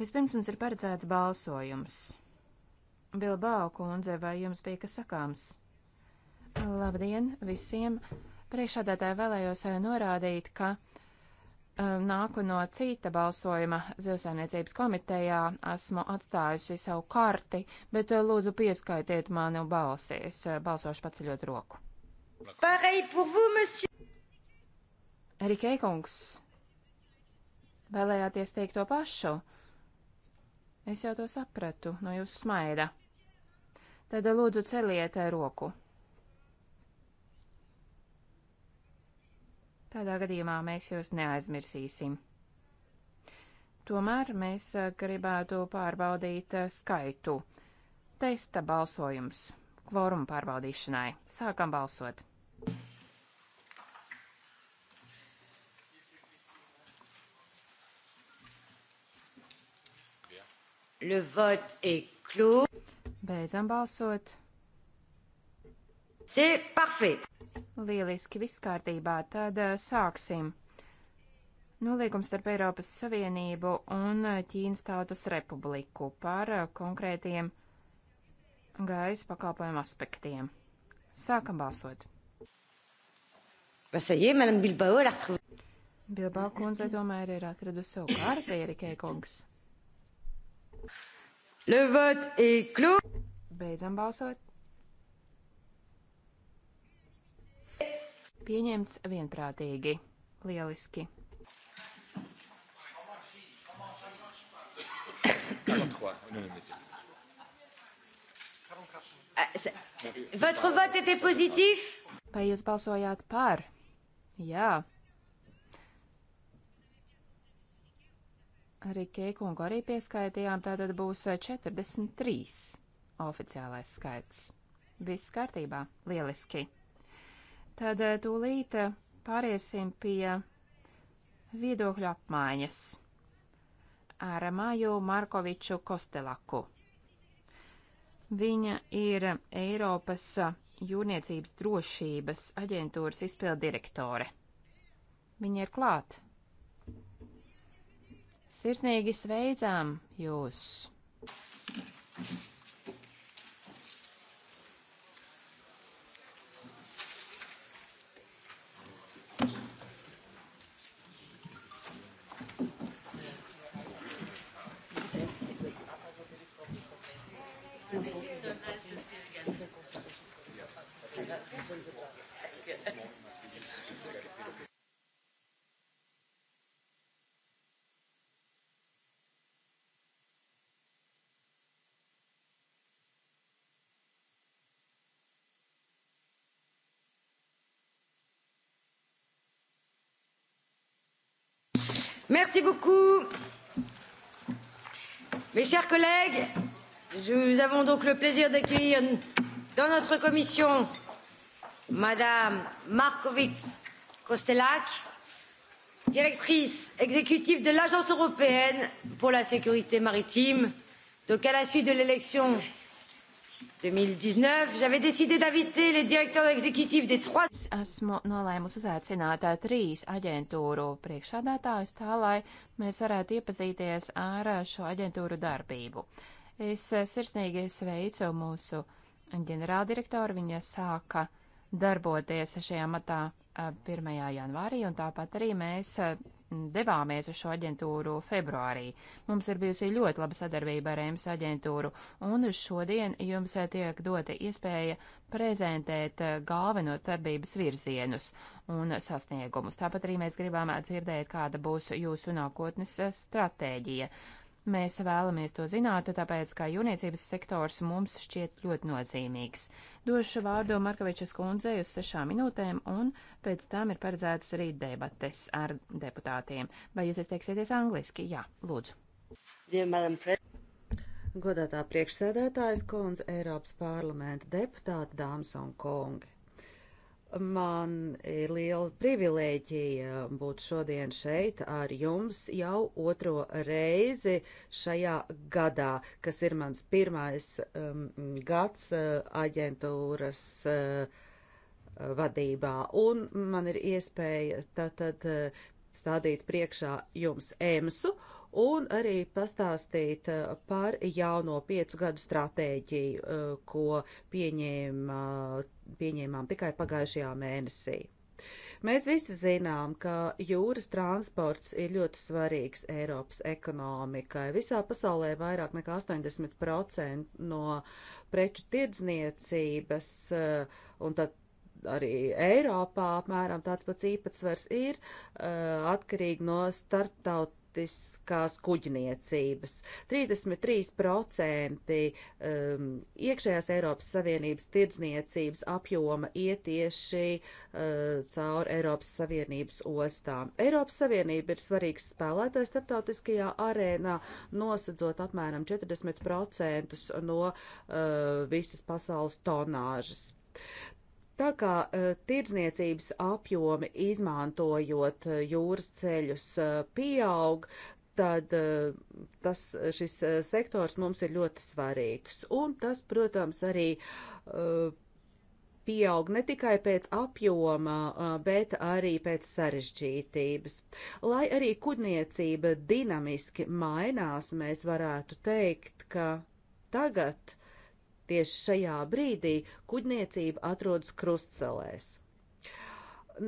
Vispirms mums ir paredzēts balsojums. Bilbao kundze, vai jums bija kas sakāms? Labdien visiem! Priekšādātāji vēlējos eh, norādīt, ka um, nāku no cita balsojuma zivsainiecības komitejā, esmu atstājusi savu karti, bet eh, lūdzu pieskaitiet manu balsi, es balsošu paceļot roku. Rikei kungs, vēlējāties teikt to pašu? Es jau to sapratu no jūsu smaida. Tad eh, lūdzu celiet eh, roku. Tādā gadījumā mēs jūs neaizmirsīsim. Tomēr mēs eh, gribētu pārbaudīt skaitu. Testa balsojums. Kvorumu pārbaudīšanai. Sākam balsot. Le vote est clos. Beidzam balsot. C'est parfait. Lieliski, viss kārtībā. Tad eh, sāksim. Nolīgums starp Eiropas Savienību un eh, Ķīnas Tautas Republiku par eh, konkrētiem gaisa pakalpojumu aspektiem. Sākam balsot. Bilbao kundze tomēr ir atradusi savu kārtu, Erikai kungs. Le vote est clos. Beidzam balsot. Pieņemts vienprātīgi. Lieliski. Votre vote était positif? Vai jūs balsojāt par? Jā. Yeah. arī Keikungu arī pieskaitījām, tātad būs 43 eh, oficiālais skaits. Viss kārtībā, lieliski. Tad eh, tūlīt eh, pāriesim pie viedokļu apmaiņas ar Māju Markoviču Kostelaku. Viņa ir Eiropas jūrniecības drošības aģentūras izpildirektore. Viņa ir klāt. Sirsnīgi sveicām jūs! Yes. Merci beaucoup. Mes chers collègues, nous avons donc le plaisir d'accueillir dans notre commission Madame Markovits Kostelak, directrice exécutive de l'Agence européenne pour la sécurité maritime. Donc à la suite de l'élection 2019, j'avais décidé d'inviter les directeurs exécutifs des trois. Esmu nolēmusi uzaicināt eh, trīs aģentūru priekšādātājus tā, lai mēs varētu iepazīties ar eh, šo aģentūru darbību. Es eh, sirsnīgi sveicu mūsu ģenerāldirektoru, viņa sāka darboties šajā matā 1. janvārī, un tāpat arī mēs devāmies uz šo aģentūru februārī. Mums ir bijusi ļoti laba sadarbība ar EMS aģentūru, un šodien jums tiek dota iespēja prezentēt galvenos darbības virzienus un sasniegumus. Tāpat arī mēs gribam dzirdēt, kāda būs jūsu nākotnes stratēģija. Uh, Mēs vēlamies to zināt, tāpēc, ka jūrniecības sektors mums šķiet ļoti nozīmīgs. Došu vārdu Markovičas kundzei uz sešām minūtēm, un pēc tam ir paredzētas arī debates ar deputātiem. Vai jūs izteiksieties angliski? Jā, lūdzu. Godātā priekšsēdētājas kundze, Eiropas parlamenta deputāta, dāmas un kungi. Man ir liela privilēģija būt šodien šeit ar jums jau otro reizi šajā gadā, kas ir mans pirmais um, gads uh, aģentūras uh, vadībā. Un man ir iespēja tātad uh, stādīt priekšā jums emsu un arī pastāstīt uh, par jauno piecu gadu stratēģiju, uh, ko pieņēma, pieņēmām tikai pagājušajā mēnesī. Mēs visi zinām, ka jūras transports ir ļoti svarīgs Eiropas ekonomikai. Visā pasaulē vairāk nekā 80% no preču tirdzniecības uh, un tad arī Eiropā apmēram tāds pats īpatsvars ir atkarīgi no starptaut starptautiskās kuģniecības. 33% um, iekšējās Eiropas Savienības tirdzniecības apjoma iet tieši uh, caur Eiropas Savienības ostām. Eiropas Savienība ir svarīgs spēlētājs starptautiskajā arēnā, nosadzot apmēram 40% no uh, visas pasaules tonāžas. Tā kā eh, tirdzniecības apjomi izmantojot eh, jūras ceļus eh, pieaug, tad tas, šis sektors mums ir ļoti svarīgs. Un tas, protams, arī pieaug ne tikai pēc apjoma, bet arī pēc sarežģītības. Lai arī kuģniecība dinamiski mainās, mēs varētu teikt, ka tagad Tieši šajā brīdī kuģniecība atrodas krustcelēs.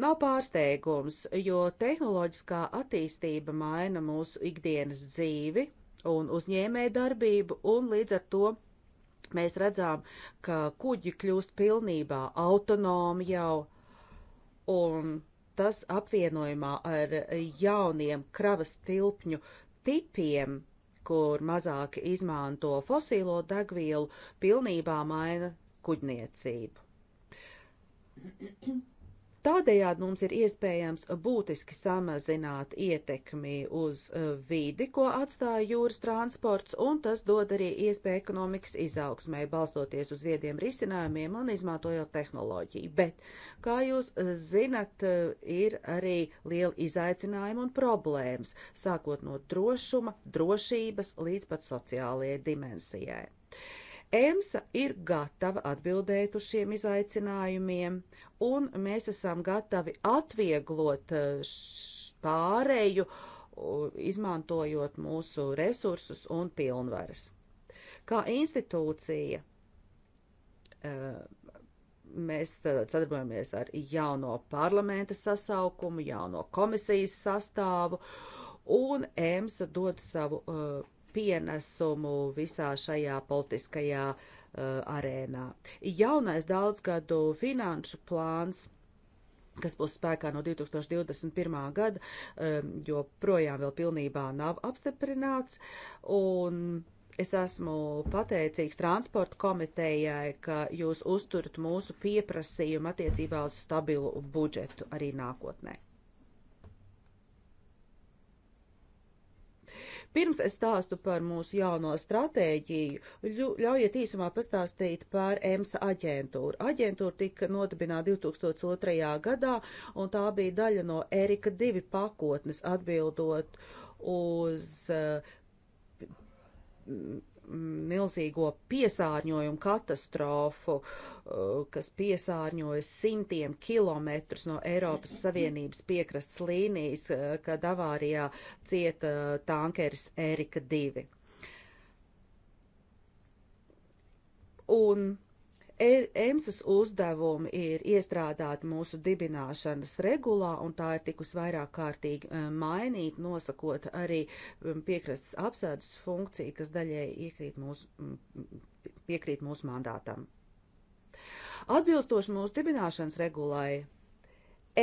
Nav pārsteigums, jo tehnoloģiskā attīstība maina mūsu ikdienas dzīvi un uzņēmē darbību, un līdz ar to mēs redzam, ka kuģi kļūst pilnībā autonomi jau, un tas apvienojumā ar jauniem kravas tilpņu tipiem kur mazāk izmanto fosīlo degvielu, pilnībā maina kuģniecību. Tādējādi mums ir iespējams būtiski samazināt ietekmi uz eh, vidi, ko atstāja jūras transports, un tas dod arī iespēju ekonomikas izaugsmai, balstoties uz viediem risinājumiem un izmantojot tehnoloģiju. Bet, kā jūs eh, zinat, eh, ir arī liela izaicinājuma un problēmas, sākot no drošuma, drošības līdz pat sociālajai dimensijai. EMSA ir gatava atbildēt uz šiem izaicinājumiem, un mēs esam gatavi atvieglot eh, pārēju, izmantojot mūsu resursus un pilnvaras. Kā institūcija eh, mēs sadarbojamies ar jauno parlamenta sasaukumu, jauno komisijas sastāvu, un EMSA dod savu uh, pienesumu visā šajā politiskajā uh, arēnā. Jaunais daudzgadu finanšu plāns kas būs spēkā no 2021. gada, um, jo projām vēl pilnībā nav apstiprināts. Un es esmu pateicīgs transporta komitejai, ka jūs uzturat mūsu pieprasījumu attiecībā uz stabilu budžetu arī nākotnē. Pirms es stāstu par mūsu jauno stratēģiju, ļaujiet īsumā pastāstīt par EMSA aģentūru. Aģentūra tika nodibināta 2002. gadā, un tā bija daļa no Erika divi pakotnes atbildot uz uh, milzīgo piesārņojumu katastrofu, uh, kas piesārņoja simtiem kilometrus no Eiropas Savienības piekrastes līnijas, uh, kad avārijā cieta tankeris Erika 2. Un E- EMSAS uzdevumi ir iestrādāti mūsu dibināšanas regulā, un tā ir tikus vairāk kārtīgi e, mainīt, nosakot arī piekrastes apsēdus funkciju, kas daļēji iekrīt mūsu, piekrīt mūsu mandātam. Atbilstoši mūsu dibināšanas regulai,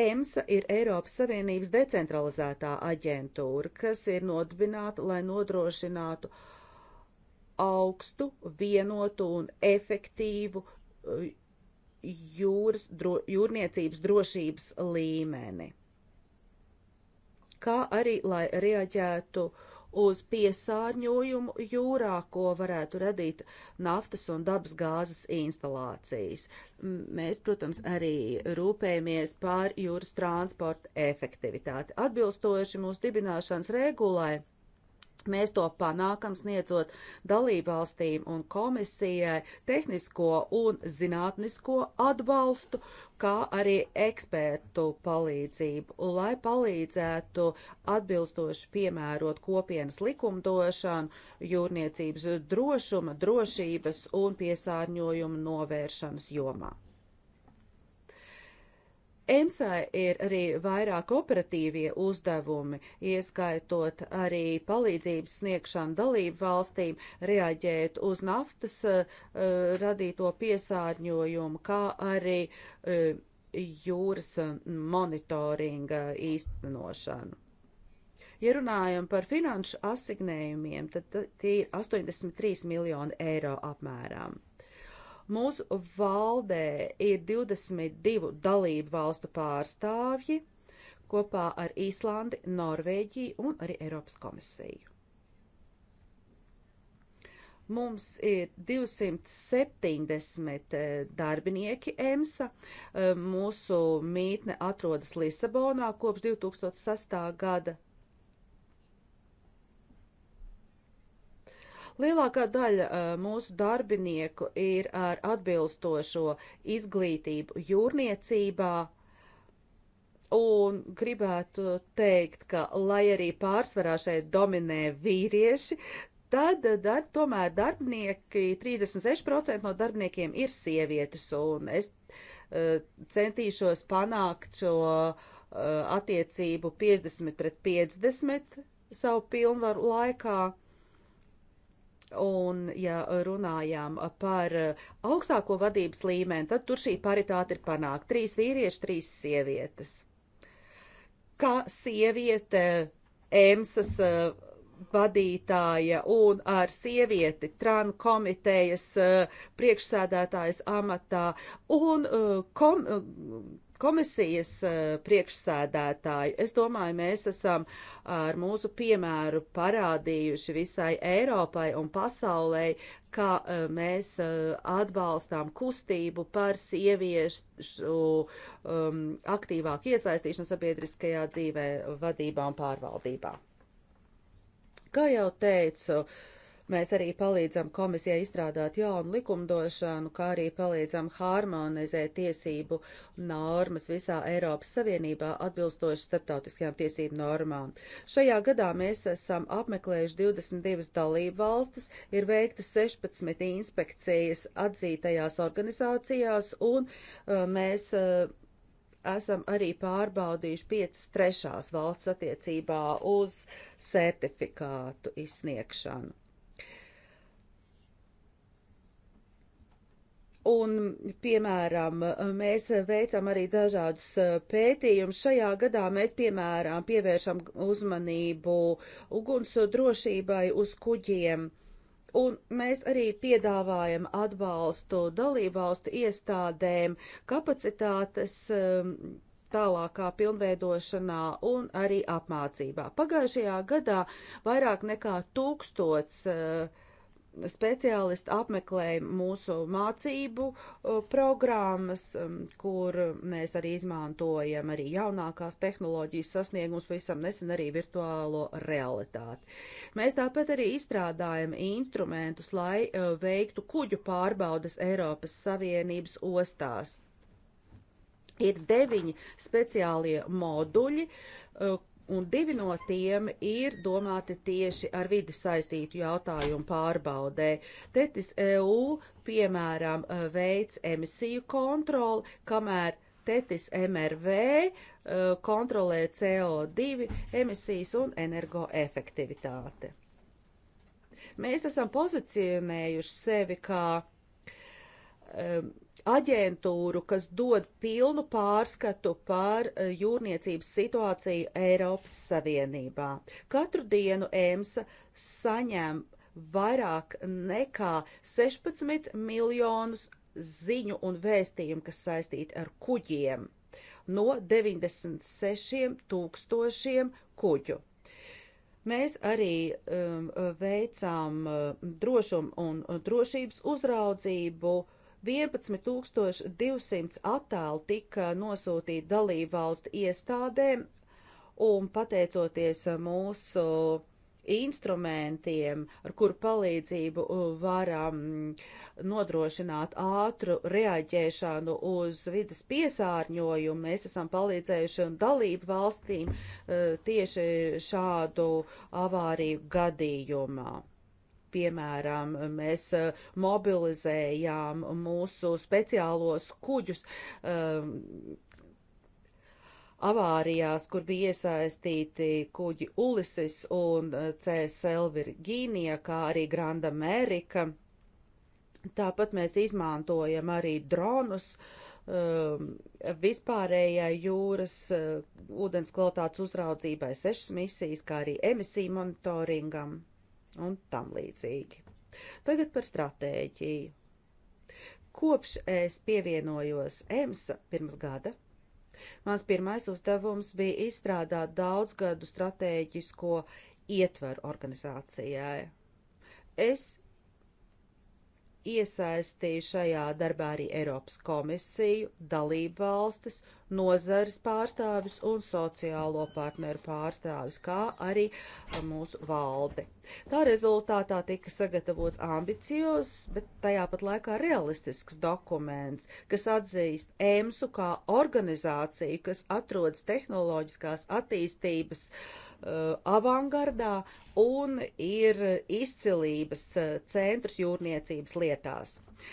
EMSA ir Eiropas Savienības decentralizētā aģentūra, kas ir nodibināta, lai nodrošinātu augstu, vienotu un efektīvu Uh, jūras, dro, jūrniecības drošības līmeni, kā arī, lai reaģētu uz piesārņojumu jūrā, ko varētu radīt naftas un dabas gāzes instalācijas. Mēs, protams, arī rūpējamies pār jūras transporta efektivitāti. Atbilstoši mūsu dibināšanas regulai, Mēs to panākam sniedzot dalībvalstīm un komisijai tehnisko un zinātnisko atbalstu, kā arī ekspertu palīdzību, lai palīdzētu atbilstoši piemērot kopienas likumdošanu, jūrniecības drošuma, drošības un piesārņojuma novēršanas jomā. EMSA ir arī vairāk operatīvie uzdevumi, ieskaitot arī palīdzības sniegšanu dalību valstīm, reaģēt uz naftas uh, radīto piesārņojumu, kā arī uh, jūras monitoringa īstenošanu. Ja runājam par finanšu asignējumiem, tad tie ir 83 miljoni eiro apmērām. Mūsu valdē ir 22 dalību valstu pārstāvji kopā ar Īslandi, Norvēģiju un arī Eiropas komisiju. Mums ir 270 eh, darbinieki EMSA. Eh, mūsu mītne atrodas Lisabonā kopš 2006. gada Lielākā daļa uh, mūsu darbinieku ir ar atbilstošo izglītību jūrniecībā, un gribētu teikt, ka, lai arī pārsvarā šeit dominē vīrieši, tad uh, dar, tomēr darbinieki, 36% no darbiniekiem ir sievietes, un es uh, centīšos panākt šo uh, attiecību 50 pret 50 savu pilnvaru laikā. Un, ja runājām par augstāko vadības līmeni, tad tur šī paritāte ir panākta. Trīs vīrieši, trīs sievietes. Kā sieviete EMSAS eh, vadītāja un ar sievieti TRAN komitejas eh, priekšsēdētājas amatā un eh, kom, komisijas eh, priekšsēdētāju. Es domāju, mēs esam eh, ar mūsu piemēru parādījuši visai Eiropai un pasaulē, ka eh, mēs atbalstām kustību par sieviešu um, aktīvāku iesaistīšanu sabiedriskajā dzīvē, vadībā un pārvaldībā. Kā jau teicu, uh, Mēs arī palīdzam komisijai izstrādāt jaunu likumdošanu, kā arī palīdzam harmonizēt tiesību normas visā Eiropas Savienībā atbilstoši starptautiskajām tiesību normām. Šajā gadā mēs esam apmeklējuši 22 dalību valstis, ir veiktas 16 inspekcijas atzītajās organizācijās un uh, mēs uh, esam arī pārbaudījuši piecas trešās valsts attiecībā uz sertifikātu izsniegšanu. Un, piemēram, mēs veicam arī dažādus eh, pētījumus. Šajā gadā mēs, piemēram, pievēršam uzmanību uguns drošībai uz kuģiem. Un mēs arī piedāvājam atbalstu dalībvalstu iestādēm kapacitātes eh, tālākā pilnveidošanā un arī apmācībā. Pagājušajā gadā vairāk nekā tūkstots uh, speciālisti apmeklē mūsu mācību programmas, kur mēs arī izmantojam arī jaunākās tehnoloģijas sasniegums, pavisam nesen arī virtuālo realitāti. Mēs tāpat arī izstrādājam instrumentus, lai veiktu kuģu pārbaudas Eiropas Savienības ostās. Ir deviņi speciālie moduļi, un divi no tiem ir domāti tieši ar vidi saistītu jautājumu pārbaudē. Tetis EU, piemēram, eh, veids emisiju kontroli, kamēr Tetis MRV eh, kontrolē CO2 emisijas un energoefektivitāte. Mēs esam pozicionējuši sevi kā um, aģentūru, kas dod pilnu pārskatu par e, jūrniecības situāciju Eiropas Savienībā. Katru dienu EMSA saņem vairāk nekā 16 miljonus ziņu un vēstījumu, kas saistīti ar kuģiem, no 96 tūkstošiem kuģu. Mēs arī um, veicām e, drošumu un drošības uzraudzību uh, 11200 attēlu tika nosūtīti dalību valstu iestādēm, un pateicoties mūsu instrumentiem, ar kuru palīdzību uh, varam mm, nodrošināt ātru reaģēšanu uz vidas piesārņojumu. Mēs esam palīdzējuši dalību valstīm uh, tieši šādu avāriju gadījumā. Piemēram, mēs uh, mobilizējām mūsu speciālos kuģus um, avārijās, kur bija iesaistīti kuģi Ulises un uh, CSL Virgīnija, kā arī Grand Amerika. Tāpat mēs izmantojam arī dronus um, vispārējai jūras uh, ūdens kvalitātes uzraudzībai sešas misijas, kā arī emisiju monitoringam un tam līdzīgi. Tagad par stratēģiju. Kopš es pievienojos EMSA pirms gada, mans pirmais uzdevums bija izstrādāt daudzgadu stratēģisko ietveru organizācijai. Es iesaistīju šajā darbā arī Eiropas komisiju, dalību valstis nozares pārstāvis un sociālo partneru pārstāvis, kā arī mūsu valde. Tā rezultātā tika sagatavots ambiciozs, bet tajā pat laikā realistisks dokuments, kas atzīst EMSU kā organizāciju, kas atrodas tehnoloģiskās attīstības uh, avangardā un ir izcilības uh, centrs jūrniecības lietās. Uh,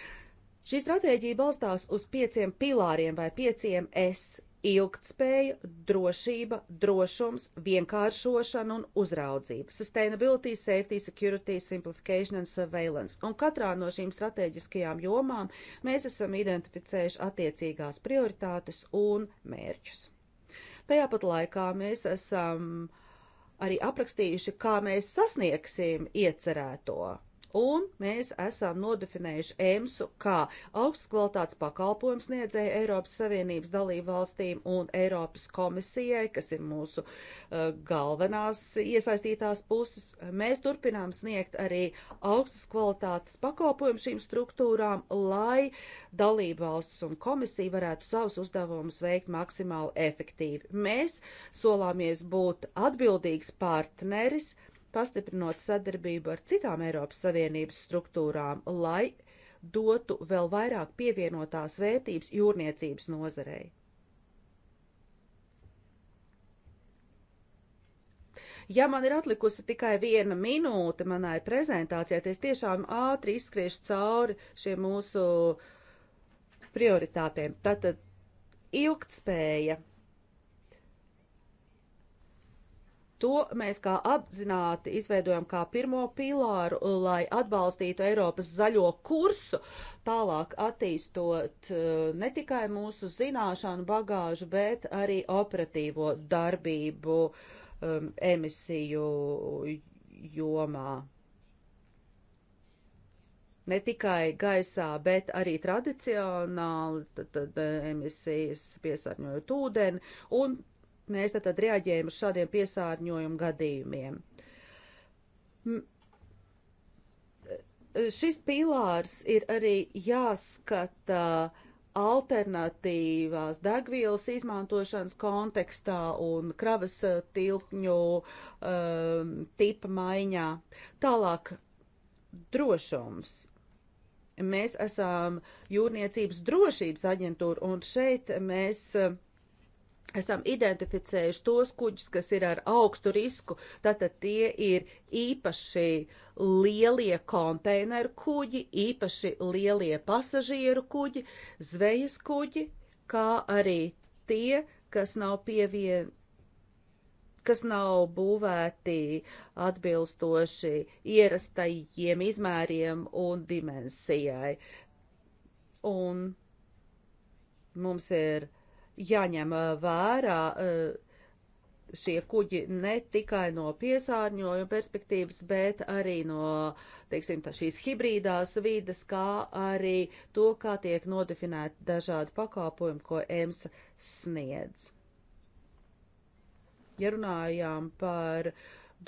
Šī stratēģija balstās uz pieciem pilāriem vai pieciem S - ilgtspēja, drošība, drošums, vienkāršošana un uzraudzība - sustainability, safety, security, simplification and surveillance. Un katrā no šīm stratēģiskajām jomām mēs esam identificējuši attiecīgās prioritātes un mērķus. Tajā pat laikā mēs esam arī aprakstījuši, kā mēs sasniegsim iecerēto un mēs esam nodefinējuši EMSU kā augsts kvalitātes pakalpojums sniedzēja Eiropas Savienības dalību valstīm un Eiropas komisijai, kas ir mūsu uh, galvenās iesaistītās puses. Mēs turpinām sniegt arī augstas kvalitātes pakalpojumu šīm struktūrām, lai dalību valstis un komisija varētu savus uzdevumus veikt maksimāli efektīvi. Mēs solāmies būt atbildīgs partneris, uh, pastiprinot sadarbību ar citām Eiropas Savienības struktūrām, lai dotu vēl vairāk pievienotās vērtības jūrniecības nozarei. Ja man ir atlikusi tikai viena minūte manai prezentācijai, tad es tiešām ātri izskriešu cauri šiem mūsu prioritātiem. Tātad ilgtspēja To mēs kā apzināti izveidojam kā pirmo pilāru, lai atbalstītu Eiropas zaļo kursu, tālāk attīstot e, ne tikai mūsu zināšanu bagāžu, bet arī operatīvo darbību um, emisiju jomā ne tikai gaisā, bet arī tradicionāli tad, tad, e, emisijas piesārņojot ūdeni un mēs tad reaģējam uz šādiem piesārņojumu gadījumiem. Šis pīlārs ir arī jāskata alternatīvās degvielas izmantošanas kontekstā un kravas eh, tilpņu um, ehm, tipa maiņā. Tālāk drošums. Mēs esam jūrniecības drošības aģentūra, un šeit mēs uh, esam identificējuši tos kuģus, kas ir ar augstu risku. Tātad tie ir īpaši lielie konteineru kuģi, īpaši lielie pasažieru kuģi, zvejas kuģi, kā arī tie, kas nav pievien kas nav būvēti atbilstoši ierastajiem izmēriem un dimensijai. Un mums ir jāņem vērā šie kuģi ne tikai no piesārņojuma perspektīvas, bet arī no, teiksim, tā, šīs hibrīdās vīdes, kā arī to, kā tiek nodefinēti dažādi pakāpojumi, ko EMS sniedz. Ja runājām par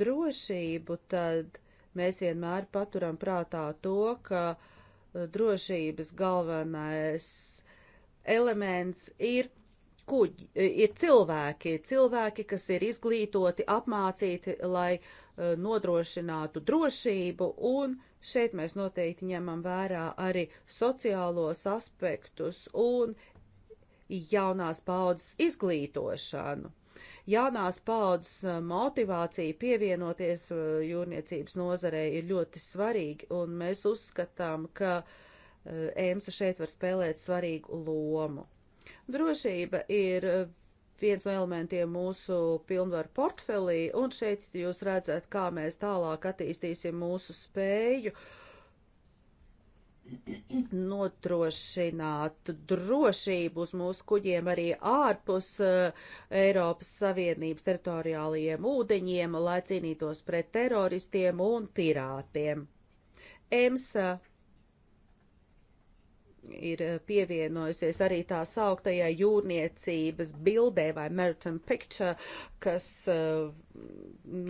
drošību, tad mēs vienmēr paturam prātā to, ka drošības galvenais elements ir kuģi, e, ir cilvēki, cilvēki, kas ir izglītoti, apmācīti, lai e, nodrošinātu drošību, un šeit mēs noteikti ņemam vērā arī sociālos aspektus un jaunās paudzes izglītošanu. Jaunās paudzes e, motivācija pievienoties jūrniecības nozarei ir ļoti svarīga, un mēs uzskatām, ka EMSA šeit var spēlēt svarīgu lomu. Drošība ir viens no elementiem mūsu pilnvaru portfelī, un šeit jūs redzat, kā mēs tālāk attīstīsim mūsu spēju notrošināt drošību uz mūsu kuģiem arī ārpus uh, Eiropas Savienības teritoriālajiem ūdeņiem, lai cīnītos pret teroristiem un pirātiem. EMSA ir eh, pievienojusies arī tā sauktajai jūrniecības bildē vai maritime picture, kas eh,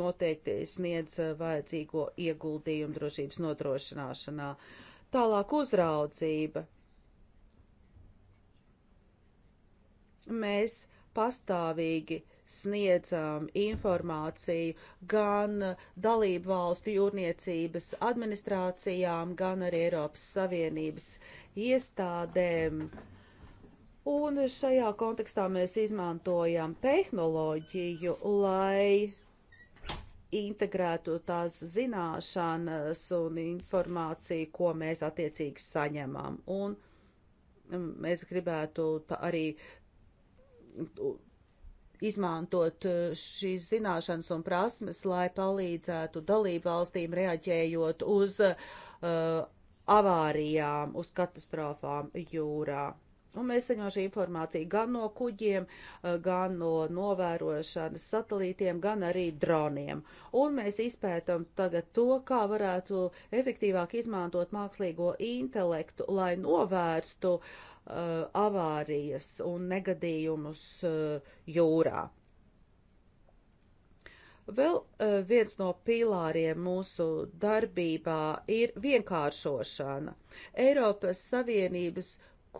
noteikti sniedz eh, vajadzīgo ieguldījumu drošības nodrošināšanā. Tālāk uzraudzība. Mēs pastāvīgi sniedzam informāciju gan dalību valstu jūrniecības administrācijām, gan arī Eiropas Savienības iestādēm. Un šajā kontekstā mēs izmantojam tehnoloģiju, lai integrētu tās zināšanas un informāciju, ko mēs attiecīgi saņemam. Un mm, mēs gribētu arī izmantot e, šīs zināšanas un prasmes, lai palīdzētu dalību valstīm reaģējot uz uh, avārijām, uz katastrofām jūrā. Un mēs saņemam šī informācija gan no kuģiem, eh, gan no novērošanas satelītiem, gan arī droniem. Un mēs izpētam tagad to, kā varētu efektīvāk izmantot mākslīgo intelektu, lai novērstu uh, avārijas un negadījumus uh, jūrā. Vēl eh, viens no pīlāriem mūsu darbībā ir vienkāršošana. Eiropas Savienības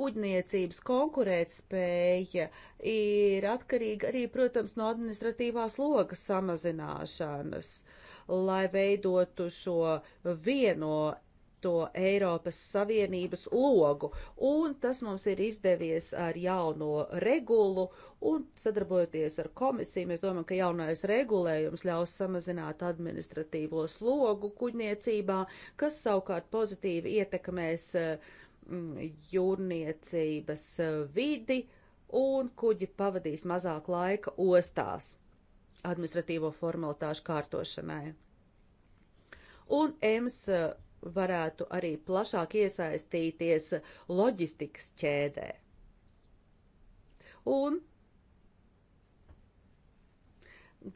kuģniecības konkurētspēja ir atkarīga arī, protams, no administratīvās logas samazināšanas, lai veidotu šo vieno to Eiropas Savienības logu, un tas mums ir izdevies ar jauno regulu, un sadarbojoties ar komisiju, mēs domājam, ka jaunais regulējums ļaus samazināt administratīvo slogu kuģniecībā, kas savukārt pozitīvi ietekmēs mm, jūrniecības vidi, un kuģi pavadīs mazāk laika ostās administratīvo formalitāšu kārtošanai. Un EMS varētu arī plašāk iesaistīties loģistikas ķēdē. Un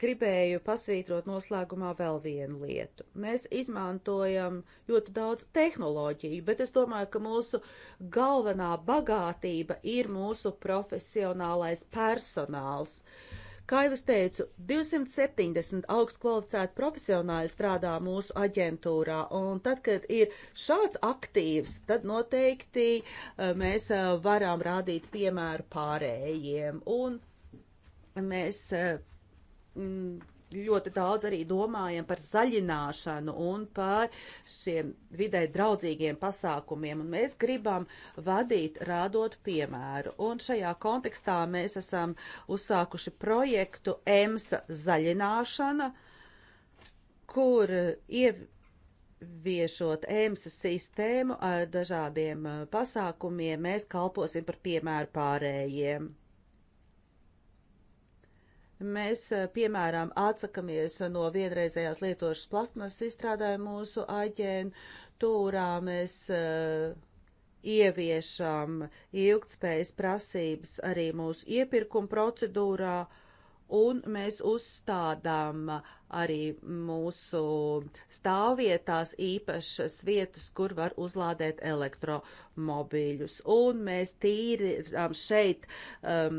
gribēju pasvītrot noslēgumā vēl vienu lietu. Mēs izmantojam ļoti daudz tehnoloģiju, bet es domāju, ka mūsu galvenā bagātība ir mūsu profesionālais personāls. Uh, Kā jau es teicu, 270 augst kvalificēti profesionāļi strādā mūsu aģentūrā, un tad, kad ir šāds aktīvs, tad noteikti eh, mēs eh, varam rādīt piemēru pārējiem, un mēs eh, ļoti daudz arī domājam par zaļināšanu un par šiem vidē draudzīgiem pasākumiem, un mēs gribam vadīt rādot piemēru. Un šajā kontekstā mēs esam uzsākuši projektu EMSA zaļināšana, kur iev ieviešot EMSA sistēmu ar dažādiem uh, pasākumiem, mēs kalposim par piemēru pārējiem. Mēs, eh, piemēram, atsakamies no vienreizējās lietošas plasmas izstrādājumu mūsu aģentūrā. Mēs eh, ieviešam ilgtspējas prasības arī mūsu iepirkuma procedūrā, un mēs uzstādām uh, arī mūsu stāvvietās īpašas vietas, kur var uzlādēt elektromobīļus. Un mēs tīrām šeit um,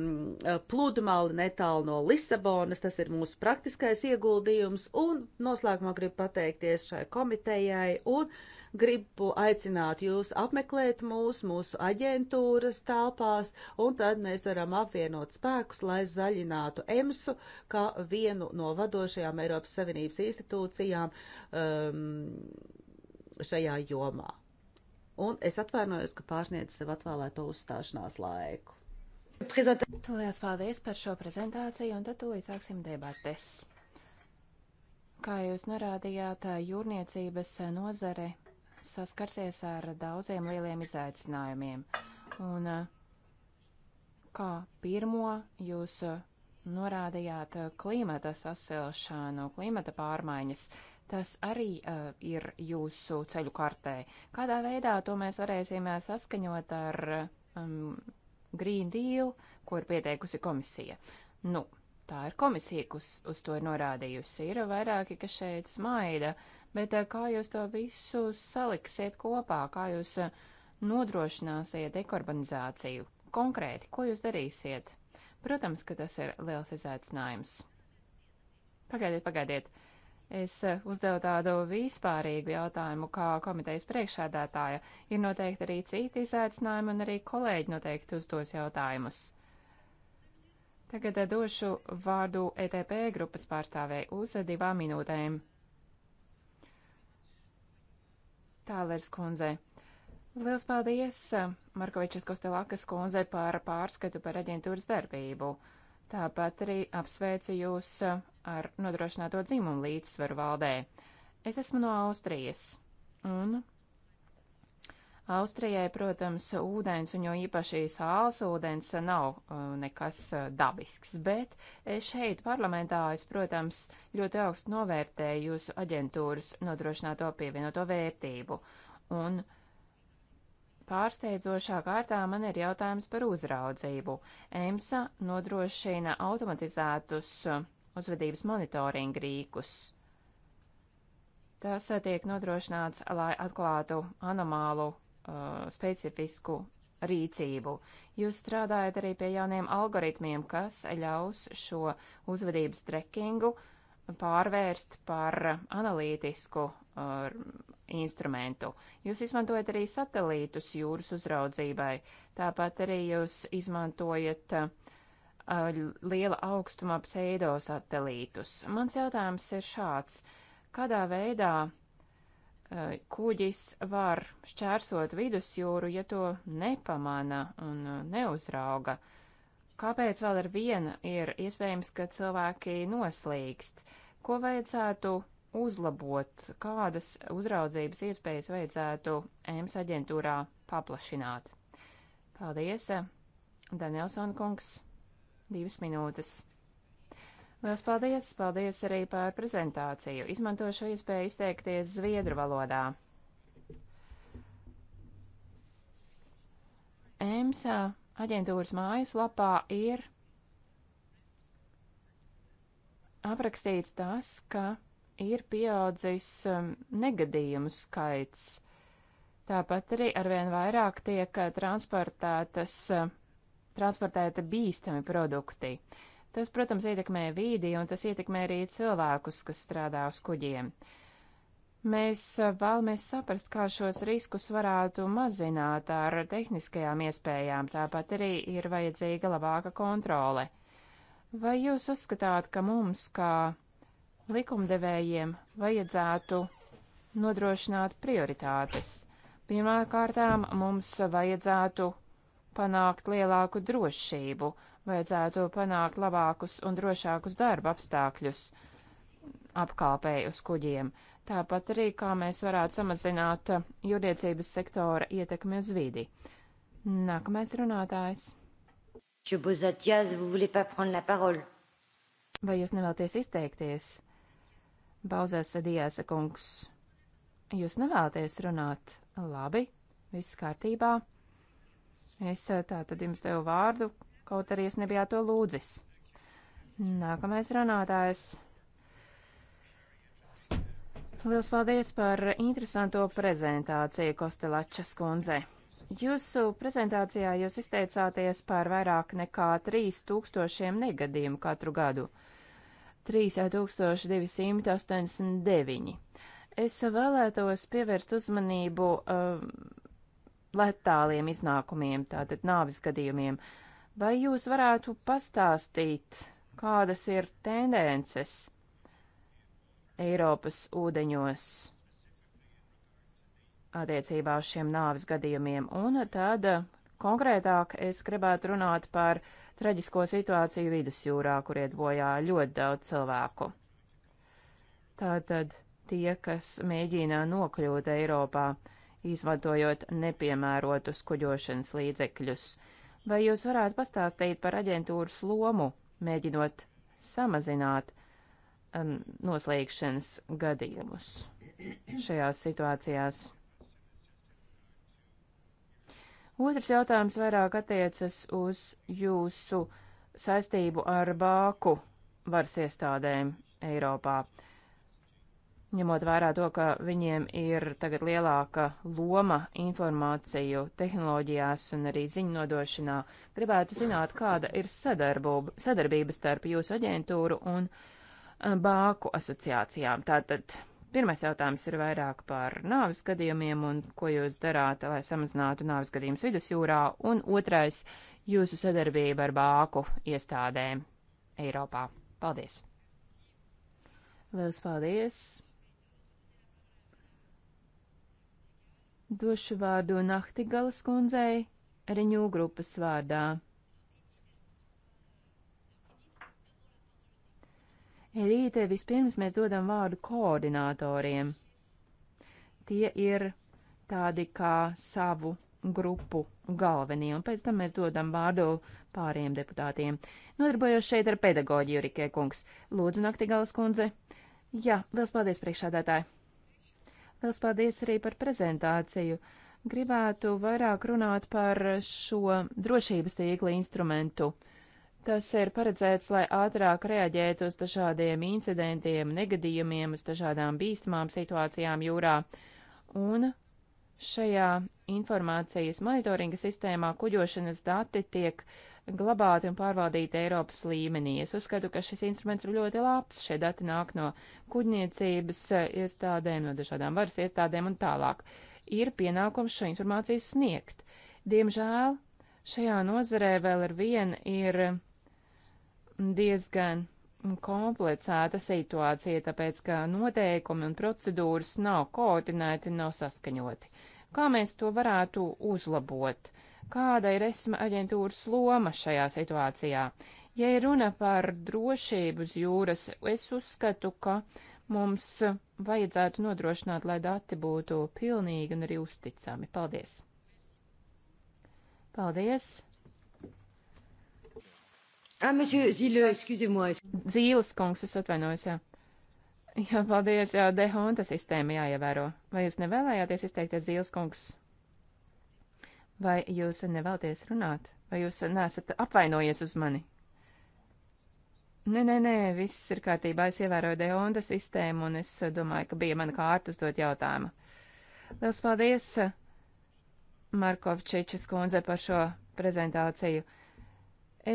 pludmali netālu no Lisabonas, tas ir mūsu praktiskais ieguldījums, un noslēgumā gribu pateikties šai komitejai un uh, Gribu aicināt jūs apmeklēt mūs, mūsu aģentūras telpās, un tad mēs varam apvienot spēkus, lai zaļinātu EMSU kā vienu no vadošajām Eiropas Savienības institūcijām um, šajā jomā. Un es atvainojos, ka pārsniedzu sev atvēlēto uzstāšanās laiku. Lielas paldies par šo prezentāciju, un tad tūlīt sāksim debates. Kā jūs norādījāt, jūrniecības nozare saskarsies ar daudziem lieliem izaicinājumiem. Un eh, kā pirmo jūs eh, norādījāt eh, klimata sasilšanu, klimata pārmaiņas, tas arī uh, ir jūsu ceļu kartē. Kādā veidā to mēs varēsim saskaņot ar um, Green Deal, ko ir pieteikusi komisija? Nu, Tā ir komisija, kas uz to ir norādījusi. Ir vairāki, kas šeit smaida, bet eh, kā jūs to visu saliksiet kopā, kā jūs eh, nodrošināsiet dekarbonizāciju? Konkrēti, ko jūs darīsiet? Protams, ka tas ir liels izaicinājums. Pagaidiet, pagaidiet. Es eh, uzdevu tādu vispārīgu jautājumu, kā komitejas priekšādātāja. Ir noteikti arī citi izaicinājumi, un arī kolēģi noteikti uzdos jautājumus. Tagad eh, došu vārdu ETP grupas pārstāvēju uz eh, divām minūtēm. Tālērs kundze. Liels paldies eh, Markovičas Kostelakas kundze par pārskatu par aģentūras darbību. Tāpat arī apsveicu jūs ar nodrošināto dzimumu līdzsvaru valdē. Es esmu no Austrijas, un Austrijai, protams, ūdens un jo īpaši sāls ūdens nav uh, nekas uh, dabisks, bet eh, šeit parlamentā es, protams, ļoti augstu novērtēju jūsu aģentūras nodrošināto pievienoto vērtību. Un Pārsteidzošā kārtā man ir jautājums par uzraudzību. EMSA nodrošina automatizētus uh, uzvedības monitoringa rīkus. Tas tiek nodrošināts, lai atklātu anomālu uh, specifisku rīcību. Jūs strādājat arī pie jauniem algoritmiem, kas ļaus šo uzvedības trekingu pārvērst par analītisku uh, instrumentu. Jūs izmantojat arī satelītus jūras uzraudzībai, tāpat arī jūs izmantojat uh, liela augstuma pseido satelītus. Mans jautājums ir šāds. Kādā veidā Eh, kuģis var šķērsot vidusjūru, ja to nepamana un eh, neuzrauga. Kāpēc vēl ar vienu ir iespējams, ka cilvēki noslīkst? Ko vajadzētu uzlabot, kādas uzraudzības iespējas vajadzētu EMS aģentūrā paplašināt? Paldies, eh, Danielson kungs, divas minūtes. Lielas paldies! Paldies arī par prezentāciju. Izmantošu iespēju izteikties zviedru valodā. EMSA aģentūras mājaslapā ir aprakstīts tas, ka ir pieaudzis um, negadījumu skaits. Tāpat arī arvien vairāk tiek uh, transportētas, uh, transportēta bīstami produkti. Uh, Tas, protams, ietekmē vīdi un tas ietekmē arī cilvēkus, kas strādā uz kuģiem. Mēs eh, vēlamies saprast, kā šos riskus varētu mazināt ar tehniskajām iespējām, tāpat arī ir vajadzīga labāka kontrole. Vai jūs uzskatāt, ka mums, kā likumdevējiem, vajadzētu nodrošināt prioritātes? Pirmkārtām mums vajadzētu panākt lielāku drošību, vajadzētu panākt labākus un drošākus darba apstākļus apkalpēji uz kuģiem. Tāpat arī, kā mēs varētu samazināt jūrniecības sektora ietekmi uz vidi. Nākamais runātājs. Vai jūs nevēlaties izteikties? Bauzēs Diāza kungs. Jūs nevēlaties runāt? Labi, viss kārtībā. Es tā tad jums devu vārdu, kaut arī es nebijā to lūdzis. Nākamais runātājs. Lielas paldies par interesanto prezentāciju, Kostelačas kundze. Jūsu prezentācijā jūs izteicāties par vairāk nekā 3000 negadījumu katru gadu. 3289. Es vēlētos pievērst uzmanību uh, letāliem iznākumiem, tātad nāvis gadījumiem. Uh, Vai jūs varētu pastāstīt, kādas ir tendences Eiropas ūdeņos attiecībā uz šiem nāves gadījumiem? Un tad eh, konkrētāk es gribētu runāt par traģisko situāciju vidusjūrā, kur iet bojā ļoti daudz cilvēku. Tātad tie, kas mēģina nokļūt Eiropā, izmantojot nepiemērotus kuģošanas līdzekļus. Vai jūs varētu pastāstīt par aģentūras lomu, mēģinot samazināt um, noslēgšanas gadījumus šajās situācijās? Otrs jautājums vairāk attiecas uz jūsu saistību ar Bāku varas iestādēm Eiropā. Uh, ņemot vērā to, ka viņiem ir tagad lielāka loma informāciju tehnoloģijās un arī ziņu nodošanā, gribētu zināt, kāda ir sadarbība, sadarbība starp jūsu aģentūru un e, bāku asociācijām. Tātad pirmais jautājums ir vairāk par nāvis gadījumiem un ko jūs darāt, lai samazinātu nāvis gadījumus vidusjūrā, un otrais - jūsu sadarbība ar bāku iestādēm Eiropā. Paldies! Lielas paldies! Došu vārdu Naktigalas kundzei Riņū grupas vārdā. Rīte vispirms mēs dodam vārdu koordinatoriem. Tie ir tādi kā savu grupu galvenie, un pēc tam mēs dodam vārdu pāriem deputātiem. Nodarbojos šeit ar pedagoģiju, Rikē kungs. Lūdzu, Naktigalas kundze. Jā, liels paldies priekšādātāji. Liels paldies arī par prezentāciju. Gribētu vairāk runāt par šo drošības tīkla instrumentu. Tas ir paredzēts, lai ātrāk reaģētu uz dažādiem incidentiem, negadījumiem, uz dažādām bīstamām situācijām jūrā. Un šajā informācijas monitoringa sistēmā kuģošanas dati tiek uh, glabāti un pārvaldīti Eiropas līmenī. Es uzskatu, ka šis instruments ir ļoti labs. Šie dati nāk no kuģniecības iestādēm, no dažādām varas iestādēm un tālāk. Ir pienākums šo informāciju sniegt. Diemžēl šajā nozarē vēl ar vienu ir diezgan komplicēta situācija, tāpēc ka noteikumi un procedūras nav koordinēti, nav saskaņoti. Kā mēs to varētu uzlabot? Uh, kāda ir esma aģentūras loma šajā situācijā. Ja ir runa par drošību uz jūras, es uzskatu, ka mums vajadzētu nodrošināt, lai dati būtu pilnīgi un arī uzticami. Paldies! Paldies! Ah, monsieur Zile, excusez-moi. Zīles kungs, es atvainojos, jā. Jā, paldies, jā, dehonta sistēma jāievēro. Vai jūs nevēlējāties izteikties Zīles kungs? Vai jūs nevēlaties runāt? Vai jūs nesat apvainojies uz mani? Nē, nē, nē, viss ir kārtībā. Es ievēroju Deonda sistēmu un es domāju, ka bija mana kārta uzdot jautājumu. Lielas paldies, Markovčičas kundze, par šo prezentāciju.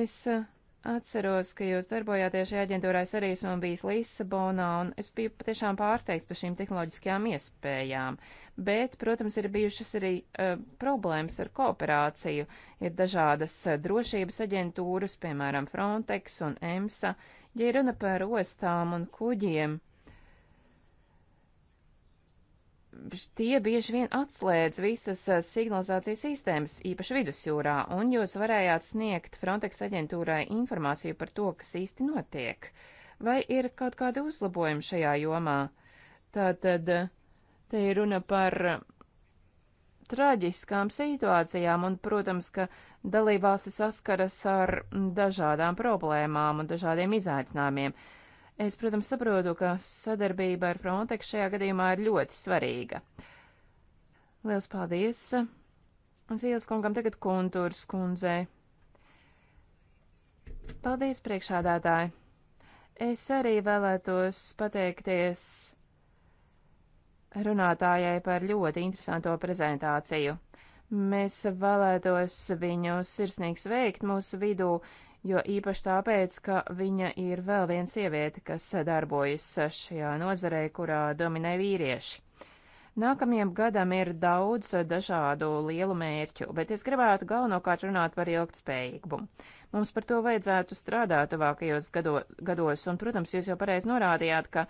Es uh, Atceros, ka jūs darbojāties šajā aģentūrā, es arī esmu bijis Lisabonā, un es biju patiešām pārsteigts par šīm tehnoloģiskajām iespējām. Bet, protams, ir bijušas arī uh, problēmas ar kooperāciju. Ir dažādas uh, drošības aģentūras, piemēram, Frontex un EMSA. Ja runa par ostām un kuģiem, tie bieži vien atslēdz visas eh, signalizācijas sistēmas, īpaši vidusjūrā, un jūs varējāt sniegt Frontex aģentūrai informāciju par to, kas īsti notiek. Vai ir kaut kādi uzlabojumi šajā jomā? Tātad eh, te ir runa par traģiskām situācijām, un, protams, ka dalībvalstis saskaras ar dažādām problēmām un dažādiem izaicinājumiem. Es, protams, saprotu, ka sadarbība ar Frontex šajā gadījumā ir ļoti svarīga. Liels paldies! Zīles kungam tagad kontūrs kundzei. Paldies, priekšādātāji! Es arī vēlētos pateikties runātājai par ļoti interesanto prezentāciju. Mēs vēlētos viņu sirsnīgi sveikt mūsu vidū, jo īpaši tāpēc, ka viņa ir vēl viena sieviete, kas darbojas šajā nozarē, kurā dominē vīrieši. Nākamajam gadam ir daudz dažādu lielu mērķu, bet es gribētu galvenokārt runāt par ilgtspējīgumu. Mums par to vajadzētu strādāt tuvākajos gado, gados, un, protams, jūs jau pareizi norādījāt, ka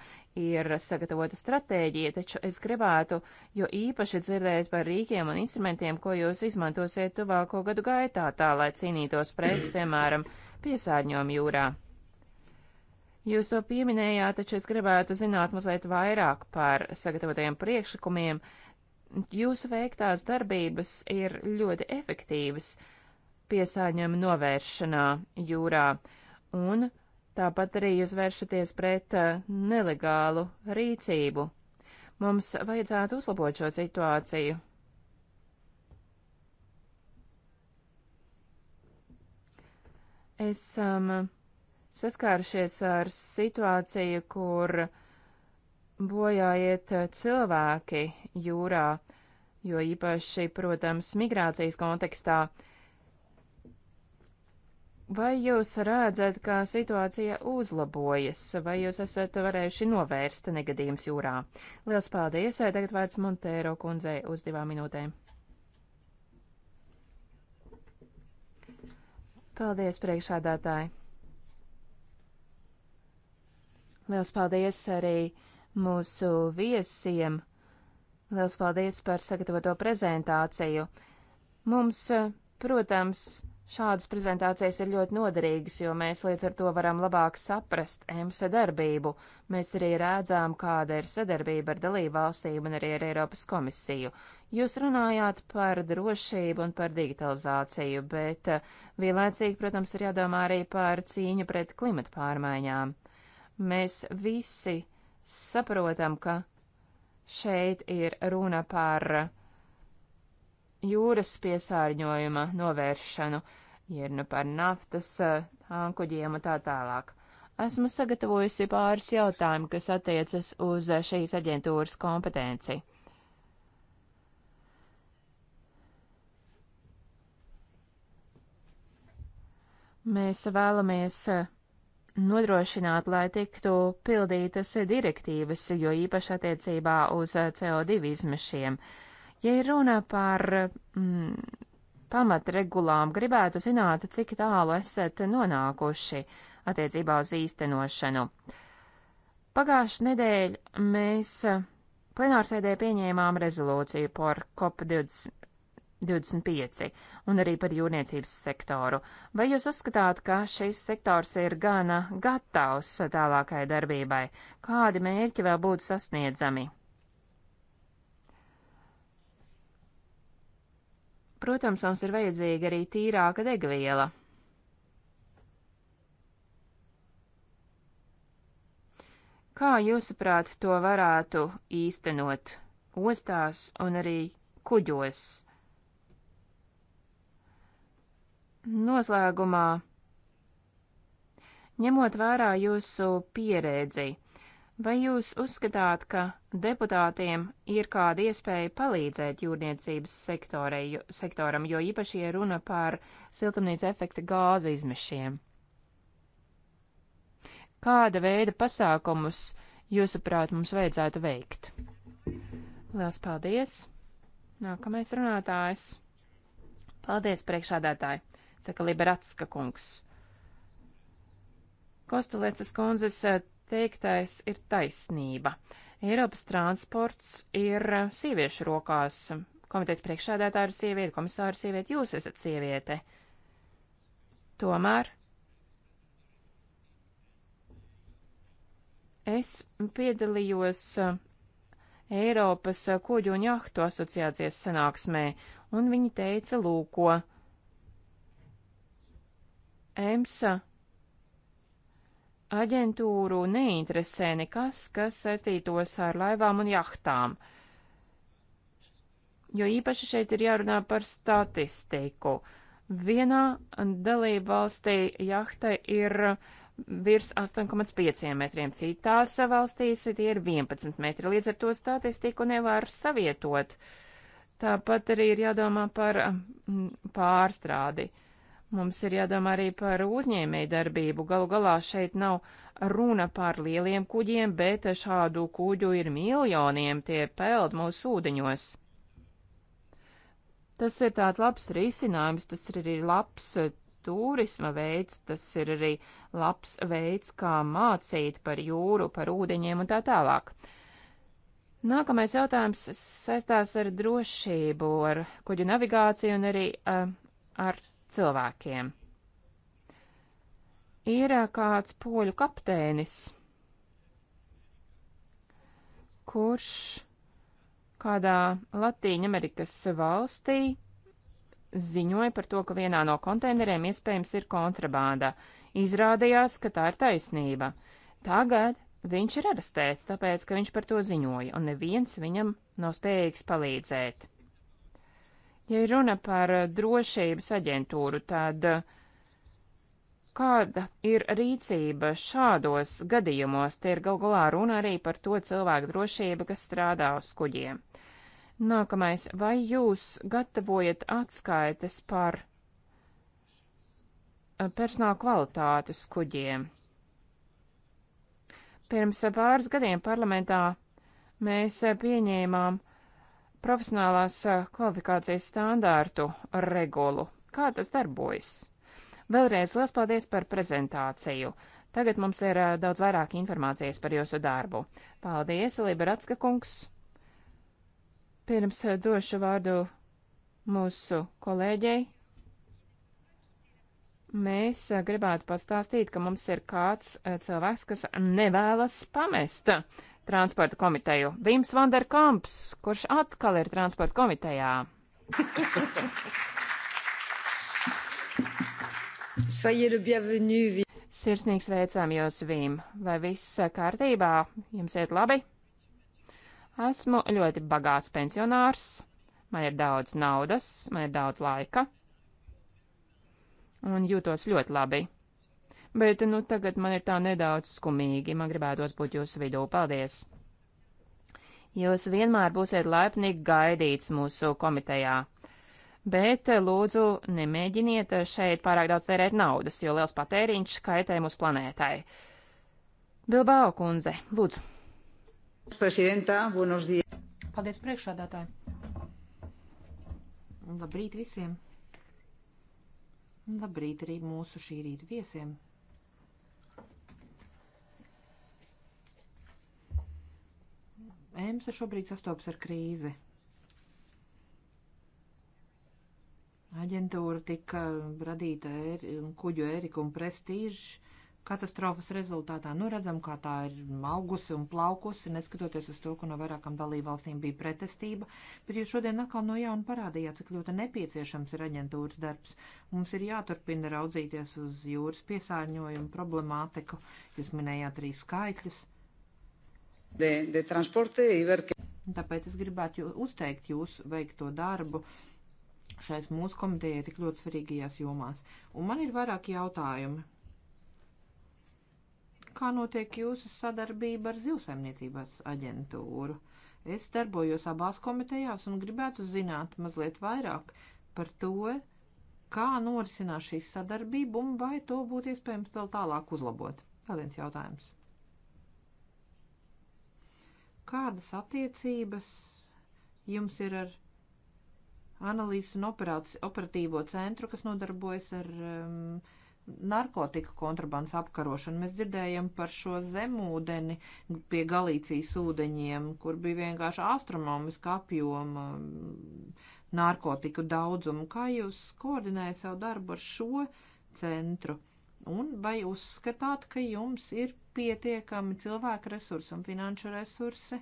ir sagatavota stratēģija, taču es gribētu jo īpaši dzirdēt par rīkiem un instrumentiem, ko jūs izmantosiet tuvāko gadu gaitā, tā lai cīnītos pret, piemēram, piesārņojumu jūrā. Jūs to pieminējāt, taču es gribētu zināt mazliet vairāk par sagatavotajiem priekšlikumiem. Jūsu veiktās darbības ir ļoti efektīvas piesāņojuma novēršanā jūrā, un tāpat arī jūs vēršaties pret eh, nelegālu rīcību. Mums vajadzētu uzlabot šo situāciju. Esam saskārušies ar situāciju, kur bojāiet cilvēki jūrā, jo īpaši, protams, migrācijas kontekstā uh, Vai jūs redzat, ka situācija uzlabojas, vai jūs esat varējuši novērst negadījums jūrā? Lielas paldies! Tagad vārds Montēro kundzei uz divām minūtēm. Paldies, priekšādātāji! Liels paldies arī mūsu viesiem! Liels paldies par sagatavoto prezentāciju! Mums, protams, Šādas prezentācijas ir ļoti noderīgas, jo mēs līdz ar to varam labāk saprast EMSA darbību. Mēs arī redzām, kāda ir sadarbība ar dalību valstīm un arī ar Eiropas komisiju. Jūs runājāt par drošību un par digitalizāciju, bet eh, vienlaicīgi, protams, ir jādomā arī par cīņu pret klimatu pārmaiņām. Mēs visi saprotam, ka šeit ir runa par jūras piesārņojuma novēršanu, ierunu par naftas tankuģiem eh, un tā tālāk. Esmu sagatavojusi pāris jautājumu, kas attiecas uz šīs aģentūras kompetenci. Mēs vēlamies eh, nodrošināt, lai tiktu pildītas direktīvas, jo īpaši attiecībā uz eh, CO2 izmešiem. Uh, Ja ir runa par mm, pamatregulām, gribētu zināt, cik tālu esat nonākuši attiecībā uz īstenošanu. Pagājušajā nedēļā mēs plenārsēdē pieņēmām rezolūciju par COP25 un arī par jūrniecības sektoru. Vai jūs uzskatāt, ka šis sektors ir gana gatavs tālākai darbībai? Kādi mērķi vēl būtu sasniedzami? Protams, mums ir vajadzīga arī tīrāka degviela. Kā jūsuprāt to varētu īstenot ostās un arī kuģos? Noslēgumā, ņemot vērā jūsu pieredzi, vai jūs uzskatāt, ka deputātiem ir kāda iespēja palīdzēt jūrniecības sektorai, jo, sektoram, jo īpaši ir runa par siltumnīca efekta gāzu izmešiem. Kāda veida pasākumus, jūsuprāt, mums vajadzētu veikt? Lielas paldies! Nākamais runātājs. Paldies, priekšādātāji, saka Liberatska kungs. Kostulieces kundzes eh, teiktais ir taisnība. Uh, Eiropas transports ir sieviešu rokās. Komitejas priekšsēdētāja ir sieviete, komisāra ir sieviete, jūs esat sieviete. Tomēr es piedalījos uh, Eiropas uh, kuģu un jahtu asociācijas sanāksmē, un viņi teica, lūko, EMSA aģentūru neinteresē nekas, kas saistītos ar laivām un jahtām. Jo īpaši šeit ir jārunā par statistiku. Vienā dalību valstī jahta ir virs 8,5 metriem, citās valstīs tie ir 11 metri, līdz ar to statistiku nevar savietot. Tāpat arī ir jādomā par mm, pārstrādi. Uh, Mums ir jādomā arī par uzņēmēju darbību. Galu galā šeit nav runa par lieliem kuģiem, bet šādu kuģu ir miljoniem, tie peld mūsu ūdeņos. Tas ir tāds labs risinājums, tas ir arī labs e, turisma veids, tas ir arī labs veids, kā mācīt par jūru, par ūdeņiem un tā tālāk. Nākamais jautājums saistās ar drošību, ar kuģu navigāciju un arī uh, ar cilvēkiem. Ir eh, kāds poļu kapteinis, kurš kādā Latīņamerikas valstī ziņoja par to, ka vienā no konteineriem iespējams ir kontrabanda. Izrādījās, ka tā ir taisnība. Tagad viņš ir arestēts, tāpēc, ka viņš par to ziņoja, un neviens viņam nav spējīgs palīdzēt. Ja runa par eh, drošības aģentūru, tad eh, kāda ir rīcība šādos gadījumos? Tie ir gal galā runa arī par to cilvēku drošību, kas strādā uz kuģiem. Nākamais, vai jūs gatavojat atskaites par eh, personāla kvalitātes kuģiem? Pirms pāris gadiem parlamentā mēs pieņēmām profesionālās eh, kvalifikācijas standārtu regulu. Kā tas darbojas? Vēlreiz liels paldies par prezentāciju. Tagad mums ir eh, daudz vairāk informācijas par jūsu darbu. Paldies, Liberatska kungs! Pirms eh, došu vārdu mūsu kolēģei. Mēs gribētu pastāstīt, ka mums ir kāds cilvēks, kas nevēlas pamest uh, transporta komiteju. Vims Vanderkamps, kurš atkal ir transporta komitejā. Sirsnīgs veicām jūs, Vīm. Vai viss kārtībā? Jums iet labi? Esmu ļoti bagāts pensionārs. Man ir daudz naudas, man ir daudz laika. Un jūtos ļoti labi bet nu tagad man ir tā nedaudz skumīgi, man gribētos būt jūsu vidū. Paldies! Jūs vienmēr būsiet laipni gaidīts mūsu komitejā. Bet, lūdzu, nemēģiniet šeit pārāk daudz tērēt naudas, jo liels patēriņš kaitē mūsu planētai. Bilbao kundze, lūdzu. Presidenta, buenos dias. Paldies priekšādātāji. Labrīt visiem! Labrīt arī mūsu šī rīta viesiem! EMSA šobrīd sastopas ar krīzi. Aģentūra tika radīta ēri, er, kuģu ērika un prestīžs katastrofas rezultātā. Nu, redzam, kā tā ir augusi un plaukusi, neskatoties uz to, ka no vairākām dalībvalstīm bija pretestība, bet jūs šodien atkal no jauna parādījāt, cik ļoti nepieciešams ir aģentūras darbs. Mums ir jāturpina raudzīties uz jūras piesārņojumu problemātiku. Jūs minējāt arī skaitļus. De, de transporte, Iverke. Tāpēc es gribētu jū, uzteikt jūsu veikto darbu šais mūsu komitejai tik ļoti svarīgajās jomās. Un man ir vairāk jautājumi. Kā notiek jūsu sadarbība ar zivsaimniecības aģentūru? Es darbojos abās komitejās un gribētu zināt mazliet vairāk par to, kā norisinās šī sadarbība un vai to būtu iespējams vēl tālāk uzlabot. Vēl viens jautājums. Kādas attiecības jums ir ar analīzes un operatīvo centru, kas nodarbojas ar um, narkotiku kontrabandas apkarošanu. Mēs dzirdējam par šo zemūdeni pie Galīcijas ūdeņiem, kur bija vienkārši astronomiska apjoma um, narkotiku daudzumu. Kā jūs koordinējat savu darbu ar šo centru? Un vai uzskatāt, ka jums ir pietiekami cilvēku resursi un finanšu resursi,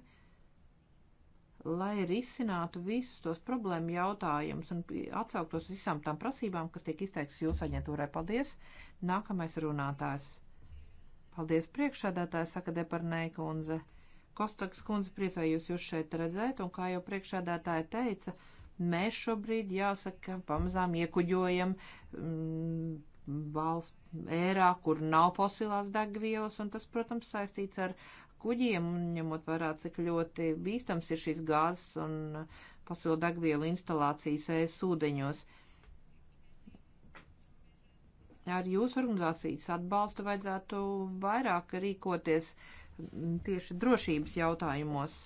lai risinātu visus tos problēmu jautājumus un atsauktos visām tām prasībām, kas tiek izteikts jūsu aģentūrai? Paldies! Nākamais runātājs. Paldies priekšādātājs, saka Deparnēja kundze. Kostaks kundze priecājos jūs šeit redzēt, un kā jau priekšādātāja teica, mēs šobrīd, jāsaka, pamazām iekuģojam mm, valsts ērā, kur nav fosilās degvielas, un tas, protams, saistīts ar kuģiem, ņemot vērā, cik ļoti bīstams ir šīs gāzes un fosilo degvielu instalācijas ēs ūdeņos. Ar jūsu organizācijas atbalstu vajadzētu vairāk rīkoties tieši drošības jautājumos.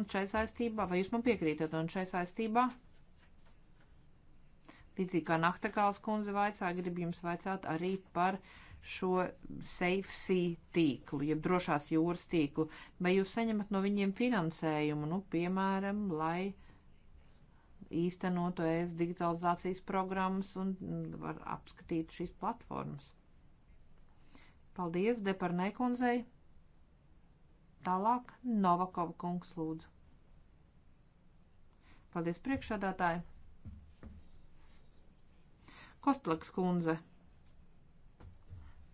Un šai saistībā, vai jūs man piekrītat, un šai saistībā Līdzīgi kā Naktakāls kundze vaicāja, gribu jums vaicāt arī par šo safe sea tīklu, jeb drošās jūras tīklu. Vai jūs saņemat no viņiem finansējumu, nu, piemēram, lai īstenotu ES digitalizācijas programmas un var apskatīt šīs platformas? Paldies, Deparnē kundzei. Tālāk Novakova kungs lūdzu. Paldies priekšādātāji. Kostlaks kundze.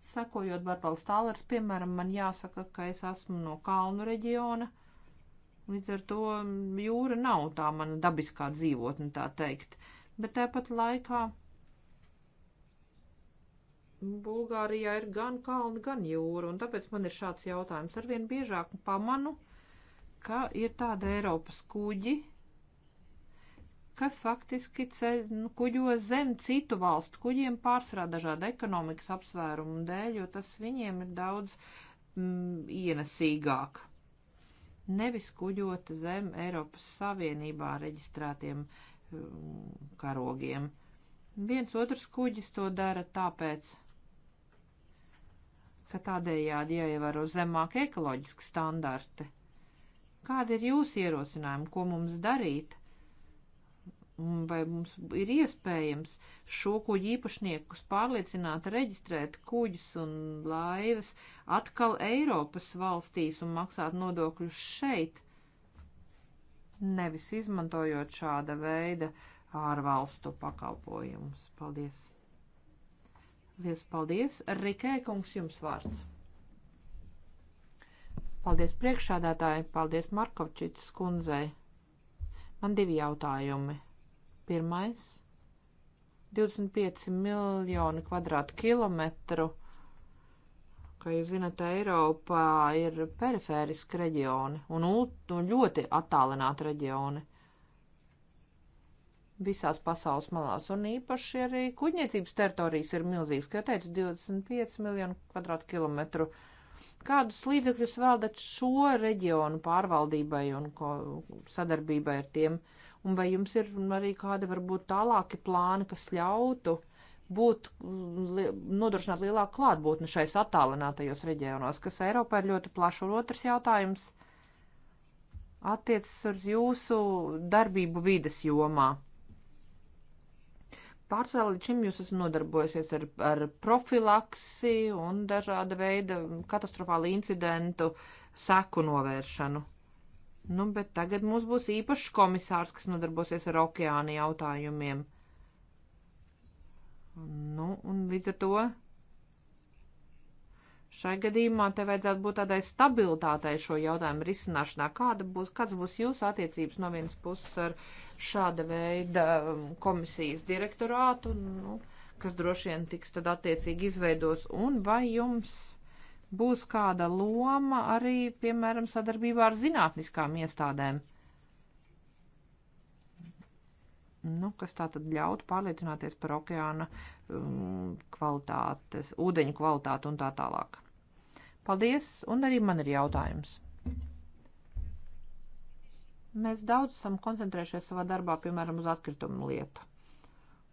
Sekojot Barbalas tālērs, piemēram, man jāsaka, ka es esmu no kalnu reģiona, līdz ar to jūra nav tā mana dabiskā dzīvotne, tā teikt. Bet tāpat laikā Bulgārijā ir gan kalni, gan jūra, un tāpēc man ir šāds jautājums. Arvien biežāk pamanu, ka ir tāda Eiropas kuģi, kas faktiski ceļ nu, kuģos zem citu valstu kuģiem pārsvarā dažādu ekonomikas apsvērumu dēļ, jo tas viņiem ir daudz mm, ienesīgāk. Nevis kuģot zem Eiropas Savienībā reģistrētiem mm, karogiem. Viens otrs kuģis to dara tāpēc, ka tādējādi jāievēro zemāk ekoloģiski standarti. Kādi ir jūsu ierosinājumi, ko mums darīt? vai mums ir iespējams šo kuģu īpašniekus pārliecināt, reģistrēt kuģus un laivas atkal Eiropas valstīs un maksāt nodokļus šeit, nevis izmantojot šāda veida ārvalstu pakalpojumus. Paldies! Lies paldies! Rikē, kungs, jums vārds! Paldies priekšādātāji, paldies Markovčitas kundzei. Man divi jautājumi. Pirmais - 25 miljoni kvadrātkilometru. Kā jūs zināt, Eiropā ir perifēriski reģioni un, un ļoti attālināti reģioni visās pasaules malās, un īpaši arī kuģniecības teritorijas ir milzīgas, kā jau teicu, 25 miljonu kvadrātkilometru. Kādus līdzekļus veldat šo reģionu pārvaldībai un sadarbībai ar tiem? Uh, un vai jums ir arī kādi varbūt tālāki plāni, kas ļautu būt, li, nodrošināt lielāku klātbūtni šais attālinātajos reģionos, kas Eiropā ir ļoti plaša. Un otrs jautājums attiecas uz jūsu darbību vides jomā. Pārsvarā līdz šim jūs esat nodarbojusies ar, ar profilaksi un dažāda veida katastrofālu incidentu seku novēršanu. Nu, bet tagad mums būs īpašs komisārs, kas nodarbosies ar okeāna jautājumiem. Nu, un līdz ar to šai gadījumā te vajadzētu būt tādai stabilitātei šo jautājumu risināšanā. Kāda būs, kāds būs jūsu attiecības no vienas puses ar šāda veida um, komisijas direktorātu, nu, kas droši vien tiks tad attiecīgi izveidots, un vai jums būs kāda loma arī, piemēram, sadarbībā ar zinātniskām iestādēm. Nu, kas tā tad ļautu pārliecināties par okeāna um, kvalitātes, ūdeņu kvalitāti un tā tālāk. Paldies, un arī man ir jautājums. Mēs daudz esam koncentrējušies savā darbā, piemēram, uz atkritumu lietu.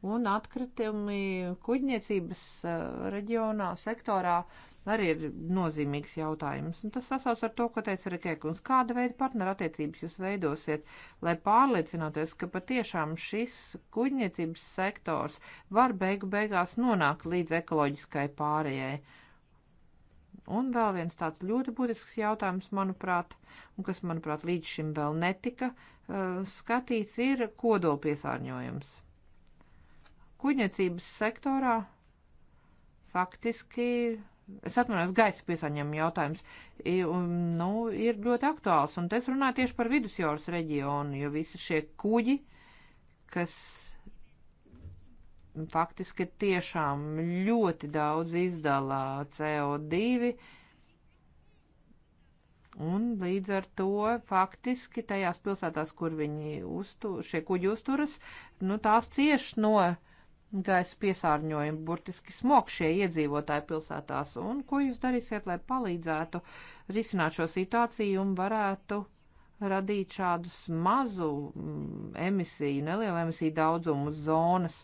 Un atkritumi kuģniecības uh, reģionā, sektorā uh, arī ir nozīmīgs jautājums. Un tas sasauc ar to, ko teica Rikēkuns. Kāda veida partnerattiecības jūs veidosiet, lai pārliecinātos, ka patiešām šis kuģniecības sektors var beigu beigās nonākt līdz ekoloģiskai pārējai? Un vēl viens tāds ļoti būtisks jautājums, manuprāt, un kas, manuprāt, līdz šim vēl netika uh, skatīts, ir kodola piesārņojums. Kuģniecības sektorā faktiski es atceros gaisa piesārņojumu jautājums, I, un, nu, ir ļoti aktuāls. Un te es runāju tieši par vidusjūras reģionu, jo visi šie kuģi, kas faktiski tiešām ļoti daudz izdala CO2, un līdz ar to faktiski tajās pilsētās, kur viņi uztu, šie kuģi uzturas, nu, tās cieš no gaisa piesārņojumu, burtiski smokšie iedzīvotāji pilsētās, un ko jūs darīsiet, lai palīdzētu risināt šo situāciju un varētu radīt šādus mazu mm, emisiju, nelielu emisiju daudzumu zonas.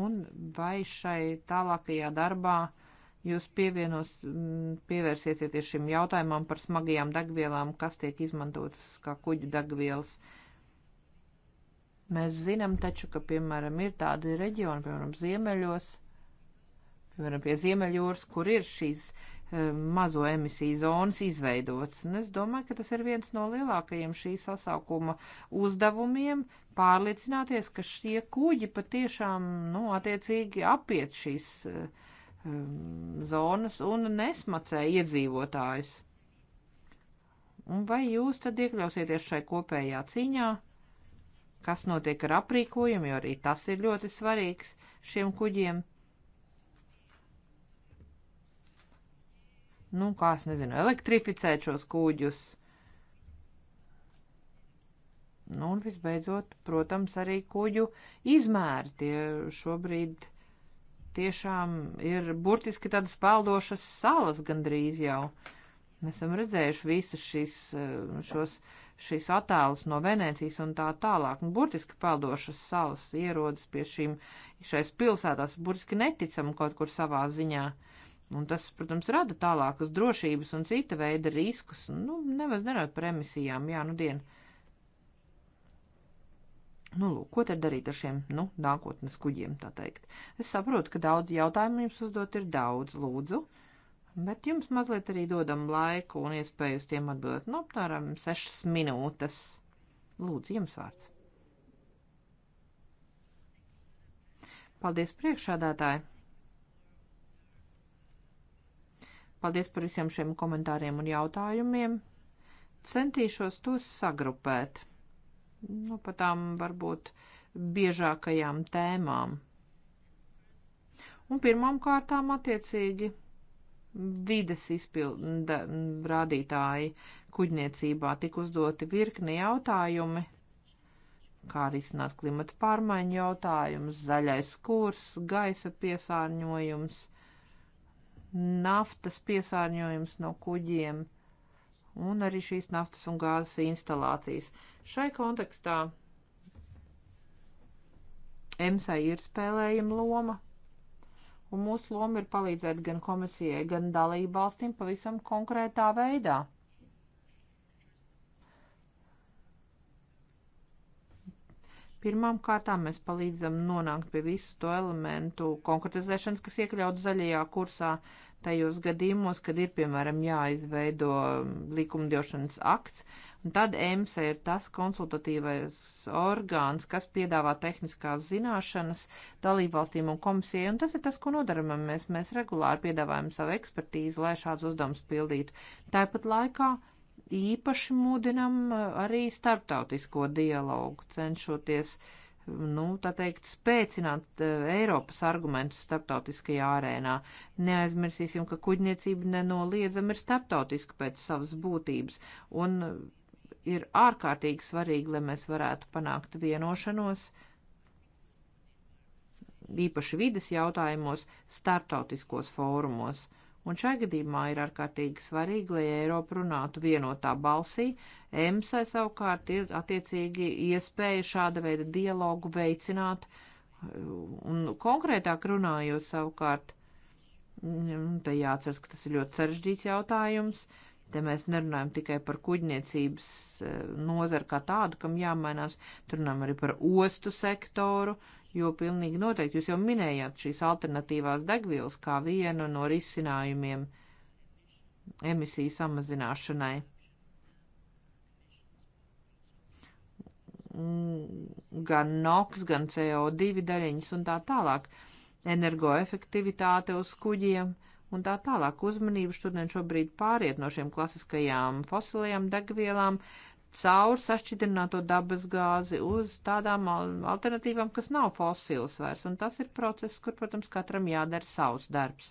Un vai šai tālākajā darbā jūs pievienos, mm, pievērsieties šim jautājumam par smagajām degvielām, kas tiek izmantotas kā kuģu degvielas? Uh, Mēs zinām taču, ka, piemēram, ir tādi reģioni, piemēram, ziemeļos, piemēram, pie ziemeļjūras, kur ir šīs eh, mazo emisiju zonas izveidots. Un es domāju, ka tas ir viens no lielākajiem šī sasaukuma uzdevumiem - pārliecināties, ka šie kuģi patiešām, nu, attiecīgi apiet šīs um, zonas un nesmacē iedzīvotājus. Un vai jūs tad iekļausieties šai kopējā cīņā? kas notiek ar aprīkojumu, jo arī tas ir ļoti svarīgs šiem kuģiem. Nu, kā es nezinu, elektrificēt šos kuģus. Nu, un visbeidzot, protams, arī kuģu izmēri tie šobrīd tiešām ir burtiski tādas peldošas salas gandrīz jau. Mēs esam redzējuši visus šīs, eh, šos uh, šis attēls no Venēcijas un tā tālāk. Nu, burtiski peldošas salas ierodas pie šīm, šais pilsētās, burtiski neticam kaut kur savā ziņā. Un tas, protams, rada tālākas drošības un cita veida riskus. Nu, nemaz nerad par emisijām, jā, nu dien. Nu, lūk, ko tad darīt ar šiem, nu, nākotnes kuģiem, tā teikt. Es saprotu, ka daudz jautājumu jums uzdot ir daudz, lūdzu. Uh, bet jums mazliet arī dodam laiku un iespēju uz tiem atbildēt. Nu, apmēram 6 minūtes. Lūdzu, jums vārds. Paldies priekšādātāji! Paldies par visiem šiem komentāriem un jautājumiem. Centīšos tos sagrupēt. Nu, pa tām varbūt biežākajām tēmām. Un pirmām kārtām attiecīgi vides izpilda rādītāji kuģniecībā. Tik uzdoti virkni jautājumi, kā risināt klimata pārmaiņu jautājumus, zaļais kurs, gaisa piesārņojums, naftas piesārņojums no kuģiem un arī šīs naftas un gāzes instalācijas. Šai kontekstā EMSA ir spēlējama loma, un mūsu loma ir palīdzēt gan komisijai, gan dalību valstīm pavisam konkrētā veidā. Pirmām kārtām mēs palīdzam nonākt pie visu to elementu konkretizēšanas, kas iekļaut zaļajā kursā. Uh, tajos gadījumos, kad ir, piemēram, jāizveido likumdošanas akts, un tad EMSA ir tas konsultatīvais orgāns, kas piedāvā tehniskās zināšanas dalībvalstīm un komisijai, un tas ir tas, ko nodaram, mēs, mēs regulāri piedāvājam savu ekspertīzi, lai šāds uzdevums pildītu. Tāpat laikā īpaši mudinam uh, arī starptautisko dialogu, cenšoties uh, nu, tā teikt, spēcināt eh, Eiropas argumentus starptautiskajā arēnā. Neaizmirsīsim, ka kuģniecība nenoliedzami ir starptautiska pēc savas būtības, un eh, ir ārkārtīgi svarīgi, lai mēs varētu panākt vienošanos, īpaši vides jautājumos, starptautiskos fórumos. Un šai gadījumā ir ārkārtīgi svarīgi, lai Eiropa runātu vienotā balsī. EMSA savukārt ir attiecīgi iespēja šāda veida dialogu veicināt. Un konkrētāk runājot savukārt, mm, te jāatceras, ka tas ir ļoti sarežģīts jautājums. Te mēs nerunājam tikai par kuģniecības eh, nozaru kā tādu, kam jāmainās, tur runājam arī par ostu sektoru, jo pilnīgi noteikti jūs jau minējāt šīs alternatīvās degvielas kā vienu no risinājumiem emisiju samazināšanai. Mm, gan NOx, gan CO2 daļiņas un tā tālāk, energoefektivitāte uz kuģiem un tā tālāk. Uzmanību šodien šobrīd pāriet no šiem klasiskajām fosilajām degvielām caur sašķidrināto dabas gāzi uz tādām alternatīvām, kas nav fosils vairs. Un tas ir process, kur, protams, katram jādara savs darbs,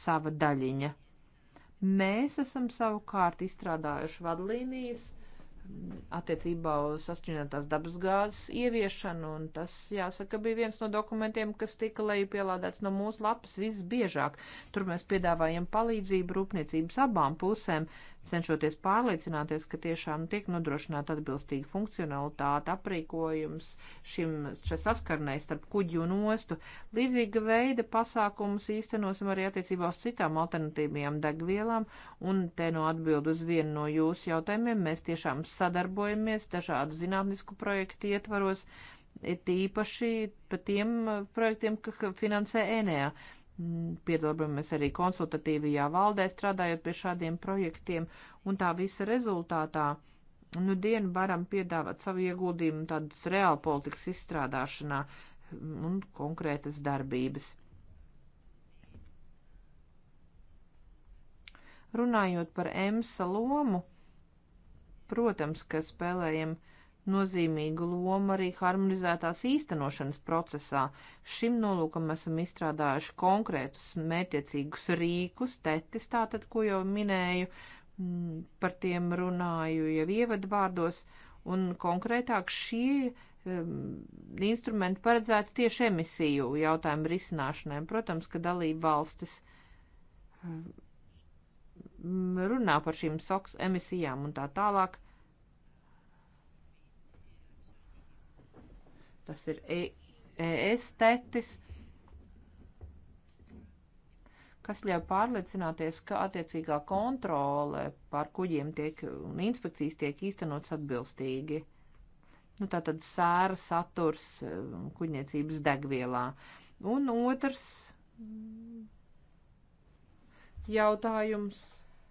sava daļiņa. Mēs esam savukārt izstrādājuši vadlīnijas attiecībā uz sašķinātās dabasgāzes ieviešanu, un tas, jāsaka, bija viens no dokumentiem, kas tika leju pielādēts no mūsu lapas visbiežāk. Tur mēs piedāvājam palīdzību rūpniecības abām pusēm, cenšoties pārliecināties, ka tiešām tiek nodrošināta atbilstīga funkcionalitāte, aprīkojums šim saskarnēs starp kuģi un ostu. Līdzīga veida pasākumus īstenosim arī attiecībā uz citām alternatīvajām degvielām, un te no nu atbild uz vienu no jūsu jautājumiem mēs tiešām sadarbojamies dažādu zinātnisku projektu ietvaros, tīpaši par tiem uh, projektiem, ka finansē ENEA. Mm, piedalāmies arī konsultatīvajā valdē, strādājot pie šādiem projektiem, un tā visa rezultātā nu dienu varam piedāvāt savu ieguldījumu tādas reāla politikas izstrādāšanā mm, un konkrētas darbības. Runājot par EMSA lomu, protams, ka spēlējam nozīmīgu lomu arī harmonizētās īstenošanas procesā. Šim nolūkam esam izstrādājuši konkrētus mērķiecīgus rīkus, tetis tātad, ko jau minēju, mm, par tiem runāju jau ievadvārdos, un konkrētāk šie um, instrumenti paredzēti tieši emisiju jautājumu risināšanai. Protams, ka dalība valstis um, Mm, runā par šīm SOX emisijām un tā tālāk. Tas ir ES e tetis, kas ļauj pārliecināties, ka attiecīgā kontrole pār kuģiem tiek un inspekcijas tiek īstenots atbilstīgi. Nu, tā tad sēra saturs mm, kuģniecības degvielā. Un otrs mm, jautājums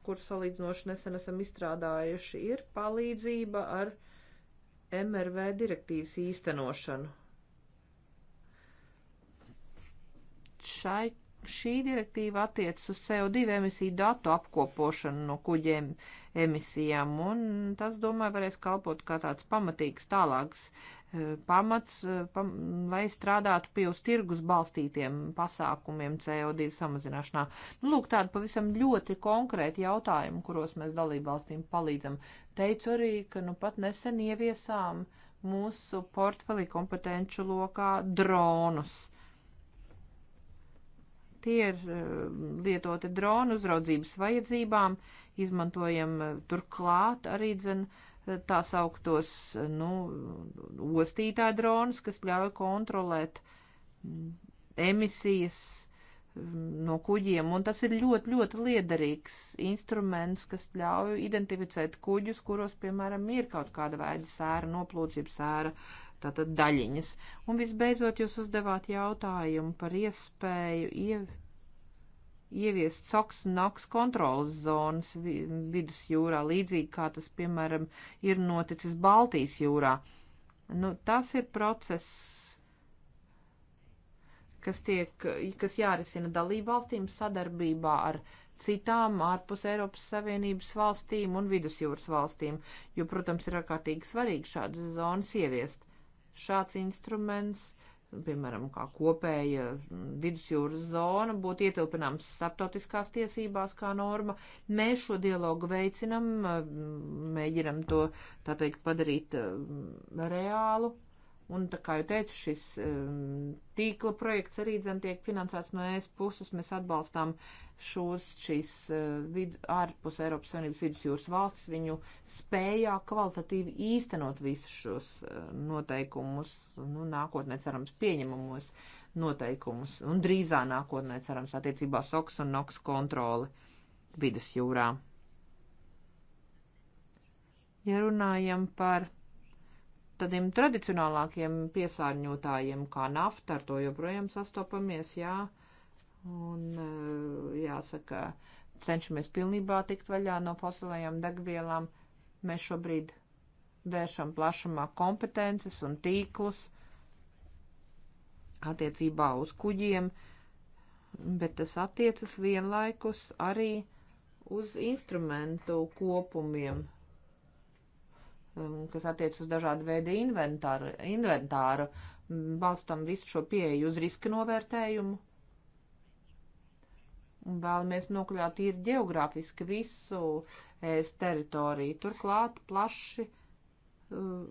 kur salīdzinoši nesen esam izstrādājuši, ir palīdzība ar MRV direktīvas īstenošanu. Šai, šī direktīva attiec uz CO2 emisiju datu apkopošanu no kuģiem emisijām, un tas, domāju, varēs kalpot kā tāds pamatīgs tālāks E, pamats, e, pam, lai strādātu pie uz tirgus balstītiem pasākumiem CO2 samazināšanā. Nu, lūk, tādi pavisam ļoti konkrēti jautājumi, kuros mēs dalībvalstīm palīdzam. Teicu arī, ka nu pat nesen ieviesām mūsu portfelī kompetenču lokā dronus tie ir e, lietoti dronu uzraudzības vajadzībām, izmantojam turklāt arī dzen tā sauktos, nu, ostītāju dronus, kas ļauj kontrolēt mm, emisijas mm, no kuģiem, un tas ir ļoti, ļoti liederīgs instruments, kas ļauj identificēt kuģus, kuros, piemēram, ir kaut kāda veida sēra, noplūcības sēra, tātad daļiņas. Un visbeidzot, jūs uzdevāt jautājumu par iespēju ieviest ieviest soks un naks kontrolas zonas vidus jūrā, līdzīgi kā tas, piemēram, ir noticis Baltijas jūrā. Nu, tas ir process, kas, tiek, kas jārisina dalību valstīm sadarbībā ar citām ārpus Eiropas Savienības valstīm un vidusjūras valstīm, jo, protams, ir ārkārtīgi svarīgi šādas zonas ieviest. Šāds instruments uh, piemēram, kā kopēja vidusjūras zona, būtu ietilpināms starptautiskās tiesībās kā norma. Mēs šo dialogu veicinam, mēģinam to, tā teikt, padarīt reālu. Un, tā kā jau teicu, šis um, tīkla projekts arī dzen tiek finansēts no ES puses. Mēs atbalstām šos, šīs uh, vid, ārpus Eiropas Savienības vidusjūras valstis, viņu spējā kvalitatīvi īstenot visus šos uh, noteikumus, nu, nākotnē cerams pieņemamos noteikumus, un drīzā nākotnē cerams attiecībā SOX un NOX kontroli vidusjūrā. Ja runājam par tādiem tradicionālākiem piesārņotājiem, kā nafta, ar to joprojām sastopamies, jā. Un eh, jāsaka, cenšamies pilnībā tikt vaļā no fosilējām degvielām. Mēs šobrīd vēršam plašumā kompetences un tīklus attiecībā uz kuģiem, bet tas attiecas vienlaikus arī uz instrumentu kopumiem Um, kas attiec uz dažādu veidu inventāru, inventāru um, balstam visu šo pieeju uz riska novērtējumu. Un vēlamies nokļūt īri geogrāfiski visu es teritoriju. Turklāt plaši uh,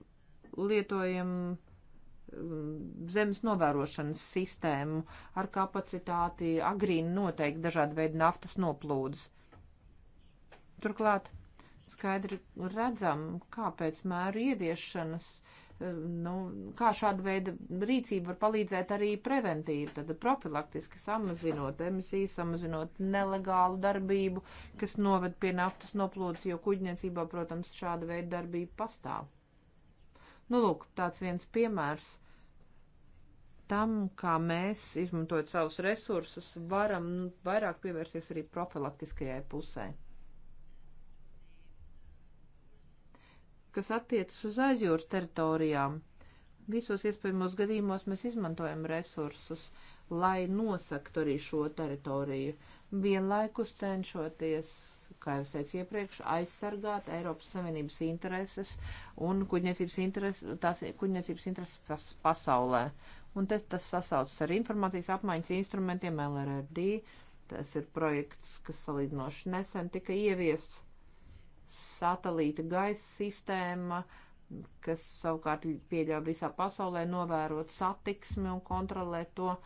lietojam um, zemes novērošanas sistēmu ar kapacitāti agrīni noteikt dažādu veidu naftas noplūdes. Turklāt skaidri redzam, kāpēc mēru ieviešanas, eh, nu, kā šāda veida rīcība var palīdzēt arī preventīvi, tad profilaktiski samazinot emisijas, samazinot nelegālu darbību, kas noved pie naftas noplūdes, jo kuģniecībā, protams, šāda veida darbība pastāv. Nu, lūk, tāds viens piemērs tam, kā mēs, izmantojot savus resursus, varam nu, vairāk pievērsties arī profilaktiskajai pusē. kas attiecas uz aizjūras teritorijām. Visos iespējamos gadījumos mēs izmantojam resursus, lai nosaktu arī šo teritoriju, vienlaikus cenšoties, kā jau teicu iepriekš, aizsargāt Eiropas Savienības intereses un kuģniecības intereses, tās kuģniecības intereses pas, pasaulē. Un tas, tas sasaucas ar informācijas apmaiņas instrumentiem LRRD. Tas ir projekts, kas salīdzinoši nesen tika ieviests satelīta gaisa sistēma, kas savukārt pieļauj visā pasaulē novērot satiksmi un kontrolēt to.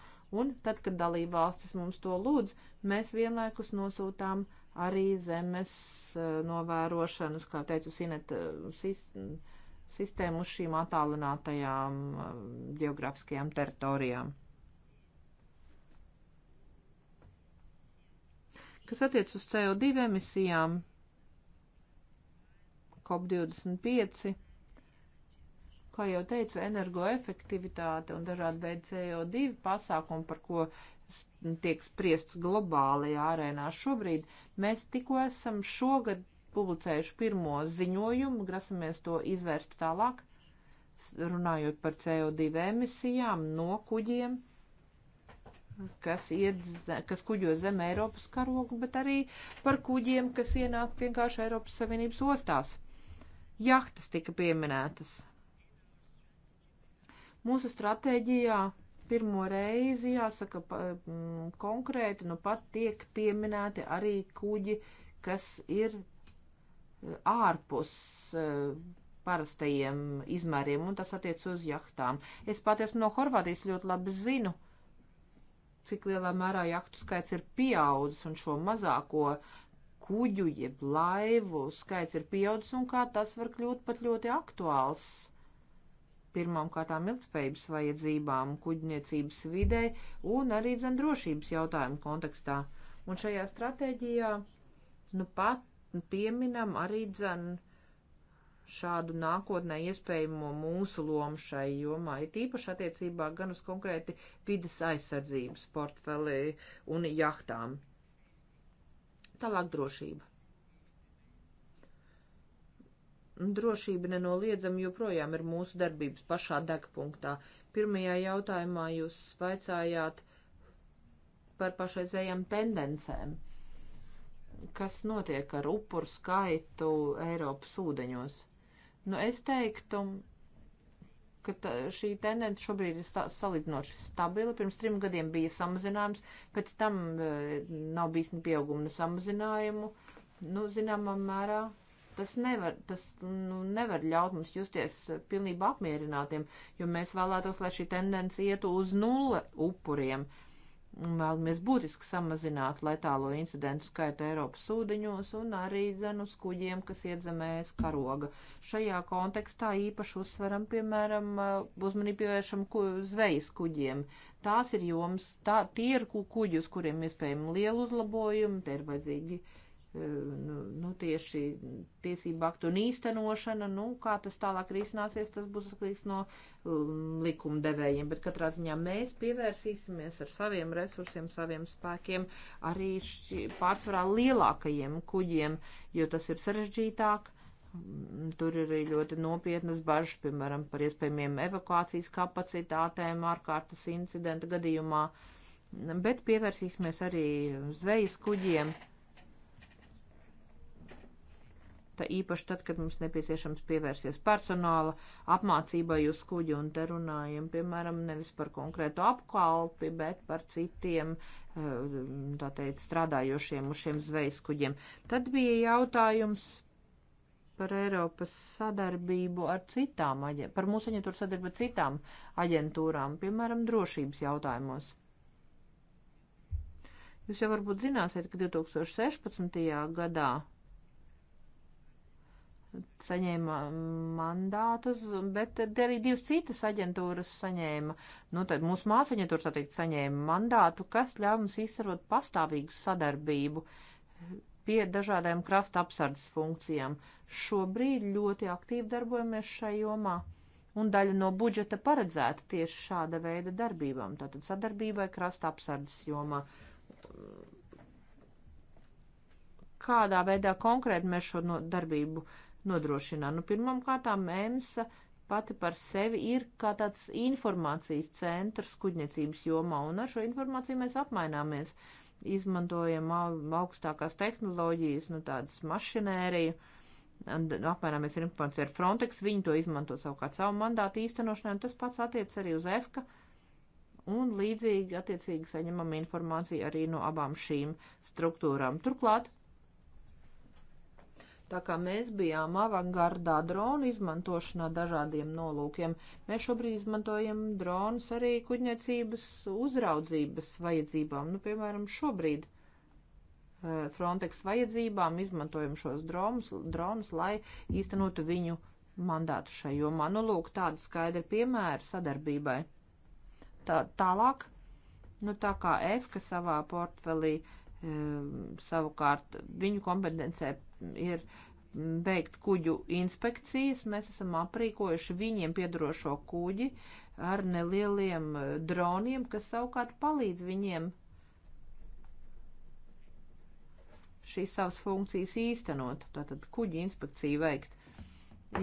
Un tad, kad dalībvalstis mums to lūdz, mēs vienlaikus nosūtām arī zemes eh, novērošanas, kā teicu, sinet, eh, sis, sistēmu uz šīm attālinātajām eh, geografiskajām teritorijām. Kas attiec uz CO2 emisijām, COP25. Kā jau teicu, energoefektivitāte un dažādi veidi CO2 pasākumi, par ko tiek spriests globālajā arēnā šobrīd, mēs tikko esam šogad publicējuši pirmo ziņojumu, grasamies to izvērst tālāk, runājot par CO2 emisijām no kuģiem kas, iet, kas kuģo zem Eiropas karogu, bet arī par kuģiem, kas ienāk vienkārši Eiropas Savienības ostās. Jahtas tika pieminētas. Mūsu stratēģijā pirmo reizi, jāsaka, pa, m, mm, konkrēti, nu pat tiek pieminēti arī kuģi, kas ir e, ārpus e, parastajiem izmēriem, un tas attiec uz jahtām. Es pat esmu no Horvātijas ļoti labi zinu, cik lielā mērā jahtu skaits ir pieaudzis, un šo mazāko kuģu jeb laivu skaits ir pieaudzis un kā tas var kļūt pat ļoti aktuāls. Pirmām kārtām ilgspējības vajadzībām, kuģniecības videi un arī zem drošības jautājumu kontekstā. Un šajā stratēģijā, nu pat pieminam arī dzen šādu nākotnē iespējamo mūsu lomu šai jomā, ir tīpaši attiecībā gan uz konkrēti vidas aizsardzības portfelī un jahtām. Tālāk drošība. Drošība nenoliedzami joprojām ir mūsu darbības pašā degpunktā. Pirmajā jautājumā jūs vaicājāt par pašreizējām tendencēm. Kas notiek ar upuru skaitu Eiropas ūdeņos? Nu, es teiktu, ka tā, šī tendence šobrīd ir stā, salīdzinoši stabila. Pirms trim gadiem bija samazinājums, pēc tam e, nav bijis ne pieauguma, ne samazinājumu. Nu, zināmā mērā tas nevar, tas, nu, nevar ļaut mums justies pilnībā apmierinātiem, jo mēs vēlētos, lai šī tendence ietu uz nulle upuriem. Uh, un vēlamies būtiski samazināt letālo incidentu skaitu Eiropas ūdeņos un arī dzenu uz kuģiem, kas iedzemējas karoga. Šajā kontekstā īpaši uzsveram, piemēram, uh, uzmanību pievēršam ku, zvejas kuģiem. Tās ir joms, tā, tie ir kuģi, uz kuriem iespējami lielu uzlabojumu, te ir vajadzīgi uh, Eh, nu, nu, tieši tiesību aktu un īstenošana, nu, kā tas tālāk risināsies, tas būs atkarīgs no um, likumdevējiem. Bet katrā ziņā mēs pievērsīsimies ar saviem resursiem, saviem spēkiem, arī šķi, pārsvarā lielākajiem kuģiem, jo tas ir sarežģītāk. Mm, tur ir arī ļoti nopietnas bažas, piemēram, par iespējamiem evakuācijas kapacitātēm ārkārtas incidenta gadījumā, mm, bet pievērsīsimies arī zvejas kuģiem. tā īpaši tad, kad mums nepieciešams pievērsties personāla apmācībai uz kuģi, un te runājam, piemēram, nevis par konkrētu apkalpi, bet par citiem, eh, tā teikt, strādājošiem uz šiem zvejskuģiem. Tad bija jautājums par Eiropas sadarbību ar citām, par mūsu aģentūru sadarbību ar citām aģentūrām, piemēram, drošības jautājumos. Jūs jau varbūt zināsiet, ka 2016. gadā saņēma mandātus, bet te arī divas citas aģentūras saņēma, nu tad mūsu māsu aģentūras, tā teikt, saņēma mandātu, kas ļauj mums izsarot pastāvīgu sadarbību pie dažādiem krasta apsardzes funkcijām. Šobrīd ļoti aktīvi darbojamies šai jomā, un daļa no budžeta paredzēta tieši šāda veida darbībām, tātad sadarbībai krasta apsardzes jomā kādā veidā konkrēti mēs šo no darbību nodrošinā. Nu, pirmam kārtām EMSA pati par sevi ir kā tāds informācijas centrs kuģniecības jomā, un ar šo informāciju mēs apmaināmies, izmantojam augstākās tehnoloģijas, nu tādas mašinēriju, apmaināmies ar informāciju ar Frontex, viņi to izmanto savukārt savu mandātu īstenošanai, un tas pats attiec arī uz EFKA, un līdzīgi attiecīgi saņemam informāciju arī no abām šīm struktūrām. Turklāt Tā kā mēs bijām avangardā dronu izmantošanā dažādiem nolūkiem, mēs šobrīd izmantojam dronus arī kuģniecības uzraudzības vajadzībām. Nu, piemēram, šobrīd eh, Frontex vajadzībām izmantojam šos dronus, dronus lai īstenotu viņu mandātu šai jomā. Nu, lūk, tāda skaidra piemēra sadarbībai. Tā, tālāk, nu, tā kā EFKA savā portfelī e, savukārt viņu kompetencē ir veikt kuģu inspekcijas. Mēs esam aprīkojuši viņiem piedarošo kuģi ar nelieliem eh, droniem, kas savukārt palīdz viņiem šīs savas funkcijas īstenot, tātad kuģi inspekciju veikt.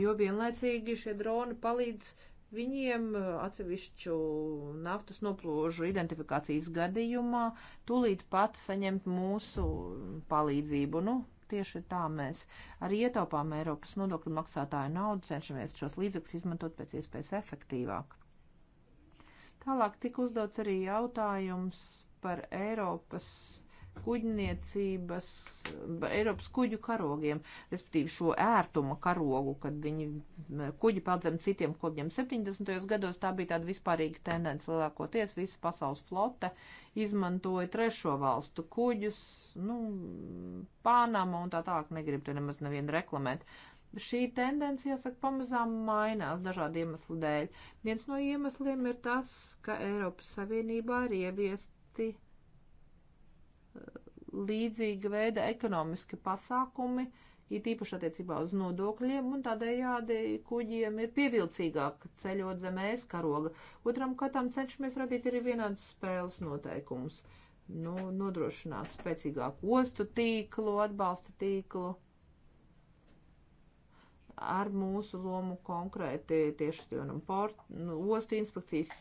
Jo vienlaicīgi šie droni palīdz viņiem eh, atsevišķu naftas noplūžu identifikācijas gadījumā tūlīt pat saņemt mūsu palīdzību. Nu, Tieši tā mēs arī ietaupām Eiropas nodokļu maksātāju naudu, cenšamies šos līdzekļus izmantot pēc iespējas efektīvāk. Tālāk tika uzdots arī jautājums par Eiropas kuģniecības, Eiropas kuģu karogiem, respektīvi šo ērtuma karogu, kad viņi kuģi padzem citiem kuģiem. 70. gados tā bija tāda vispārīga tendence lielākoties, visa pasaules flote izmantoja trešo valstu kuģus, nu, Pānama un tā tālāk, negribu te nemaz nevienu reklamēt. Šī tendence, jāsaka, pamazām mainās dažādu iemeslu dēļ. Viens no iemesliem ir tas, ka Eiropas Savienībā ir ieviesti līdzīga veida ekonomiski pasākumi, it īpaši attiecībā uz nodokļiem, un tādējādi kuģiem ir pievilcīgāk ceļot zem ēs karoga. Otram katam cenšamies radīt arī vienādas spēles noteikumus. Nu, nodrošināt spēcīgāku ostu tīklu, atbalsta tīklu ar mūsu lomu konkrēti tieši port, nu, ostu inspekcijas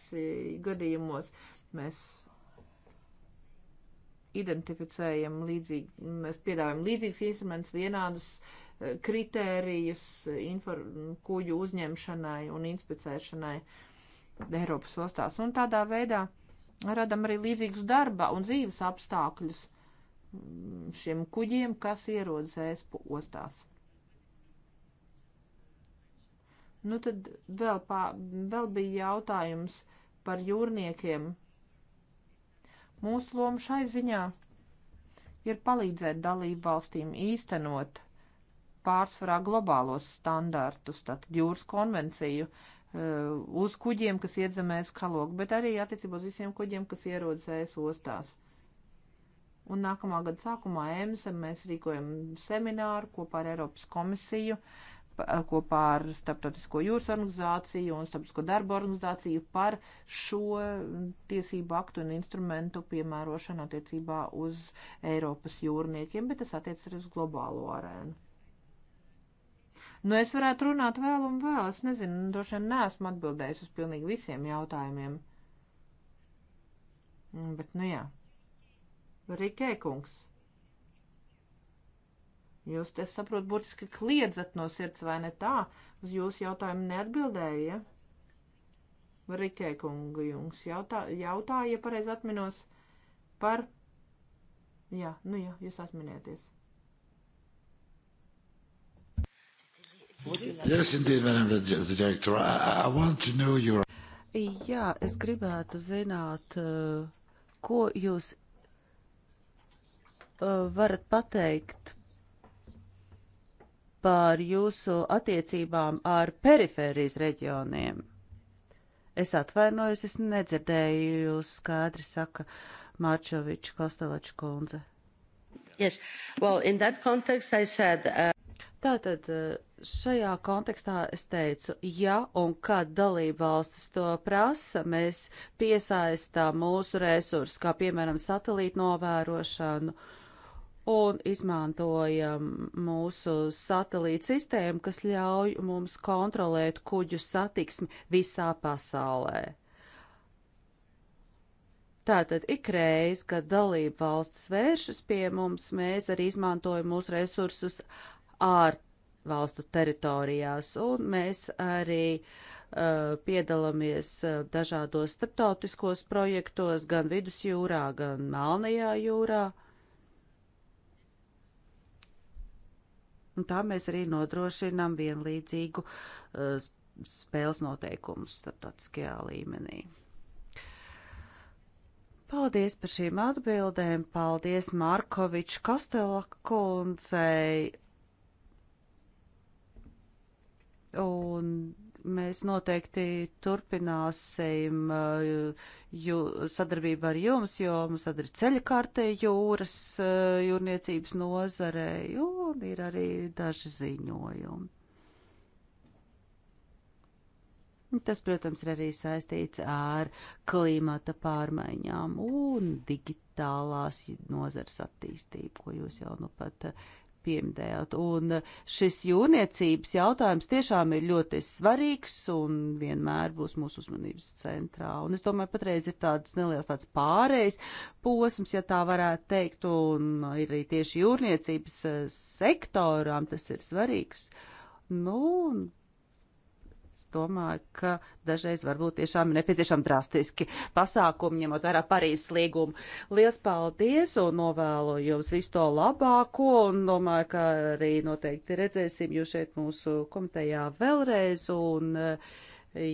gadījumos. Mēs identificējam līdzīgi, mēs piedāvājam līdzīgs instruments, vienādus eh, kritērijus kuģu uzņemšanai un inspicēšanai Eiropas ostās. Un tādā veidā radam arī līdzīgus darba un dzīves apstākļus mm, šiem kuģiem, kas ierodas ēspu ostās. Nu tad vēl, pā, vēl bija jautājums par jūrniekiem Mūsu loma šai ziņā ir palīdzēt dalību valstīm īstenot pārsvarā globālos standartus, tātad jūras konvenciju, eh, uz kuģiem, kas iedzemēs kalogu, bet arī attiecībā uz visiem kuģiem, kas ierodas ēs ostās. Un nākamā gada sākumā EMSA mēs rīkojam semināru kopā ar Eiropas komisiju, uh, kopā ar Starptautisko jūras organizāciju un Starptautisko darbu organizāciju par šo tiesību aktu un instrumentu piemērošanu attiecībā uz Eiropas jūrniekiem, bet tas attiec arī uz globālo arēnu. Nu, es varētu runāt vēl un vēl, es nezinu, droši vien neesmu atbildējis uz pilnīgi visiem jautājumiem. Mm, bet, nu jā. Rikē kungs. Jūs, es saprotu, burtiski kliedzat no sirds, vai ne tā? Uz jūsu jautājumu neatbildēju, ja? Rikē kunga jums jautā, jautāja, ja pareizi atminos, par... Jā, nu jā, jūs atminieties. Yes, indeed, Madam Director. I, I want to know your... Jā, es gribētu zināt, eh, ko jūs eh, varat pateikt par jūsu attiecībām ar perifērijas reģioniem. Es atvainojos, es nedzirdēju jūs skaidri, saka Mārčoviča Kostelača kundze. Yes. Well, in that context I said, uh... Tātad uh, šajā kontekstā es teicu, ja un kad dalība valstis to prasa, mēs piesaistām mūsu resursus, kā piemēram satelītu novērošanu. Uh, un izmantojam mūsu satelīta sistēmu, kas ļauj mums kontrolēt kuģu satiksmi visā pasaulē. Tātad ikreiz, kad dalība valsts vēršas pie mums, mēs arī izmantojam mūsu resursus ārvalstu teritorijās, un mēs arī uh, piedalāmies uh, dažādos starptautiskos projektos gan vidusjūrā, gan Melnajā jūrā. Uh, Un tā mēs arī nodrošinām vienlīdzīgu uh, spēles noteikumus starptautiskajā līmenī. Paldies par šīm atbildēm, paldies Markoviča Kostela kundzei. Un mēs noteikti turpināsim uh, jū, sadarbību ar jums, jo mums tad ir ceļa kārtē jūras uh, jūrniecības nozarei un ir arī daži ziņojumi. Tas, protams, ir arī saistīts ar klimata pārmaiņām un digitālās nozars attīstību, ko jūs jau nu pat piemdēt. Un šis jūrniecības jautājums tiešām ir ļoti svarīgs un vienmēr būs mūsu uzmanības centrā. Un es domāju, patreiz ir tāds neliels tāds pārējais posms, ja tā varētu teikt, un ir arī tieši jūrniecības eh, sektorām tas ir svarīgs. Nu, Es domāju, ka dažreiz varbūt tiešām nepieciešami drastiski pasākumi, ņemot vērā Parīzes līgumu. Lielas paldies un novēlu jums visu to labāko un domāju, ka arī noteikti redzēsim jūs šeit mūsu komitejā vēlreiz un eh,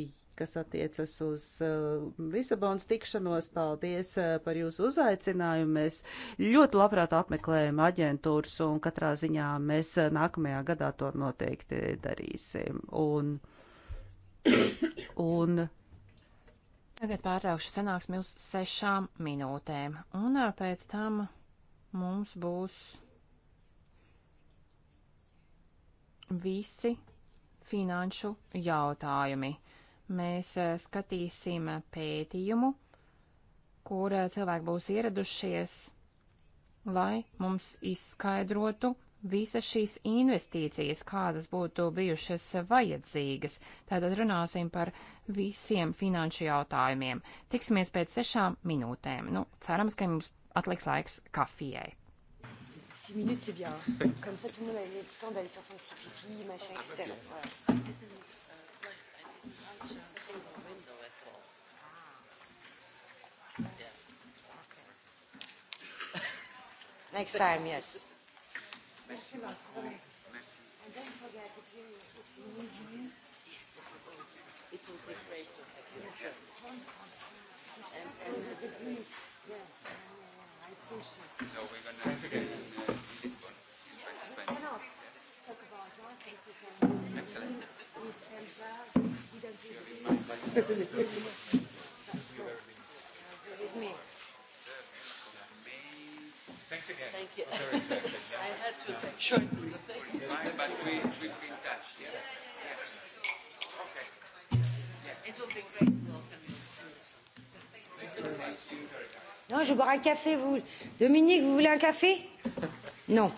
kas attiecas uz eh, Lisabonas tikšanos. Paldies eh, par jūsu uzaicinājumu. Mēs ļoti labprāt apmeklējam aģentūras un katrā ziņā mēs nākamajā gadā to noteikti darīsim. Un Un tagad pārtraukšu sanāksmi uz sešām minūtēm, un pēc tam mums būs visi finanšu jautājumi. Mēs skatīsim pētījumu, kur cilvēki būs ieradušies, lai mums izskaidrotu visas šīs investīcijas, kādas būtu bijušas vajadzīgas. Tātad runāsim par visiem finanšu jautājumiem. Tiksimies pēc sešām minūtēm. Nu, cerams, ka mums atliks laiks kafijai. Minutes, c'est bien. Comme ça, tout le monde a le temps d'aller faire son petit pipi, machin, etc. Ah, voilà. Next time, yes. Merci, Marc. Oui. Merci. And don't forget, if you, if you need me, it will be great to have you. Yeah, sure. And, and the brief, yeah, I appreciate it. So we're going to get in uh, Lisbon. Yeah, I cannot talk about that. If we can Excellent. With Elba, we don't do it. You're with me. Thanks again. Thank you. Very I had to um, sure. But we we be in touch. Yeah. yeah, yeah, yeah. Okay. Yeah. It will be great. Thank you very much. Non, je bois un café. Vous, Dominique, vous voulez un café Non.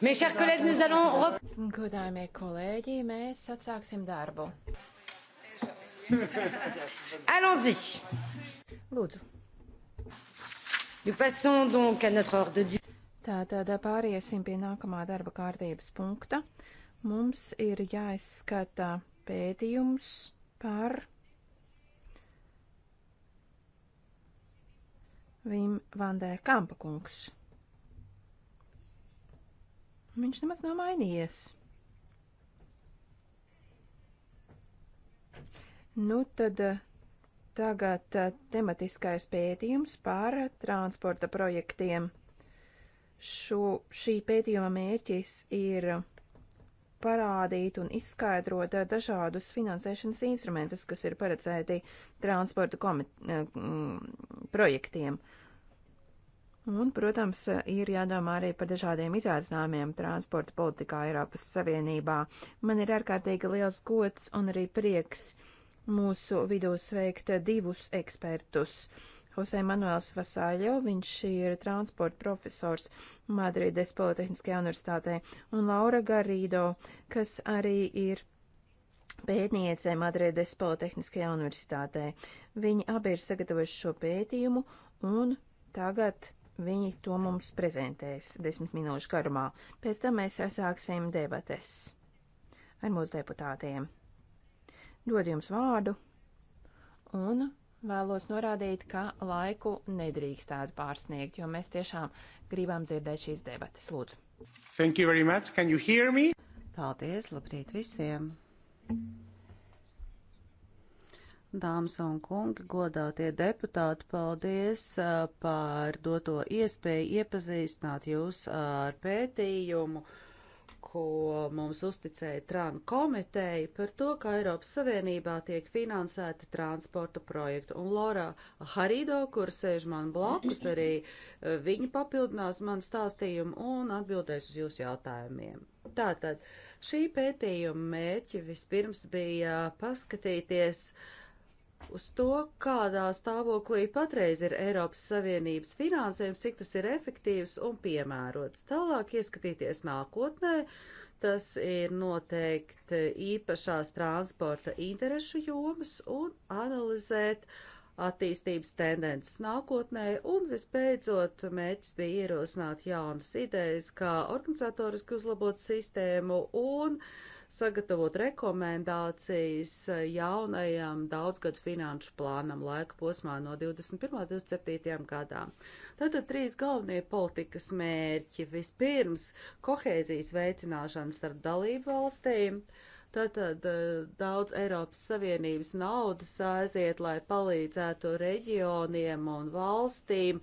Godājumie kolēģi, mēs atsāksim darbu. Allons-y. Lūdzu. Nous passons donc à notre ordre du Tātad pāriesim pie nākamā darba kārtības punkta. Mums ir jāizskata pētījums par Vim Vandē Kampa kungs. Viņš nemaz nav mainījies. Nu tad eh, tagad eh, tematiskais pētījums par transporta projektiem. Šo, šī pētījuma mērķis ir parādīt un izskaidrot eh, dažādus finansēšanas instrumentus, kas ir paredzēti transporta komit, projektiem. Un, protams, ir jādomā arī par dažādiem izaicinājumiem transporta politikā Eiropas Savienībā. Man ir ārkārtīgi liels gods un arī prieks mūsu vidū sveikt divus ekspertus. Jose Manuels Vasāļo, viņš ir transporta profesors Madrides Politehniskajā universitātē, un Laura Garīdo, kas arī ir pētniece Madrides Politehniskajā universitātē. Viņi abi ir sagatavojuši šo pētījumu, un tagad Viņi to mums prezentēs desmit minūšu garumā. Pēc tam mēs sāksim debates ar mūsu deputātiem. Dod jums vārdu un vēlos norādīt, ka laiku nedrīkst tādu pārsniegt, jo mēs tiešām gribam dzirdēt šīs debates. Lūdzu. Thank you very much. Can you hear me? Paldies, labrīt visiem. Dāmas un kungi, godātie deputāti, paldies par doto iespēju iepazīstināt jūs ar pētījumu, ko mums uzticēja TRAN komiteja par to, kā Eiropas Savienībā tiek finansēti transporta projekti. Un Lora Harido, kur sēž man blakus, arī viņa papildinās man stāstījumu un atbildēs uz jūsu jautājumiem. Tātad šī pētījuma mērķi vispirms bija paskatīties, uh, uz to, kādā stāvoklī patreiz ir Eiropas Savienības finansējums, cik tas ir efektīvs un piemērots. Tālāk ieskatīties nākotnē, tas ir noteikti īpašās transporta interešu jomas un analizēt attīstības tendences nākotnē, un visbeidzot mērķis bija ierosināt jaunas idejas, kā organizatoriski uzlabot sistēmu un uh, sagatavot rekomendācijas eh, jaunajam daudzgadu finanšu plānam laika posmā no 21. līdz 27. gadām. Tātad trīs galvenie politikas mērķi. Vispirms kohēzijas veicināšana starp dalību valstīm. Tātad eh, daudz Eiropas Savienības naudas aiziet, lai palīdzētu reģioniem un valstīm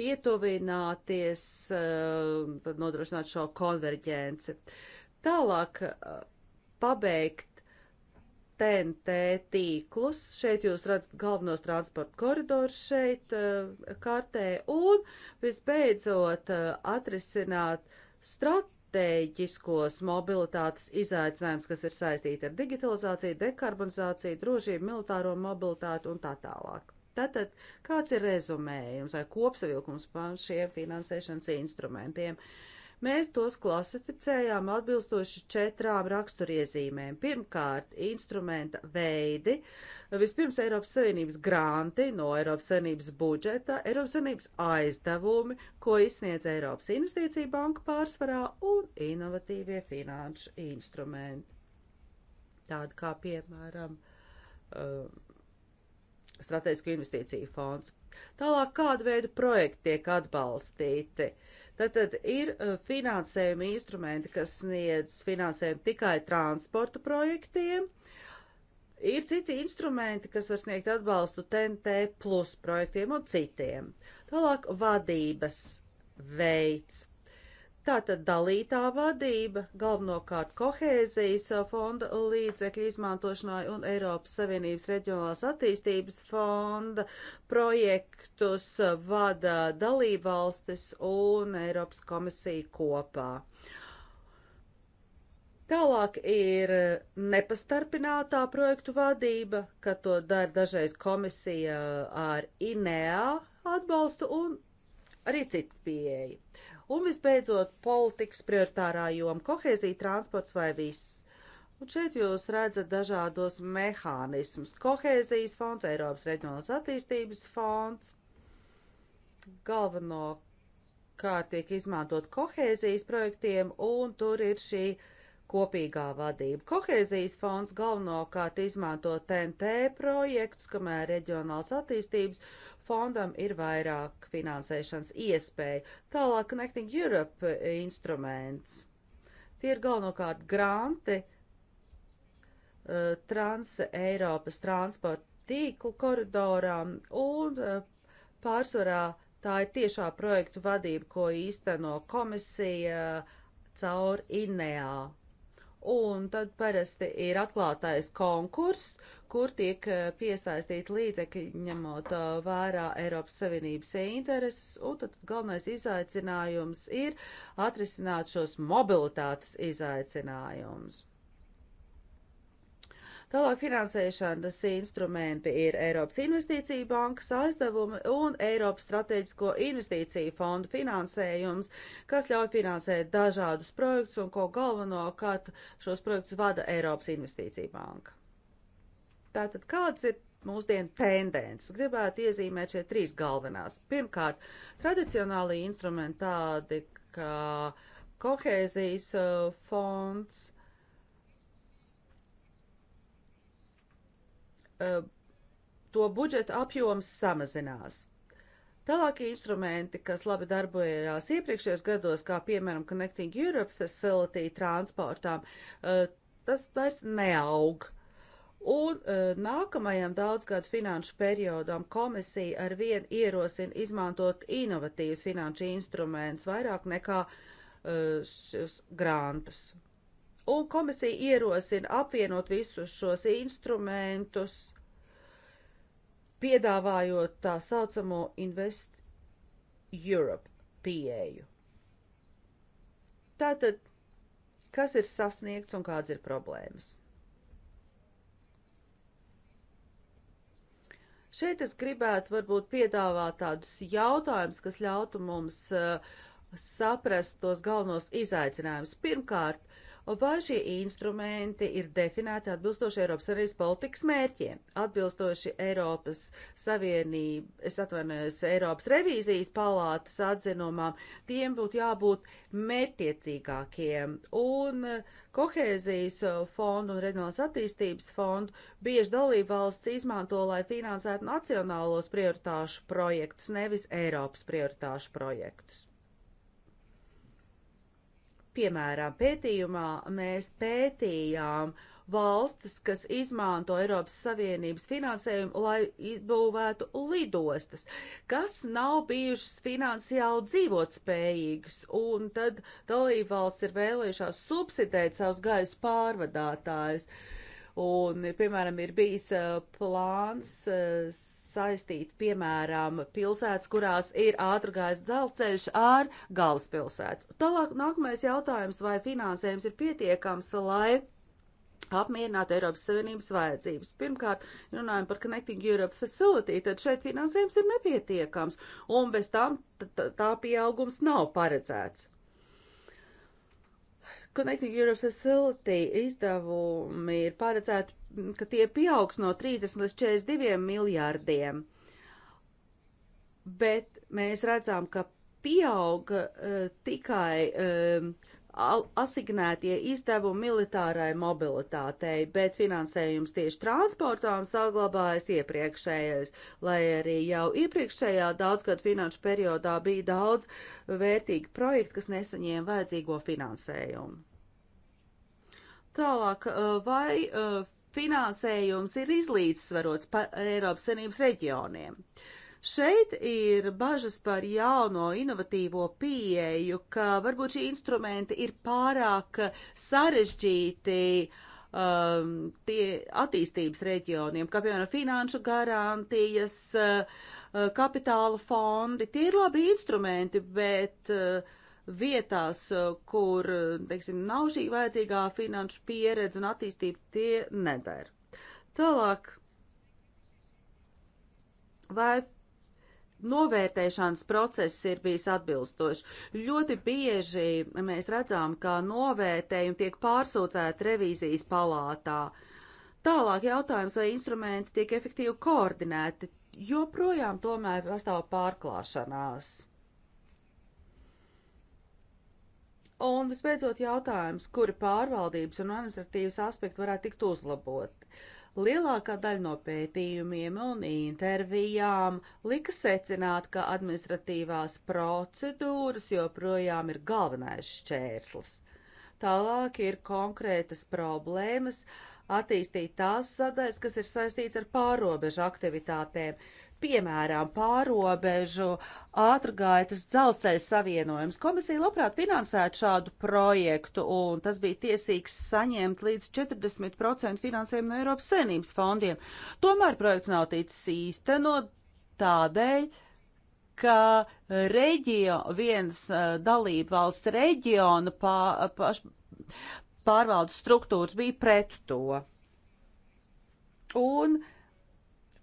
pietuvināties, eh, tad nodrošināt šo konverģenci. Tālāk pabeigt TNT tīklus. Šeit jūs redzat galvenos transporta koridors šeit eh, kartē un visbeidzot eh, atrisināt stratēģiskos mobilitātes izaicinājums, kas ir saistīti ar digitalizāciju, dekarbonizāciju, drošību, militāro mobilitāti un tā tālāk. Tātad, kāds ir rezumējums vai kopsavilkums par šiem finansēšanas instrumentiem? Uh, Mēs tos klasificējām atbilstoši četrām raksturiezīmēm. Pirmkārt, instrumenta veidi, vispirms Eiropas Savienības granti no Eiropas Savienības budžeta, Eiropas Savienības aizdevumi, ko izsniedz Eiropas Investīcija banka pārsvarā un inovatīvie finanšu instrumenti. Tāda kā, piemēram, um, uh, Stratēģisku investīciju fonds. Tālāk, kāda veida projekti tiek atbalstīti? Uh, Tātad ir uh, finansējuma instrumenti, kas sniedz finansējumu tikai transporta projektiem. Ir citi instrumenti, kas var sniegt atbalstu TNT plus projektiem un citiem. Tālāk vadības veids, Tātad dalītā vadība, galvenokārt kohēzijas uh, fonda līdzekļu izmantošanai un Eiropas Savienības reģionālās attīstības fonda projektus uh, vada dalībvalstis un Eiropas komisija kopā. Tālāk ir uh, nepastarpinātā projektu vadība, ka to dara dažreiz komisija ar INEA atbalstu un arī citu pieeju. Un visbeidzot, politikas prioritārā joma - kohēzija, transports vai viss. Un šeit jūs redzat dažādos mehānismus - kohēzijas fonds, Eiropas reģionālās attīstības fonds. Galveno kā tiek izmantot kohēzijas projektiem, un tur ir šī kopīgā vadība. Kohēzijas fonds galvenokārt izmanto TNT projektus, kamēr reģionāls attīstības fondam ir vairāk finansēšanas iespēju. Tālāk Connecting Europe eh, instruments. Tie ir galvenokārt granti uh, Trans-Eiropas transporta tīklu koridorām un uh, pārsvarā tā ir tiešā projektu vadība, ko īsteno komisija caur INEA. Un tad parasti ir atklātais konkurss, kur tiek eh, piesaistīti līdzekļi, ņemot eh, vērā Eiropas Savienības intereses, un tad galvenais izaicinājums ir atrisināt šos mobilitātes izaicinājumus. Tālāk finansēšanas instrumenti ir Eiropas Investīcija bankas aizdevumi un Eiropas Strateģisko investīciju fondu finansējums, kas ļauj finansēt dažādus projektus un ko galvenokārt šos projektus vada Eiropas Investīcija banka. Tātad, kāds ir mūsdienu tendences? Gribētu iezīmēt šeit trīs galvenās. Pirmkārt, tradicionāli instrumenti tādi, kā kohēzijas uh, fonds, uh, to budžeta apjoms samazinās. Tālākie instrumenti, kas labi darbojās iepriekšējos gados, kā piemēram Connecting Europe Facility transportām, uh, tas vairs neaug. Un uh, nākamajam daudzgadu finanšu periodam komisija ar vien ierosina izmantot inovatīvas finanšu instrumentus vairāk nekā uh, e, šis grantus. Un komisija ierosina apvienot visus šos instrumentus, piedāvājot tā saucamo Invest Europe pieeju. Tātad, kas ir sasniegts un kādas ir problēmas? Šeit es gribētu varbūt piedāvāt tādus jautājumus, kas ļautu mums uh, saprast tos galvenos izaicinājumus. Pirmkārt, vai šie instrumenti ir definēti atbilstoši Eiropas Savienības politikas mērķiem, atbilstoši Eiropas Savienība, es atvainojos, Eiropas revīzijas palātas atzinumam, tiem būtu jābūt mērķiecīgākiem un uh, Kohēzijas uh, fondu un reģionālās attīstības fondu bieži dalībvalsts izmanto, lai finansētu nacionālos prioritāšu projektus, nevis Eiropas prioritāšu projektus. Piemēram, pētījumā mēs pētījām uh, valstis, kas izmanto Eiropas Savienības finansējumu, lai būvētu lidostas, kas nav bijušas finansiāli dzīvotspējīgas, un tad dalībvalsts ir vēlējušās subsidēt savus gaisa pārvadātājus. Un, piemēram, ir bijis plāns saistīt, piemēram, pilsētas, kurās ir ātrgājas dzelceļš ar galvaspilsētu. Tālāk nākamais jautājums, vai finansējums ir pietiekams, lai apmierināt Eiropas Savienības vajadzības. Pirmkārt, runājam par Connecting Europe Facility, tad šeit finansējums ir nepietiekams, un bez tam tā pieaugums nav paredzēts. Connecting Europe Facility izdevumi ir paredzēti, ka tie pieaugs no 30 līdz 42 miljārdiem, bet mēs redzam, ka pieauga uh, tikai uh, asignētie izdevumi militārai mobilitātei, bet finansējums tieši transportām saglabājas iepriekšējais, lai arī jau iepriekšējā daudzgad finanšu periodā bija daudz vērtīgi projekti, kas nesaņēma vajadzīgo finansējumu. Tālāk, uh, vai uh, finansējums ir izlīdzsvarots pa Eiropas Savienības reģioniem? Uh, Šeit ir bažas par jauno inovatīvo pieeju, ka varbūt šī instrumenti ir pārāk sarežģīti um, tie attīstības reģioniem, kā piemēram finanšu garantijas, uh, kapitāla fondi. Tie ir labi instrumenti, bet uh, vietās, uh, kur, uh, teiksim, nav šī vajadzīgā finanšu pieredze un attīstība, tie nedara. Tālāk, vai novērtēšanas process ir bijis atbilstošs. Ļoti bieži mēs redzam, ka novērtējumi tiek pārsūcēti revīzijas palātā. Tālāk jautājums, vai instrumenti tiek efektīvi koordinēti, joprojām tomēr pastāv pārklāšanās. Un visbeidzot jautājums, kuri pārvaldības un administratīvas aspekti varētu tikt uzlabot. Lielākā daļa no pētījumiem un intervijām lika secināt, ka administratīvās procedūras joprojām ir galvenais šķērslis. Tālāk ir konkrētas problēmas attīstīt tās sadaļas, kas ir saistīts ar pārobežu aktivitātēm, Piemēram, pārobežu ātrgaitas dzelzceļa savienojums. Komisija labprāt finansētu šādu projektu, un tas bija tiesīgs saņemt līdz 40% finansējumu no Eiropas senības fondiem. Tomēr projekts nav ticis īstenot tādēļ, ka reģio, viens eh, dalība valsts reģiona pā, paš, pārvaldes struktūras bija pret to. Un uh,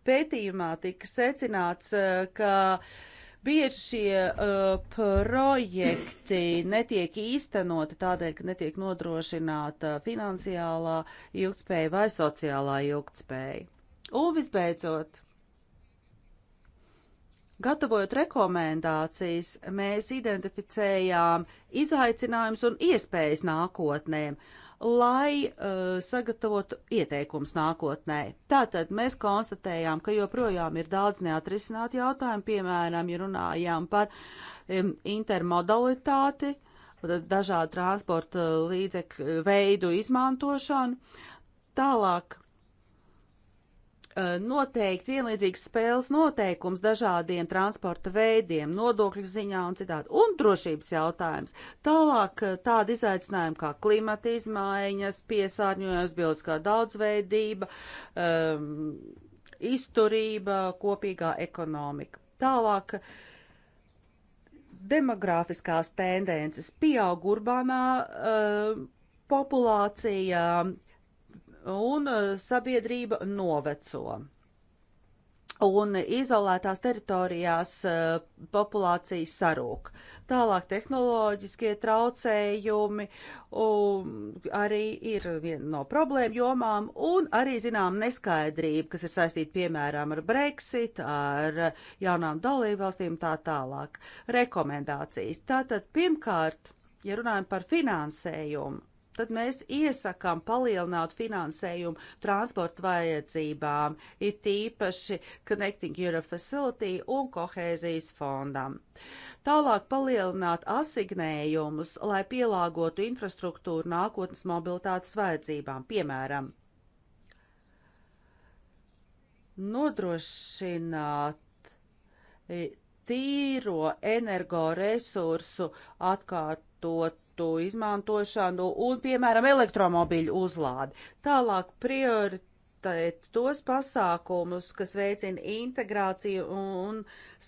pētījumā tika secināts, eh, ka bieži šie uh, projekti netiek īstenoti tādēļ, ka netiek nodrošināta finansiālā ilgtspēja vai sociālā ilgtspēja. Un visbeidzot, gatavojot rekomendācijas, mēs identificējām izaicinājumus un iespējas nākotnēm. Uh, lai uh, sagatavotu ieteikums nākotnē. Tātad mēs konstatējām, ka joprojām ir daudz neatrisināt jautājumu, piemēram, ja runājām par um, intermodalitāti, dažādu transporta līdzekļu veidu izmantošanu. Tālāk Uh, noteikt vienlīdzīgas spēles noteikums dažādiem transporta veidiem, nodokļu ziņā un citādi, un drošības jautājums. Tālāk uh, tādi izaicinājumi kā klimata izmaiņas, piesārņojums, bioloģiskā daudzveidība, um, izturība, kopīgā ekonomika. Tālāk demogrāfiskās tendences pieaug urbānā uh, populācija, un uh, sabiedrība noveco. Un izolētās teritorijās uh, populācija sarūk. Tālāk tehnoloģiskie traucējumi um, arī ir viena no problēmu jomām, un arī, zinām, neskaidrība, kas ir saistīta, piemēram, ar Brexit, ar jaunām dalībvalstīm tā tālāk. Rekomendācijas. Tātad, pirmkārt, ja runājam par finansējumu, tad mēs iesakām palielināt finansējumu transporta vajadzībām, it īpaši Connecting Europe Facility un Kohēzijas fondam. Tālāk palielināt asignējumus, lai pielāgotu infrastruktūru nākotnes mobilitātes vajadzībām, piemēram, nodrošināt e, tīro energoresursu atkārtot transportu izmantošanu un, piemēram, elektromobīļu uzlādi. Tālāk prioritēt tos pasākumus, kas veicina integrāciju un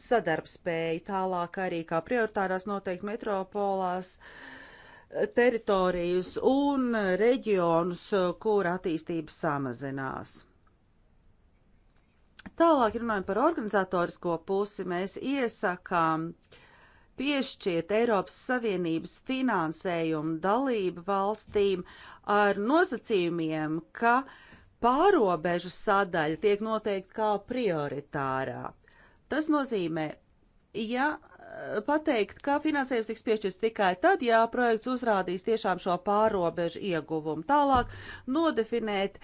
sadarbspēju. Tālāk arī kā prioritārās noteikti metropolās eh, teritorijas un reģionus, kur attīstība samazinās. Tālāk runājot par organizatorisko pusi, mēs iesakām uh, piešķiet Eiropas Savienības finansējumu dalību valstīm ar nosacījumiem, ka pārobežu sadaļa tiek noteikta kā prioritārā. Tas nozīmē, ja eh, pateikt, ka finansējums tiks piešķirts tikai tad, ja projekts uzrādīs tiešām šo pārobežu ieguvumu. Tālāk nodefinēt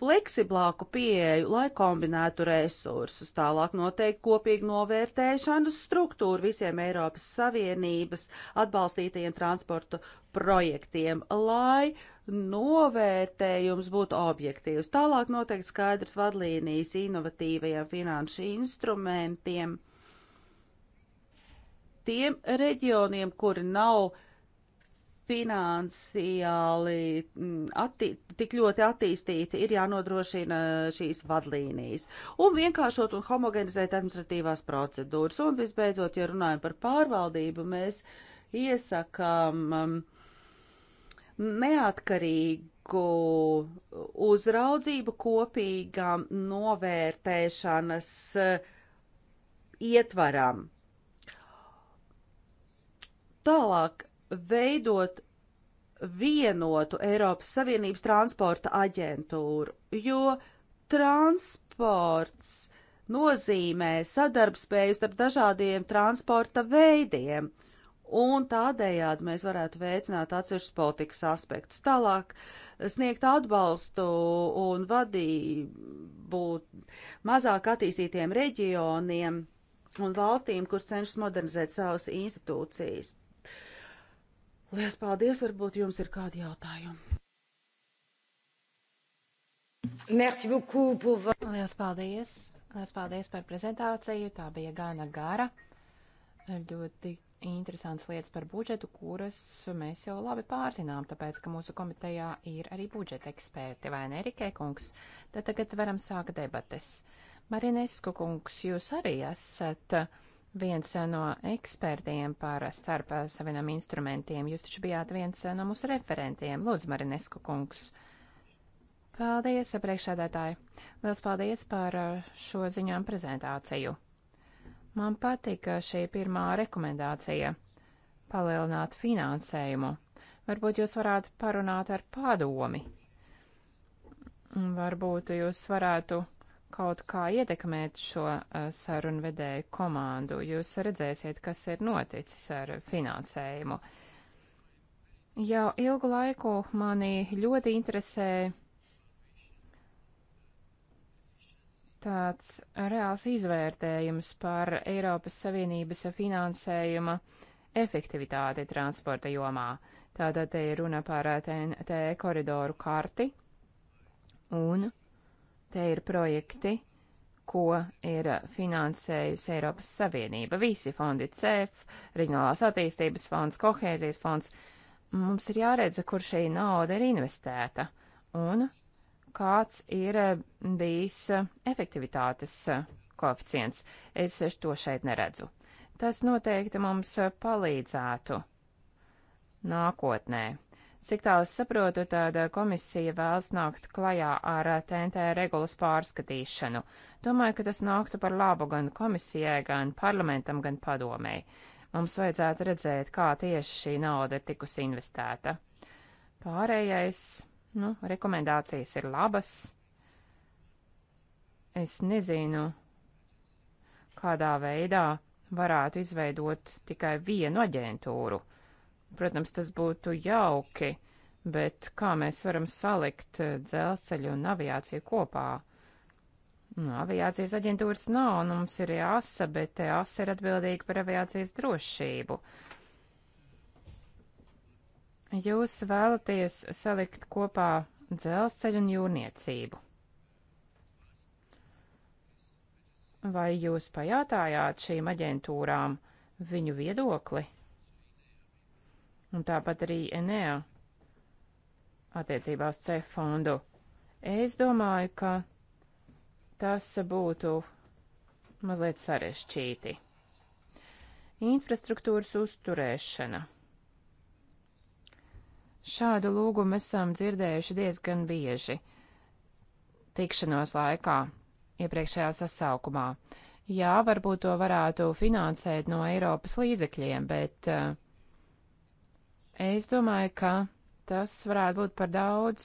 fleksiblāku pieeju, lai kombinētu resursus, tālāk noteikti kopīgi novērtēšanas struktūru visiem Eiropas Savienības atbalstītajiem transportu projektiem, lai novērtējums būtu objektīvs. Tālāk noteikti skaidrs vadlīnijas inovatīvajiem finanšu instrumentiem. Tiem reģioniem, kuri nav finansiāli mm, attī, tik ļoti attīstīti, ir jānodrošina šīs vadlīnijas. Un vienkāršot un homogenizēt administratīvās procedūras. Un visbeidzot, ja runājam par pārvaldību, mēs iesakām um, mm, neatkarīgi uzraudzību kopīgām novērtēšanas uh, ietvaram. Tālāk veidot vienotu Eiropas Savienības transporta aģentūru, jo transports nozīmē sadarbspēju starp dažādiem transporta veidiem, un tādējādi mēs varētu veicināt atsevišķus politikas aspektus. Tālāk sniegt atbalstu un vadību mazāk attīstītiem reģioniem un valstīm, kuras cenšas modernizēt savas institūcijas. Lielas paldies, varbūt jums ir kādi jautājumi. Merci beaucoup pour votre. Lielas paldies. Lielas paldies par prezentāciju. Tā bija gana gara. Ļoti interesants lietas par budžetu, kuras mēs jau labi pārzinām, tāpēc, ka mūsu komitejā ir arī budžeta eksperti, vai ne, Rikē kungs? Tad tagad varam sākt debates. Marinesku kungs, jūs arī esat. Uh, viens eh, no ekspertiem par eh, starp eh, savienam instrumentiem. Jūs taču bijāt viens no mūsu referentiem. Lūdzu, Marinesku kungs. Paldies, priekšādētāji. Lielas paldies par šo ziņām prezentāciju. Man patika šī pirmā rekomendācija - palielināt finansējumu. Varbūt jūs varētu parunāt ar padomi. Varbūt jūs varētu kaut kā ietekmēt šo uh, sarunvedēju komandu. Jūs redzēsiet, kas ir noticis ar finansējumu. Jau ilgu laiku mani ļoti interesē tāds reāls izvērtējums par Eiropas Savienības finansējuma efektivitāti transporta jomā. Tātad te ir runa par TNT koridoru karti un Te ir projekti, ko ir finansējusi Eiropas Savienība. Visi fondi CEF, Reģionālās attīstības fonds, Kohēzijas fonds. Mums ir jāredz, kur šī nauda ir investēta un kāds ir bijis efektivitātes koeficients. Es to šeit neredzu. Tas noteikti mums palīdzētu nākotnē Cik tālu es saprotu, tad eh, komisija vēlas nākt klajā ar TNT eh, regulas pārskatīšanu. Domāju, ka tas nāktu par labu gan komisijai, gan parlamentam, gan padomēji. Mums vajadzētu redzēt, kā tieši šī nauda ir tikusi investēta. Pārējais, nu, rekomendācijas ir labas. Es nezinu, kādā veidā varētu izveidot tikai vienu aģentūru. Protams, tas būtu jauki, bet kā mēs varam salikt eh, dzelzceļu un aviāciju kopā? Nu, aviācijas aģentūras nav, un nu, mums ir ASA, bet eh, ASA ir atbildīga par aviācijas drošību. Jūs vēlaties salikt kopā dzelzceļu un jūrniecību. Vai jūs pajautājāt šīm aģentūrām viņu viedokli? un tāpat arī Enea attiecībā uz CEF fondu. Es domāju, ka tas būtu mazliet sarežģīti. Infrastruktūras uzturēšana. Šādu lūgumu esam dzirdējuši diezgan bieži tikšanos laikā, iepriekšējā sasaukumā. Jā, varbūt to varētu finansēt no Eiropas līdzekļiem, bet uh, Es domāju, ka tas varētu būt par daudz.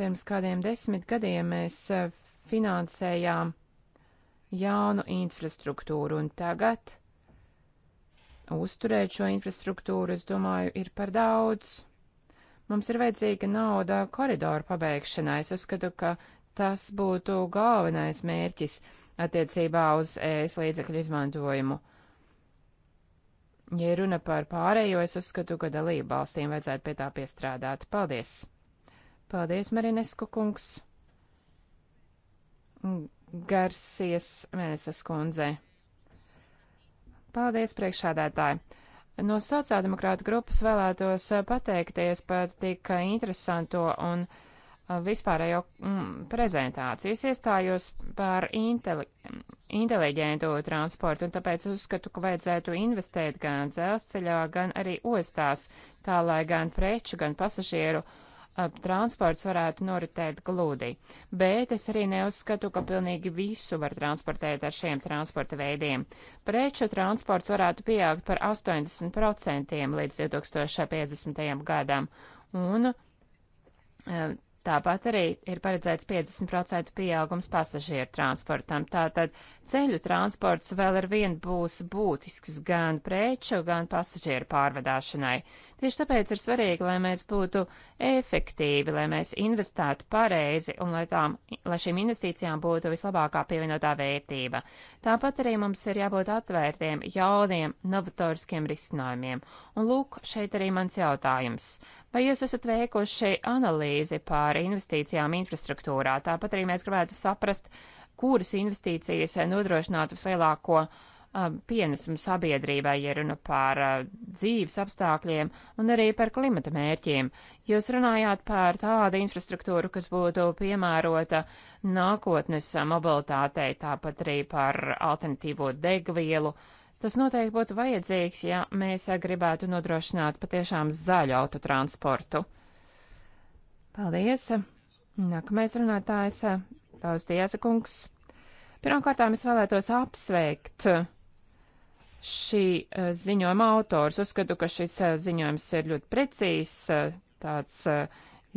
Pirms kādiem desmit gadiem mēs eh, finansējām jaunu infrastruktūru, un tagad uzturēt šo infrastruktūru, es domāju, ir par daudz. Mums ir vajadzīga nauda koridoru pabeigšanai. Es uzskatu, ka tas būtu galvenais mērķis attiecībā uz ēs līdzekļu izmantojumu. Ja runa par pārējo, es uzskatu, ka dalību valstīm vajadzētu pie tā piestrādāt. Paldies! Paldies, Marinesku kungs! Garsies Mēnesas kundze! Paldies, priekšādētāji! No sociāldemokrāta grupas vēlētos pateikties par tik interesanto un vispārējo mm, prezentāciju. Es iestājos par inteli inteliģentu transportu, un tāpēc uzskatu, ka vajadzētu investēt gan dzelzceļā, gan arī ostās, tā lai gan preču, gan pasažieru transports varētu noritēt glūdi. Bet es arī neuzskatu, ka pilnīgi visu var transportēt ar šiem transporta veidiem. Preču transports varētu pieaugt par 80% līdz 2050. gadam, un Tāpat arī ir paredzēts 50% pieaugums pasažieru transportam. Tātad ceļu transports vēl ar vienu būs būtisks gan preču, gan pasažieru pārvadāšanai. Tieši tāpēc ir svarīgi, lai mēs būtu efektīvi, lai mēs investētu pareizi un lai, tām, lai šīm investīcijām būtu vislabākā pievienotā vērtība. Tāpat arī mums ir jābūt atvērtiem, jauniem, novatoriskiem risinājumiem. Un lūk, šeit arī mans jautājums. Vai jūs esat veikuši analīzi par investīcijām infrastruktūrā? Tāpat arī mēs gribētu saprast, kuras investīcijas nodrošinātu vislielāko pienesumu sabiedrībai, ja runa par dzīves apstākļiem un arī par klimata mērķiem. Jūs runājāt par tādu infrastruktūru, kas būtu piemērota nākotnes mobilitātei, tāpat arī par alternatīvo degvielu, uh, Tas noteikti būtu vajadzīgs, ja mēs gribētu nodrošināt patiešām zaļu autotransportu. Paldies! Nākamais runātājs - Pausties kungs. Pirmkārtām es vēlētos apsveikt šī eh, ziņojuma autors. Uzskatu, ka šis eh, ziņojums ir ļoti precīzs, eh, tāds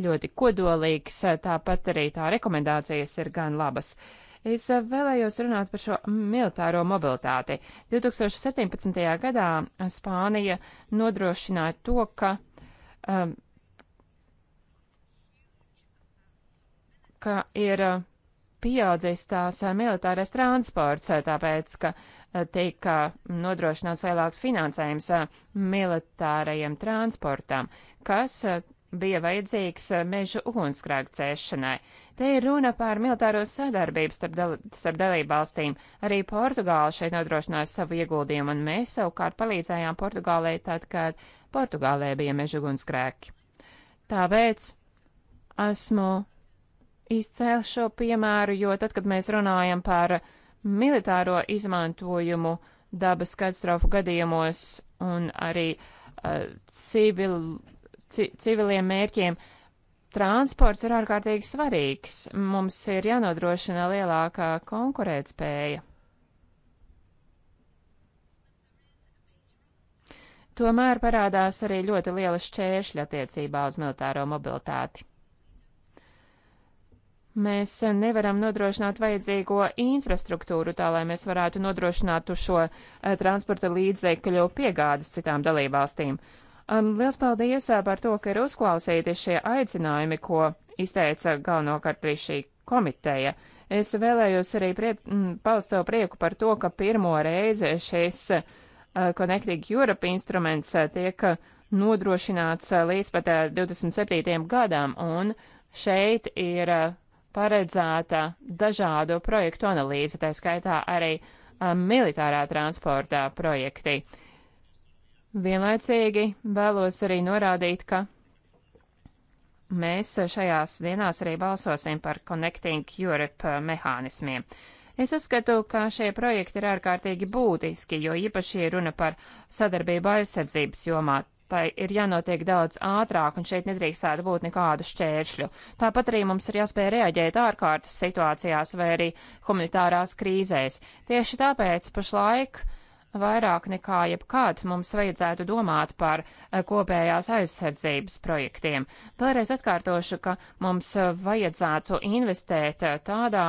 ļoti kodolīgs, tāpat arī tā rekomendācijas ir gan labas. Uh, Es vēlējos runāt par šo militāro mobilitāti. 2017. gadā Spānija nodrošināja to, ka. Um, ka ir uh, pieaudzis tās uh, militārais transports, uh, tāpēc, ka tika nodrošināts lielāks finansējums militārajiem transportam, kas bija vajadzīgs eh, mežu ugunsgrēku cēšanai. Te ir runa par militāro sadarbību starp, dal starp dalībvalstīm. Arī Portugāla šeit nodrošināja savu ieguldījumu, un mēs savukārt palīdzējām Portugālē tad, kad Portugālē bija mežu ugunsgrēki. Tāpēc esmu izcēlis šo piemēru, jo tad, kad mēs runājam par militāro izmantojumu dabas katastrofu gadījumos un arī uh, civil ci civiliem mērķiem. Transports ir ārkārtīgi svarīgs. Mums ir jānodrošina lielākā konkurētspēja. Tomēr parādās arī ļoti liela šķēršļa attiecībā uz militāro mobilitāti. Mēs nevaram nodrošināt vajadzīgo infrastruktūru tā, lai mēs varētu nodrošināt šo eh, transporta līdzekļu piegādes citām dalībvalstīm. Um, liels paldies uh, par to, ka ir uzklausīti šie aicinājumi, ko izteica galvenokārt arī šī komiteja. Es vēlējos arī priet, m, mm, paust savu prieku par to, ka pirmo reizi šis uh, Connecting Europe instruments uh, tiek uh, nodrošināts uh, līdz pat uh, 27. gadam, un šeit ir uh, paredzēta dažādu projektu analīze, tā skaitā arī uh, militārā transportā projekti. Uh, Vienlaicīgi vēlos arī norādīt, ka mēs šajās dienās arī balsosim par Connecting Europe uh, mehānismiem. Es uzskatu, ka šie projekti ir ārkārtīgi būtiski, jo īpaši runa par sadarbību aizsardzības jomā. Tai ir jānotiek daudz ātrāk, un šeit nedrīkstētu būt nekādu šķēršļu. Tāpat arī mums ir jāspēj reaģēt ārkārtas situācijās vai arī humanitārās krīzēs. Tieši tāpēc pašlaik uh, vairāk nekā jebkad mums vajadzētu domāt par eh, kopējās aizsardzības projektiem. Vēlreiz atkārtošu, ka mums eh, vajadzētu investēt eh, tādā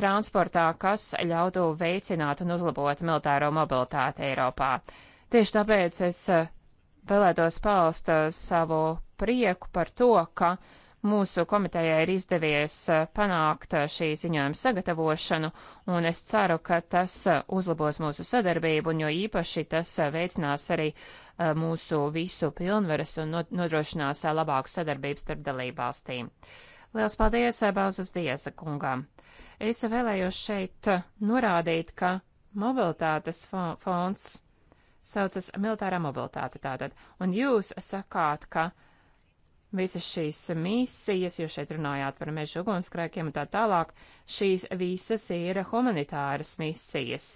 transportā, kas ļautu veicināt un uzlabot militāro mobilitāti Eiropā. Tieši tāpēc es vēlētos paust savu prieku par to, ka uh, Mūsu komitejai ir izdevies eh, panākt eh, šī ziņojuma sagatavošanu, un es ceru, ka tas eh, uzlabos mūsu sadarbību, un jo īpaši tas veicinās arī mūsu visu pilnveres un nodrošinās labāku sadarbību starp dalībvalstīm. Liels paldies Bauzas Dieza kungām! Es vēlējos šeit norādīt, ka mobilitātes fonds saucas militārā mobilitāte tātad, un jūs sakāt, ka visas šīs misijas, jūs šeit runājāt par mežu ugunskrēkiem un tā tālāk, šīs visas ir humanitāras misijas.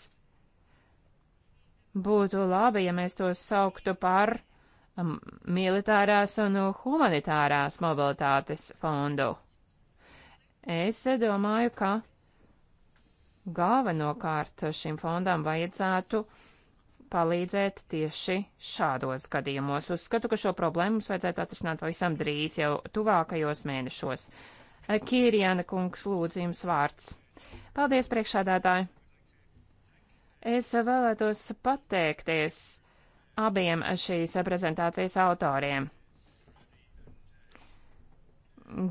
Būtu labi, ja mēs tos sauktu par um, militārās un humanitārās mobilitātes fondu. Es domāju, ka galvenokārt šim fondam vajadzētu uh, palīdzēt tieši šādos gadījumos. Uzskatu, ka šo problēmu mums vajadzētu atrisināt pavisam drīz, jau tuvākajos mēnešos. Kīrijāna kungs, lūdzu jums vārds. Paldies, priekšādātāji! Es vēlētos pateikties abiem šīs prezentācijas autoriem.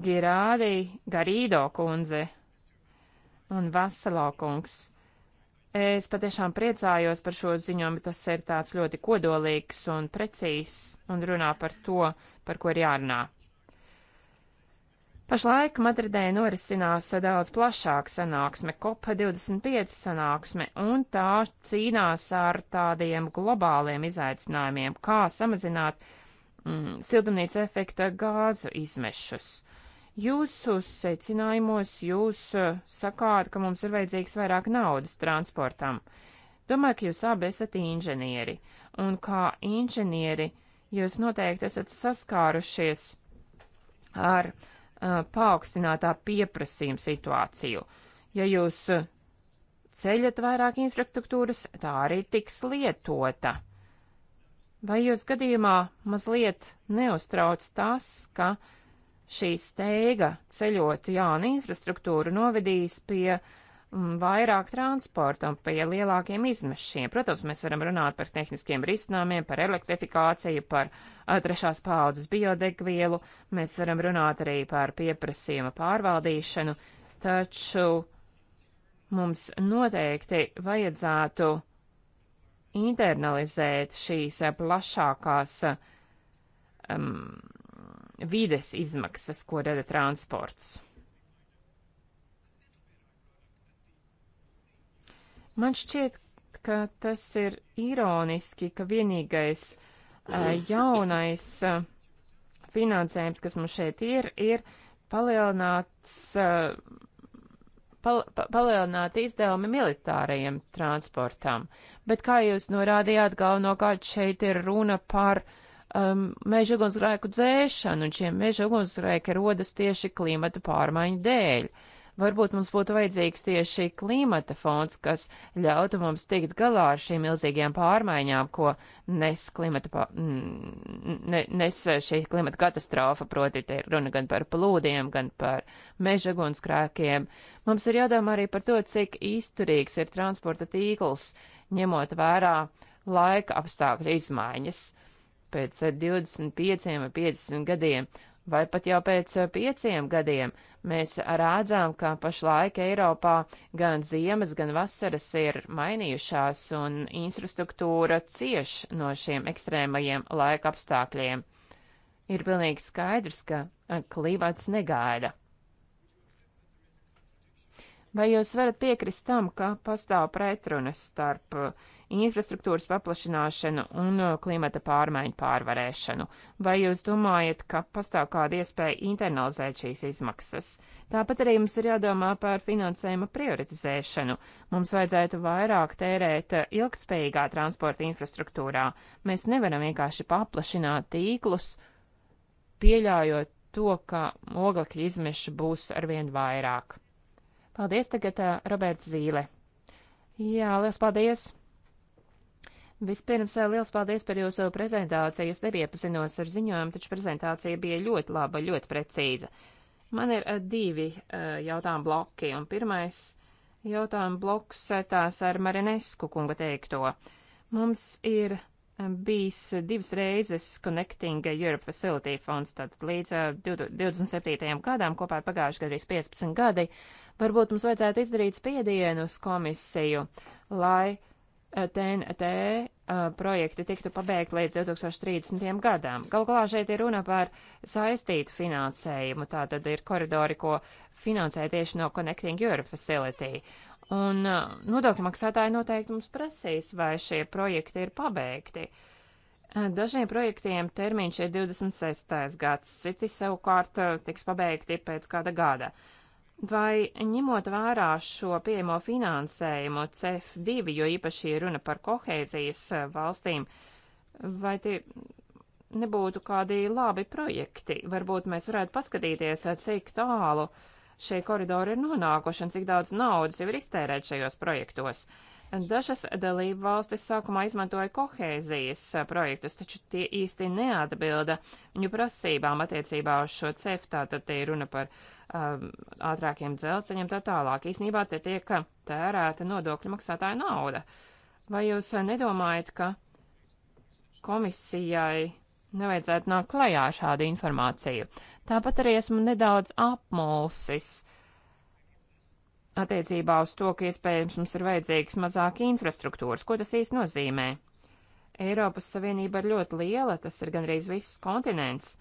Girādi Garīdo kundze un Vasalo kungs. Es patiešām priecājos par šo ziņojumu, tas ir tāds ļoti kodolīgs un precīzs un runā par to, par ko ir jārunā. Pašlaik Madridē norisinās daudz plašāka sanāksme, COP25 sanāksme, un tā cīnās ar tādiem globāliem izaicinājumiem, kā samazināt mm, siltumnīca efekta gāzu izmešus. Jūsos secinājumos jūs uh, sakāt, ka mums ir vajadzīgs vairāk naudas transportam. Domāju, ka jūs abi esat inženieri, un kā inženieri jūs noteikti esat saskārušies ar uh, paaugstinātā pieprasījuma situāciju. Ja jūs uh, ceļat vairāk infrastruktūras, tā arī tiks lietota. Vai jūs gadījumā mazliet neuztrauc tas, ka uh, Šī steiga ceļot jaunu infrastruktūru novedīs pie mm, vairāk transporta un pie lielākiem izmešiem. Protams, mēs varam runāt par tehniskiem risinājumiem, par elektrifikāciju, par a, trešās paudzes biodegvielu, mēs varam runāt arī par pieprasījuma pārvaldīšanu, taču mums noteikti vajadzētu internalizēt šīs plašākās um, vides izmaksas, ko rada transports. Man šķiet, ka tas ir ironiski, ka vienīgais uh, jaunais uh, finansējums, kas mums šeit ir, ir palielināts, uh, pal palielināti izdevumi militārajiem transportam. Bet kā jūs norādījāt, galvenokārt šeit ir runa par uh, um, meža ugunsgrēku dzēšanu, un šie meža ugunsgrēki rodas tieši klimata pārmaiņu dēļ. Varbūt mums būtu vajadzīgs tieši klimata fonds, kas ļautu mums tikt galā ar šīm milzīgajām pārmaiņām, ko nes, klimata, pār... ne, nes šī klimata katastrofa, proti te ir runa gan par plūdiem, gan par meža ugunsgrēkiem. Mums ir jādomā arī par to, cik izturīgs ir transporta tīkls, ņemot vērā laika apstākļu izmaiņas pēc 25 eh, vai 50 gadiem, vai pat jau pēc eh, pieciem gadiem, mēs rādzām, ka pašlaik Eiropā gan ziemas, gan vasaras ir mainījušās un infrastruktūra cieš no šiem ekstrēmajiem laika apstākļiem. Ir pilnīgi skaidrs, ka eh, klimats negaida. Vai jūs varat piekrist tam, ka pastāv pretrunas starp infrastruktūras paplašināšanu un uh, klimata pārmaiņu pārvarēšanu. Vai jūs domājat, ka pastāv kāda iespēja internalizēt šīs izmaksas? Tāpat arī mums ir jādomā par finansējuma prioritizēšanu. Mums vajadzētu vairāk tērēt uh, ilgtspējīgā transporta infrastruktūrā. Mēs nevaram vienkārši paplašināt tīklus, pieļaujot to, ka oglekļa izmeša būs arvien vairāk. Paldies tagad, uh, Roberts Zīle. Jā, liels paldies! Vispirms eh, liels paldies par jūsu prezentāciju. Es nepiepazinos ar ziņojumu, taču prezentācija bija ļoti laba, ļoti precīza. Man ir eh, divi uh, eh, jautājumu bloki, un pirmais jautājumu bloks saistās ar Marinesku kunga teikto. Mums ir bijis divas reizes Connecting Europe Facility fonds, tad līdz uh, 27. gadam, kopā ar pagājuši gadrīz 15 gadi, varbūt mums vajadzētu izdarīt spiedienu uz komisiju, lai TNT Uh, projekti tiktu pabeigti līdz 2030. gadam. Galu galā šeit ir runa par saistītu finansējumu, tā tad ir koridori, ko finansē tieši no Connecting Europe Facility. Un uh, nodokļu maksātāji noteikti mums prasīs, vai šie projekti ir pabeigti. Uh, dažiem projektiem termiņš ir 26. gads, citi savukārt tiks pabeigti pēc kāda gada. Vai ņemot vērā šo pieejamo finansējumu CEF2, jo īpaši runa par kohēzijas eh, valstīm, vai tie nebūtu kādi labi projekti? Varbūt mēs varētu paskatīties, eh, cik tālu šie koridori ir nonākuši un cik daudz naudas jau ir iztērēt šajos projektos. Uh, Dažas dalību valstis sākumā izmantoja kohēzijas eh, projektus, taču tie īsti neatbilda viņu prasībām attiecībā uz šo cefu, tātad te ir runa par um, ātrākiem dzelzceļiem tā tālāk. Īsnībā te tiek tērēta nodokļu maksātāja nauda. Vai jūs eh, nedomājat, ka komisijai nevajadzētu nākt klajā šādu informāciju? Tāpat arī esmu nedaudz apmulsis attiecībā uz to, ka iespējams mums ir vajadzīgs mazāk infrastruktūras. Ko tas īsti nozīmē? Eiropas Savienība ir ļoti liela, tas ir gandrīz viss kontinents.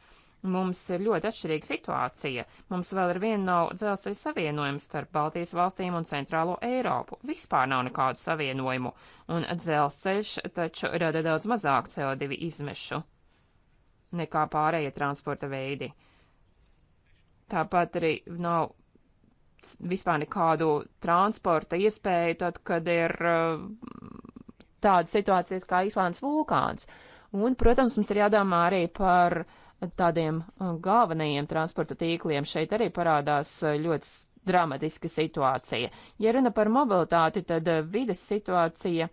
Mums ir ļoti atšķirīga situācija. Mums vēl ir viena nav dzelzceļa savienojuma starp Baltijas valstīm un Centrālo Eiropu. Vispār nav nekādu savienojumu, un dzelzceļš taču rada daudz mazāk CO2 izmešu nekā pārējie transporta veidi. Tāpat arī nav vispār nekādu transporta iespēju, tad, kad ir uh, tādas situācijas kā Īslandes vulkāns. Un, protams, mums ir jādomā arī par tādiem uh, galvenajiem transporta tīkliem. Šeit arī parādās uh, ļoti dramatiska situācija. Ja runa par mobilitāti, tad vides situācija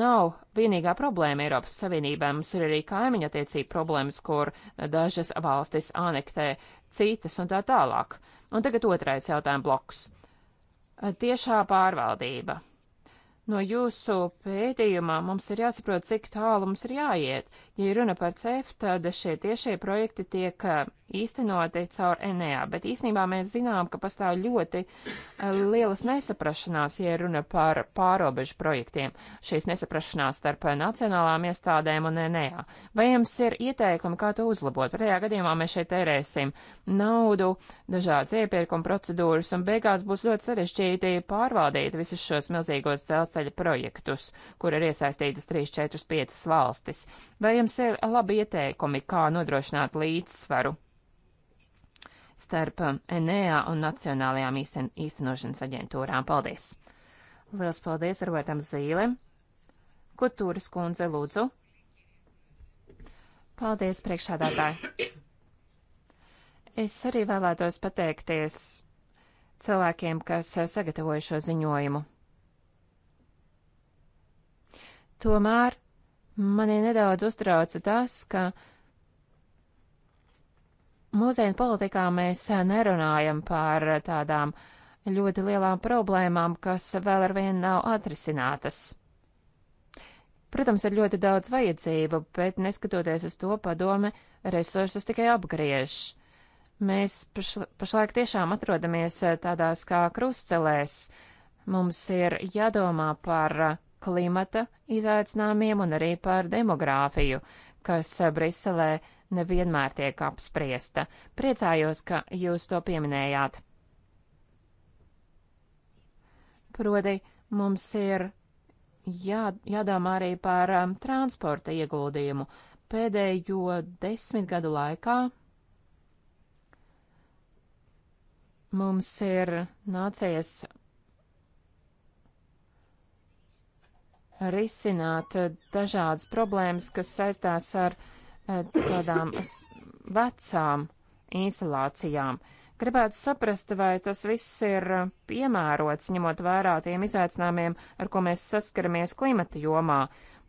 nav vienīgā problēma Eiropas Savienībā. Mums ir arī kaimiņa attiecība problēmas, kur dažas valstis anektē citas un tā tālāk. Un tagad otrais jautājuma bloks. Tiešā pārvaldība. No jūsu pētījumā mums ir jāsaprot, cik tālu mums ir jāiet. Ja runa par CEF, tad šie tiešie projekti tiek eh, īstenoti caur NEA, bet īsnībā mēs zinām, ka pastāv ļoti eh, lielas nesaprašanās, ja runa par pārobežu projektiem, šīs nesaprašanās starp nacionālām iestādēm un NEA. Vai jums ir ieteikumi, kā to uzlabot? Pretējā gadījumā mēs šeit tērēsim naudu, dažādas iepirkuma procedūras, un beigās būs ļoti sarežģīti pārvaldīt visus šos milzīgos dzelzceļa dzelzceļa projektus, kur ir iesaistītas 3, 4, 5 valstis. Vai jums ir labi ieteikumi, kā nodrošināt līdzsvaru starp um, NEA un Nacionālajām īsten, īstenošanas aģentūrām? Paldies! Liels paldies ar vērtam zīlēm! Ko turis kundze lūdzu? Paldies, priekšādātāji! Es arī vēlētos pateikties cilvēkiem, kas uh, sagatavoja šo ziņojumu. Tomēr mani nedaudz uztrauca tas, ka mūsdienu politikā mēs nerunājam par tādām ļoti lielām problēmām, kas vēl ar vienu nav atrisinātas. Protams, ir ļoti daudz vajadzību, bet neskatoties uz to padome, resursus tikai apgriež. Mēs pašlaik tiešām atrodamies tādās kā krustcelēs. Mums ir jādomā par klimata izaicinājumiem un arī par demogrāfiju, kas eh, Briselē nevienmēr tiek apspriesta. Priecājos, ka jūs to pieminējāt. Proti, mums ir jā, jādomā arī par um, transporta ieguldījumu. Pēdējo desmit gadu laikā mums ir nācies risināt eh, dažādas problēmas, kas saistās ar eh, tādām vecām instalācijām. Gribētu saprast, vai tas viss ir eh, piemērots, ņemot vērā tiem izaicinājumiem, ar ko mēs saskaramies klimata jomā.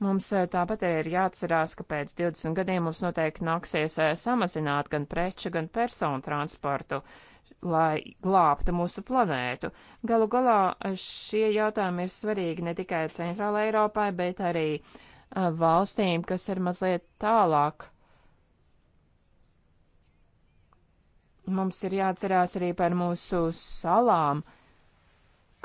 Mums tāpat arī ir jāatcerās, ka pēc 20 gadiem mums noteikti nāksies samazināt gan preču, gan personu transportu. Uh, lai glābtu mūsu planētu. Galu galā šie jautājumi ir svarīgi ne tikai Centrāla Eiropai, bet arī uh, valstīm, kas ir mazliet tālāk. Mums ir jāatcerās arī par mūsu salām,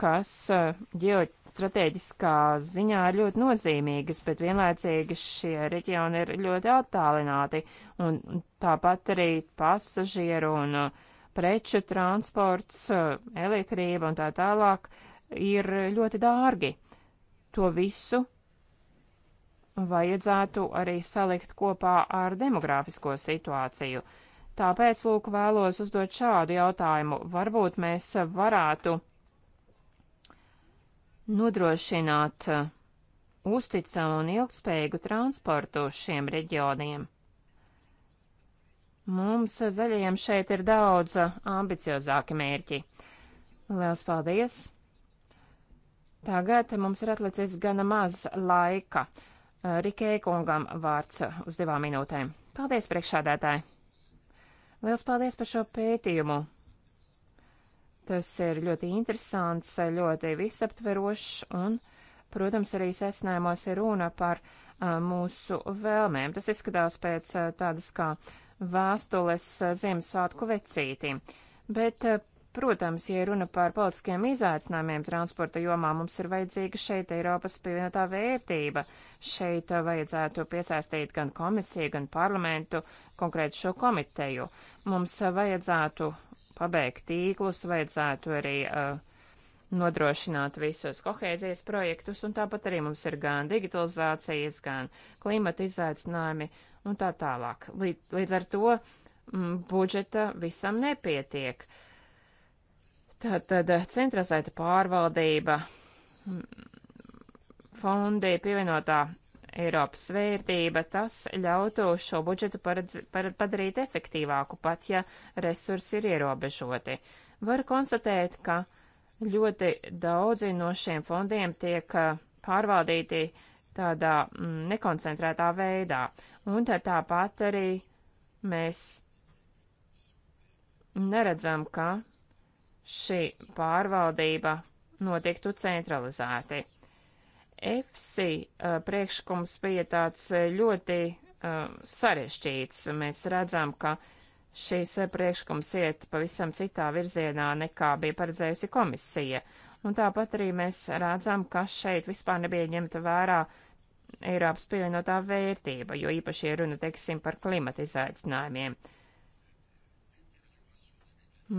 kas uh, ģeostrateģiskā ziņā ir ļoti nozīmīgas, bet vienlaicīgi šie reģioni ir ļoti attālināti, un tāpat arī pasažieru un uh, preču transports, eh, elektrība un tā tālāk ir ļoti dārgi. To visu vajadzētu arī salikt kopā ar demogrāfisko situāciju. Tāpēc, lūk, vēlos uzdot šādu jautājumu. Varbūt mēs varētu nodrošināt eh, uzticamu un ilgspējīgu transportu šiem reģioniem. Mums zaļajiem šeit ir daudz ambiciozāki mērķi. Liels paldies! Tagad mums ir atlicis gana maz laika. Rikē kungam vārds uz divām minūtēm. Paldies, priekšādētāji! Liels paldies par šo pētījumu! Tas ir ļoti interesants, ļoti visaptverošs un, protams, arī secinājumos ir runa par mūsu vēlmēm. Tas izskatās pēc tādas kā uh, vēstules Ziemassvētku vecītim. Bet, protams, ja runa par politiskiem izaicinājumiem transporta jomā, mums ir vajadzīga šeit Eiropas pievienotā vērtība. Šeit vajadzētu piesaistīt gan komisiju, gan parlamentu, konkrēti šo komiteju. Mums vajadzētu pabeigt tīklus, vajadzētu arī uh, nodrošināt visus kohēzijas projektus, un tāpat arī mums ir gan digitalizācijas, gan klimata izaicinājumi, un tā tālāk. Līdz, līdz ar to m, mm, budžeta visam nepietiek. Tātad eh, centralizēta pārvaldība, mm, fondi, pievienotā Eiropas vērtība, tas ļautu šo budžetu paredz, paredz, padarīt efektīvāku, pat ja resursi ir ierobežoti. Var konstatēt, ka ļoti daudzi no šiem fondiem tiek eh, pārvaldīti tādā mm, nekoncentrētā veidā. Un tā tāpat arī mēs neredzam, ka šī pārvaldība notiktu centralizēti. EFSI uh, priekšlikums bija tāds uh, ļoti uh, sarežģīts. Mēs redzam, ka šīs uh, priekšlikums iet pavisam citā virzienā nekā bija paredzējusi komisija. Un tāpat arī mēs redzam, ka šeit vispār nebija ņemta vērā Eiropas pievienotā vērtība, jo īpaši ir runa, teiksim, par klimata izaicinājumiem.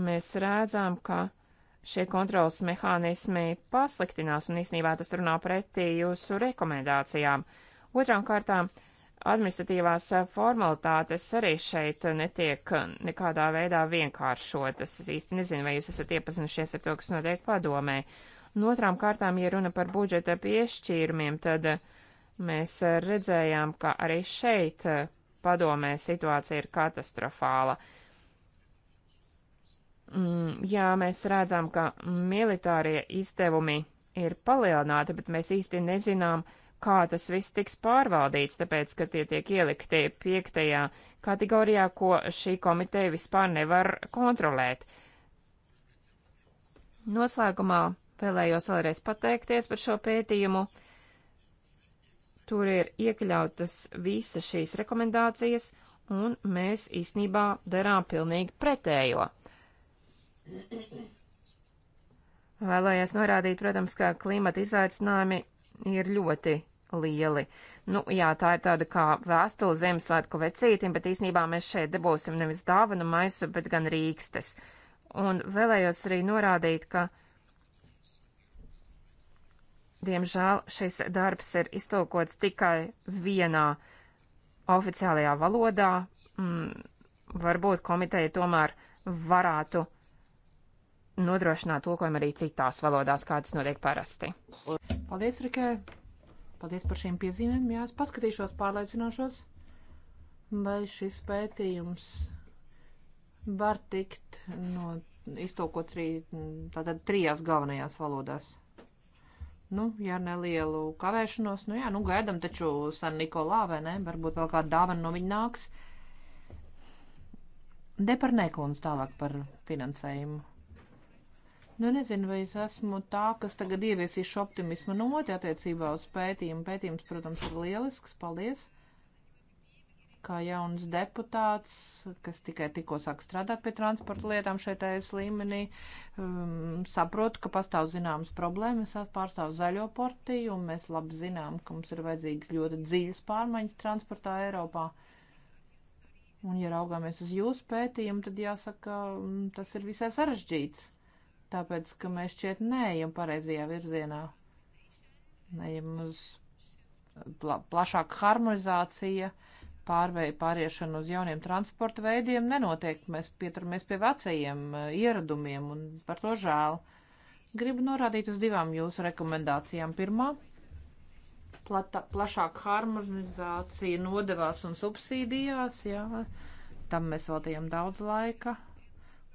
Mēs redzam, ka šie kontrolas mehānismi pasliktinās un īsnībā tas runā pretī jūsu rekomendācijām. Otrām kārtām, administratīvās formalitātes arī šeit netiek nekādā veidā vienkāršotas. Es īsti nezinu, vai jūs esat iepazinušies ar to, kas notiek padomē. Un otrām kārtām, ja runa par budžeta piešķīrumiem, tad uh, Mēs eh, redzējām, ka arī šeit eh, padomē situācija ir katastrofāla. Mm, jā, mēs redzam, ka militārie izdevumi ir palielināti, bet mēs īsti nezinām, kā tas viss tiks pārvaldīts, tāpēc, ka tie tiek ielikti piektajā kategorijā, ko šī komiteja vispār nevar kontrolēt. Noslēgumā vēlējos vēlreiz pateikties par šo pētījumu. Tur ir iekļautas visas šīs rekomendācijas, un mēs īsnībā darām pilnīgi pretējo. Vēlējos norādīt, protams, ka klimata izaicinājumi ir ļoti lieli. Nu, jā, tā ir tāda kā vēstule Ziemassvētku vecītim, bet īsnībā mēs šeit debūsim nevis dāvanu maisu, bet gan rīkstes. Un vēlējos arī norādīt, ka Diemžēl šis darbs ir iztulkots tikai vienā oficiālajā valodā. Mm, varbūt komiteja tomēr varētu nodrošināt tulkojumu arī citās valodās, kādas notiek parasti. Paldies, Rikē! Paldies par šīm piezīmēm. Jā, es paskatīšos, pārliecināšos, vai šis pētījums var tikt no, iztulkots arī mm, tātad trijās galvenajās valodās. Nu, ja nelielu kavēšanos, nu jā, nu gaidam taču San Nikolā, vai ne? Varbūt vēl kāda dāvana no viņa nāks. Deparnēkons tālāk par finansējumu. Nu, nezinu, vai es esmu tā, kas tagad ieviesīšu optimismu noti nu, attiecībā uz pētījumu. Pētījums, protams, ir lielisks. Paldies! kā jauns deputāts, kas tikai tikko sāk strādāt pie transporta lietām šeit ES līmenī, um, saprotu, ka pastāv zināmas problēmas, pārstāv zaļo partiju, un mēs labi zinām, ka mums ir vajadzīgas ļoti dziļas pārmaiņas transportā Eiropā. Un, ja raugāmies uz jūsu pētījumu, tad jāsaka, mm, tas ir visai sarežģīts, tāpēc, ka mēs šķiet neejam pareizajā virzienā. Neejam uz pla plašāku harmonizāciju pārvei, pāriešana uz jauniem transporta veidiem nenotiek. Mēs pieturamies pie vecajiem eh, ieradumiem un par to žēl. Gribu norādīt uz divām jūsu rekomendācijām. Pirmā - plašāka harmonizācija nodevās un subsīdijās. Jā. Tam mēs veltījām daudz laika.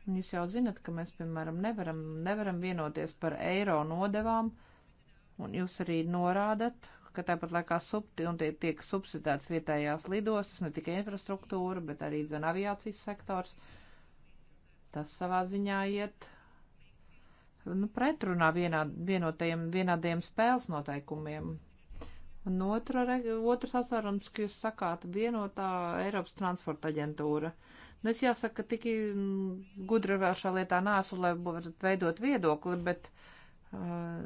Un jūs jau zinat, ka mēs, piemēram, nevaram, nevaram vienoties par eiro nodevām. Un jūs arī norādat, ka tāpat laikā subti, un tie, tiek subsidēts vietējās lidostas, ne tikai infrastruktūra, bet arī dzen aviācijas sektors. Tas savā ziņā iet nu, pretrunā vienā, vienotajiem, vienādiem spēles noteikumiem. Un otra, otrs apsvērums, ka jūs sakāt vienotā Eiropas transporta aģentūra. Nu, es jāsaka, ka tik gudra vēl šā lietā nāsu, lai varētu veidot viedokli, bet. Uh,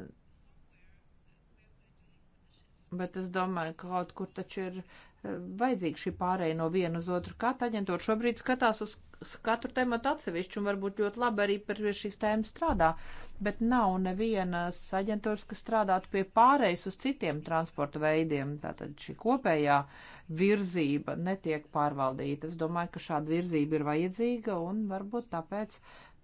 Bet es domāju, ka kaut kur taču ir e, vajadzīga šī pārēja no viena uz otru. Katra aģentūra šobrīd skatās uz katru tematu atsevišķi un varbūt ļoti labi arī par šīs tēmas strādā, bet nav nevienas aģentūras, kas strādātu pie pārējas uz citiem transporta veidiem. Tātad šī kopējā virzība netiek pārvaldīta. Es domāju, ka šāda virzība ir vajadzīga un varbūt tāpēc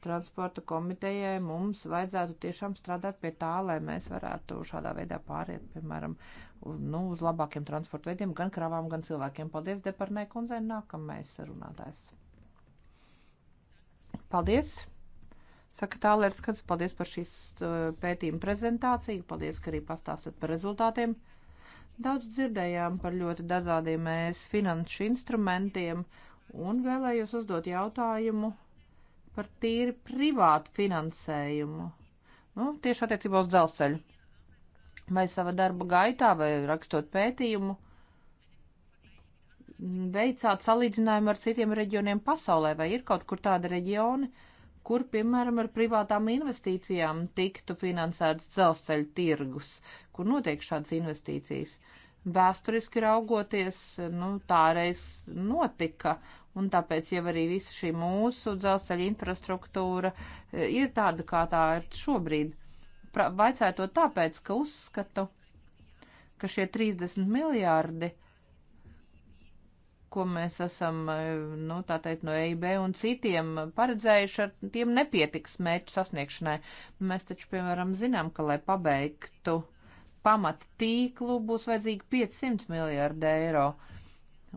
transporta komitejai mums vajadzētu tiešām strādāt pie tā, lai mēs varētu šādā veidā pāriet, piemēram, nu, uz labākiem transporta veidiem, gan kravām, gan cilvēkiem. Paldies, Deparnē kundzei, nākamais runātājs. Paldies! Saka tālērs, kad paldies par šīs uh, pētījuma prezentāciju, paldies, ka arī pastāstat par rezultātiem. Daudz dzirdējām par ļoti dažādiem ES finanšu instrumentiem un vēlējos uzdot jautājumu par tīri privātu finansējumu. Nu, tieši attiecībā uz dzelzceļu vai sava darba gaitā, vai rakstot pētījumu, veicāt salīdzinājumu ar citiem reģioniem pasaulē, vai ir kaut kur tādi reģioni, kur, piemēram, ar privātām investīcijām tiktu finansēts dzelzceļa tirgus, kur notiek šādas investīcijas. Vēsturiski raugoties, nu, tā reiz notika, un tāpēc jau arī visa šī mūsu dzelzceļa infrastruktūra e, ir tāda, kā tā ir šobrīd vaicāju to tāpēc, ka uzskatu, ka šie 30 miljārdi, ko mēs esam, nu, tā teikt, no EIB un citiem paredzējuši, ar tiem nepietiks mērķu sasniegšanai. Mēs taču, piemēram, zinām, ka, lai pabeigtu pamat tīklu, būs vajadzīgi 500 miljārdi eiro. Uh,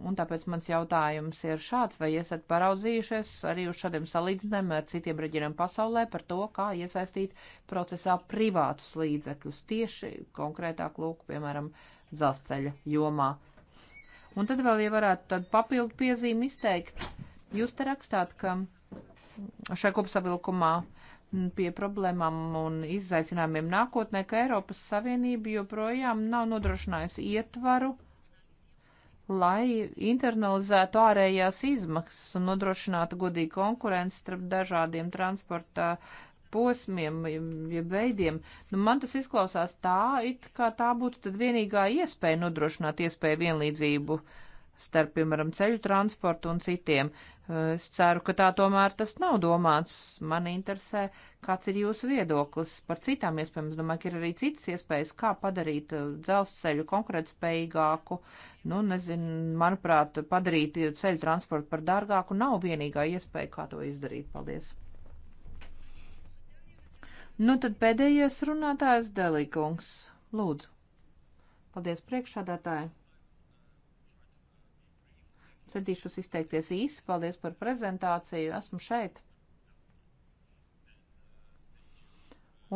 Un tāpēc mans jautājums ir šāds, vai esat paraudzījušies arī uz šādiem salīdzinājumiem ar citiem reģioniem pasaulē par to, kā iesaistīt procesā privātus līdzekļus tieši konkrētāk lūk, piemēram, dzelzceļa jomā. Un tad vēl, ja varētu tad papildu piezīmi izteikt, jūs te rakstāt, ka šai kopsavilkumā pie problēmām un izaicinājumiem nākotnē, ka Eiropas Savienība joprojām nav nodrošinājusi ietvaru, uh, lai internalizētu ārējās izmaksas un nodrošinātu godīgu konkurenci starp dažādiem transporta posmiem, jeb veidiem. Nu, man tas izklausās tā, it kā tā būtu tad vienīgā iespēja nodrošināt iespēju vienlīdzību starp, piemēram, ceļu transportu un citiem. Uh, Eh, es ceru, ka tā tomēr tas nav domāts. Man interesē, kāds ir jūsu viedoklis par citām iespējām. Es domāju, ka ir arī citas iespējas, kā padarīt eh, dzelzceļu konkurētspējīgāku. Nu, nezinu, manuprāt, padarīt ceļu transportu par dārgāku nav vienīgā iespēja, kā to izdarīt. Paldies! Nu, tad pēdējais runātājs Delīkungs. Lūdzu. Paldies priekšādātāji. Centīšos izteikties īsi. Paldies par prezentāciju. Esmu šeit.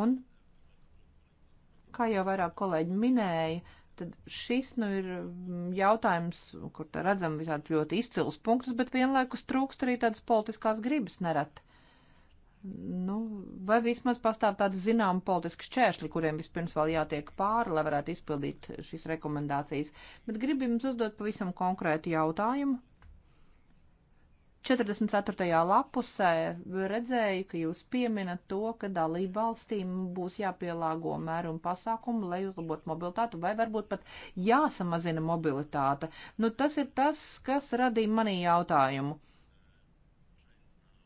Un, kā jau vairāk kolēģi minēja, tad šis nu ir jautājums, kur te redzam visādi ļoti izcils punktus, bet vienlaikus trūkst arī tādas politiskās gribas nereti. Nu, vai vismaz pastāv tādi zinām politiski šķēršļi, kuriem vispirms vēl jātiek pāri, lai varētu izpildīt šīs rekomendācijas. Bet gribu jums uzdot pavisam konkrētu jautājumu. 44. lapusē redzēju, ka jūs pieminat to, ka dalību valstīm būs jāpielāgo mēru un pasākumu, lai uzlabotu mobilitātu, vai varbūt pat jāsamazina mobilitāte. Nu, tas ir tas, kas radīja manī jautājumu.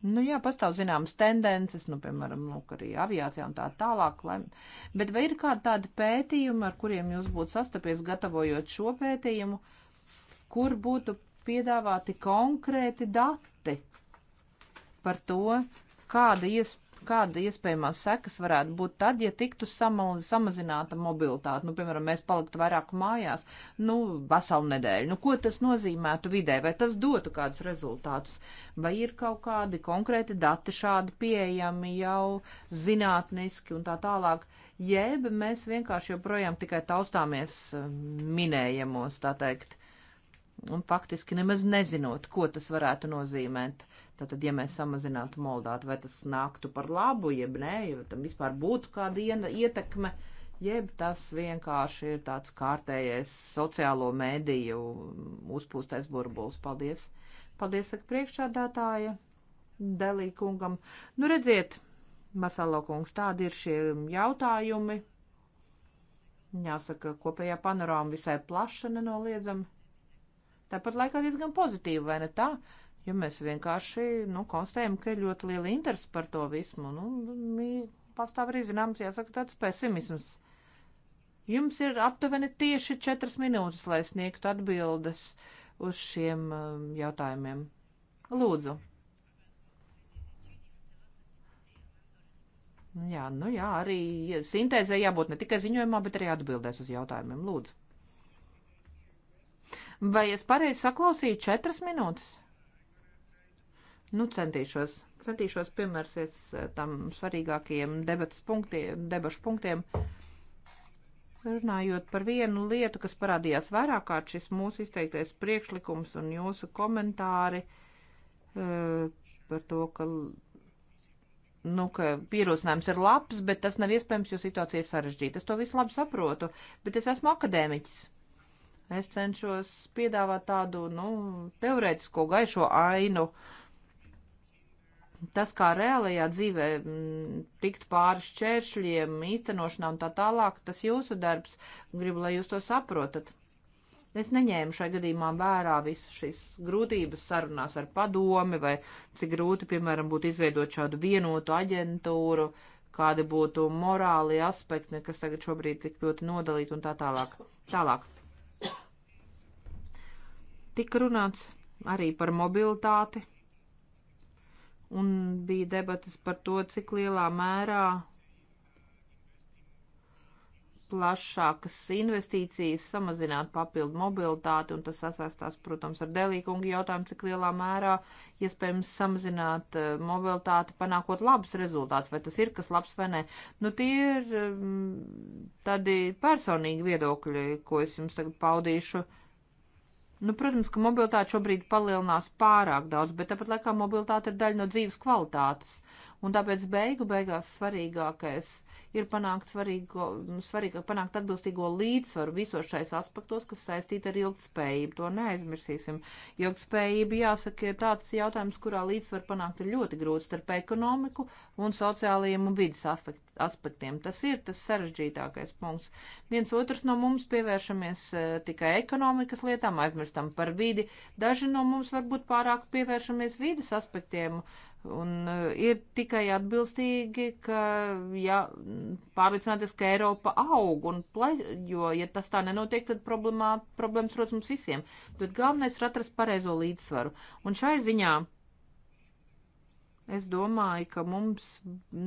Nu jā, pastāv zināmas tendences, nu, piemēram, nu, arī aviācijā un tā tālāk. Lai... Bet vai ir kādi tādi pētījumi, ar kuriem jūs būtu sastapies gatavojot šo pētījumu, kur būtu piedāvāti konkrēti dati par to, kāda iespēja kāda iespējamās sekas varētu būt tad, ja tiktu samaz, samazināta mobilitāte. Nu, piemēram, mēs paliktu vairāk mājās, nu, veselu nedēļu. Nu, ko tas nozīmētu vidē? Vai tas dotu kādus rezultātus? Vai ir kaut kādi konkrēti dati šādi pieejami jau zinātniski un tā tālāk? Jeb mēs vienkārši joprojām tikai taustāmies um, minējamos, tā teikt un faktiski nemaz nezinot, ko tas varētu nozīmēt. Tātad, ja mēs samazinātu moldātu, vai tas nāktu par labu, jeb nē, ja tam vispār būtu kāda ietekme, jeb tas vienkārši ir tāds kārtējais sociālo mēdīju uzpūstais burbulis. Paldies! Paldies, saka priekšādātāja Delī kungam. Nu, redziet, Masalo kungs, tādi ir šie jautājumi. Jāsaka, kopējā panorāma visai plaša nenoliedzami. Tāpat laikā diezgan pozitīva, vai ne tā? jo mēs vienkārši, nu, konstatējam, ka ir ļoti liela interese par to vismu. Nu, pastāv arī zināms, jāsaka, tāds pesimisms. Jums ir aptuveni tieši četras minūtes, lai sniegtu atbildes uz šiem um, jautājumiem. Lūdzu. Jā, nu jā, arī sintēzē jābūt ne tikai ziņojumā, bet arī atbildēs uz jautājumiem. Lūdzu. Vai es pareizi saklausīju četras minūtes? Nu, centīšos, centīšos piemērsies eh, tam svarīgākajiem debatas punktiem, debašu punktiem. Runājot par vienu lietu, kas parādījās vairāk kārt šis mūsu izteiktais priekšlikums un jūsu komentāri eh, par to, ka, nu, ka pierosinājums ir labs, bet tas nav iespējams, jo situācija ir sarežģīta. Es to visu labi saprotu, bet es esmu akadēmiķis. Es cenšos piedāvāt tādu, nu, teorētisko gaišo ainu. Uh, tas, kā reālajā dzīvē tikt pāri šķēršļiem, īstenošanā un tā tālāk, tas jūsu darbs, gribu, lai jūs to saprotat. Es neņēmu šai gadījumā vērā visas šīs grūtības sarunās ar padomi vai cik grūti, piemēram, būtu izveidot šādu vienotu aģentūru, kādi būtu morāli aspekti, kas tagad šobrīd tik ļoti nodalīti un tā tālāk. Tālāk. Tik runāts arī par mobilitāti, un bija debatas par to, cik lielā mērā plašākas investīcijas, samazināt papildu mobilitāti, un tas sasaistās, protams, ar Delīkunga jautājumu, cik lielā mērā iespējams samazināt eh, mobilitāti, panākot labus rezultātus, vai tas ir kas labs vai nē. Nu, tie ir mm, tādi personīgi viedokļi, ko es jums tagad paudīšu. Uh, Nu, protams, ka mobilitāte šobrīd palielinās pārāk daudz, bet tāpat laikā mobilitāte ir daļa no dzīves kvalitātes. Un tāpēc beigu beigās svarīgākais ir panākt, svarīgo, nu, svarīgāk, panākt atbilstīgo līdzsvaru visos šais aspektos, kas saistīti ar ilgtspējību. To neaizmirsīsim. Ilgtspējība, jāsaka, ir tāds jautājums, kurā līdzsvaru panākt ir ļoti grūts starp ekonomiku un sociālajiem un vidas aspektiem. Tas ir tas sarežģītākais punkts. Viens otrs no mums pievēršamies eh, tikai ekonomikas lietām, aizmirstam par vidi. Daži no mums varbūt pārāk pievēršamies vidas aspektiem. Uh, Un eh, ir tikai atbilstīgi, ka ja, pārliecināties, ka Eiropa aug, un ple, jo, ja tas tā nenotiek, tad problēmas rodas mums visiem. Bet galvenais ir atrast pareizo līdzsvaru. Un šai ziņā es domāju, ka mums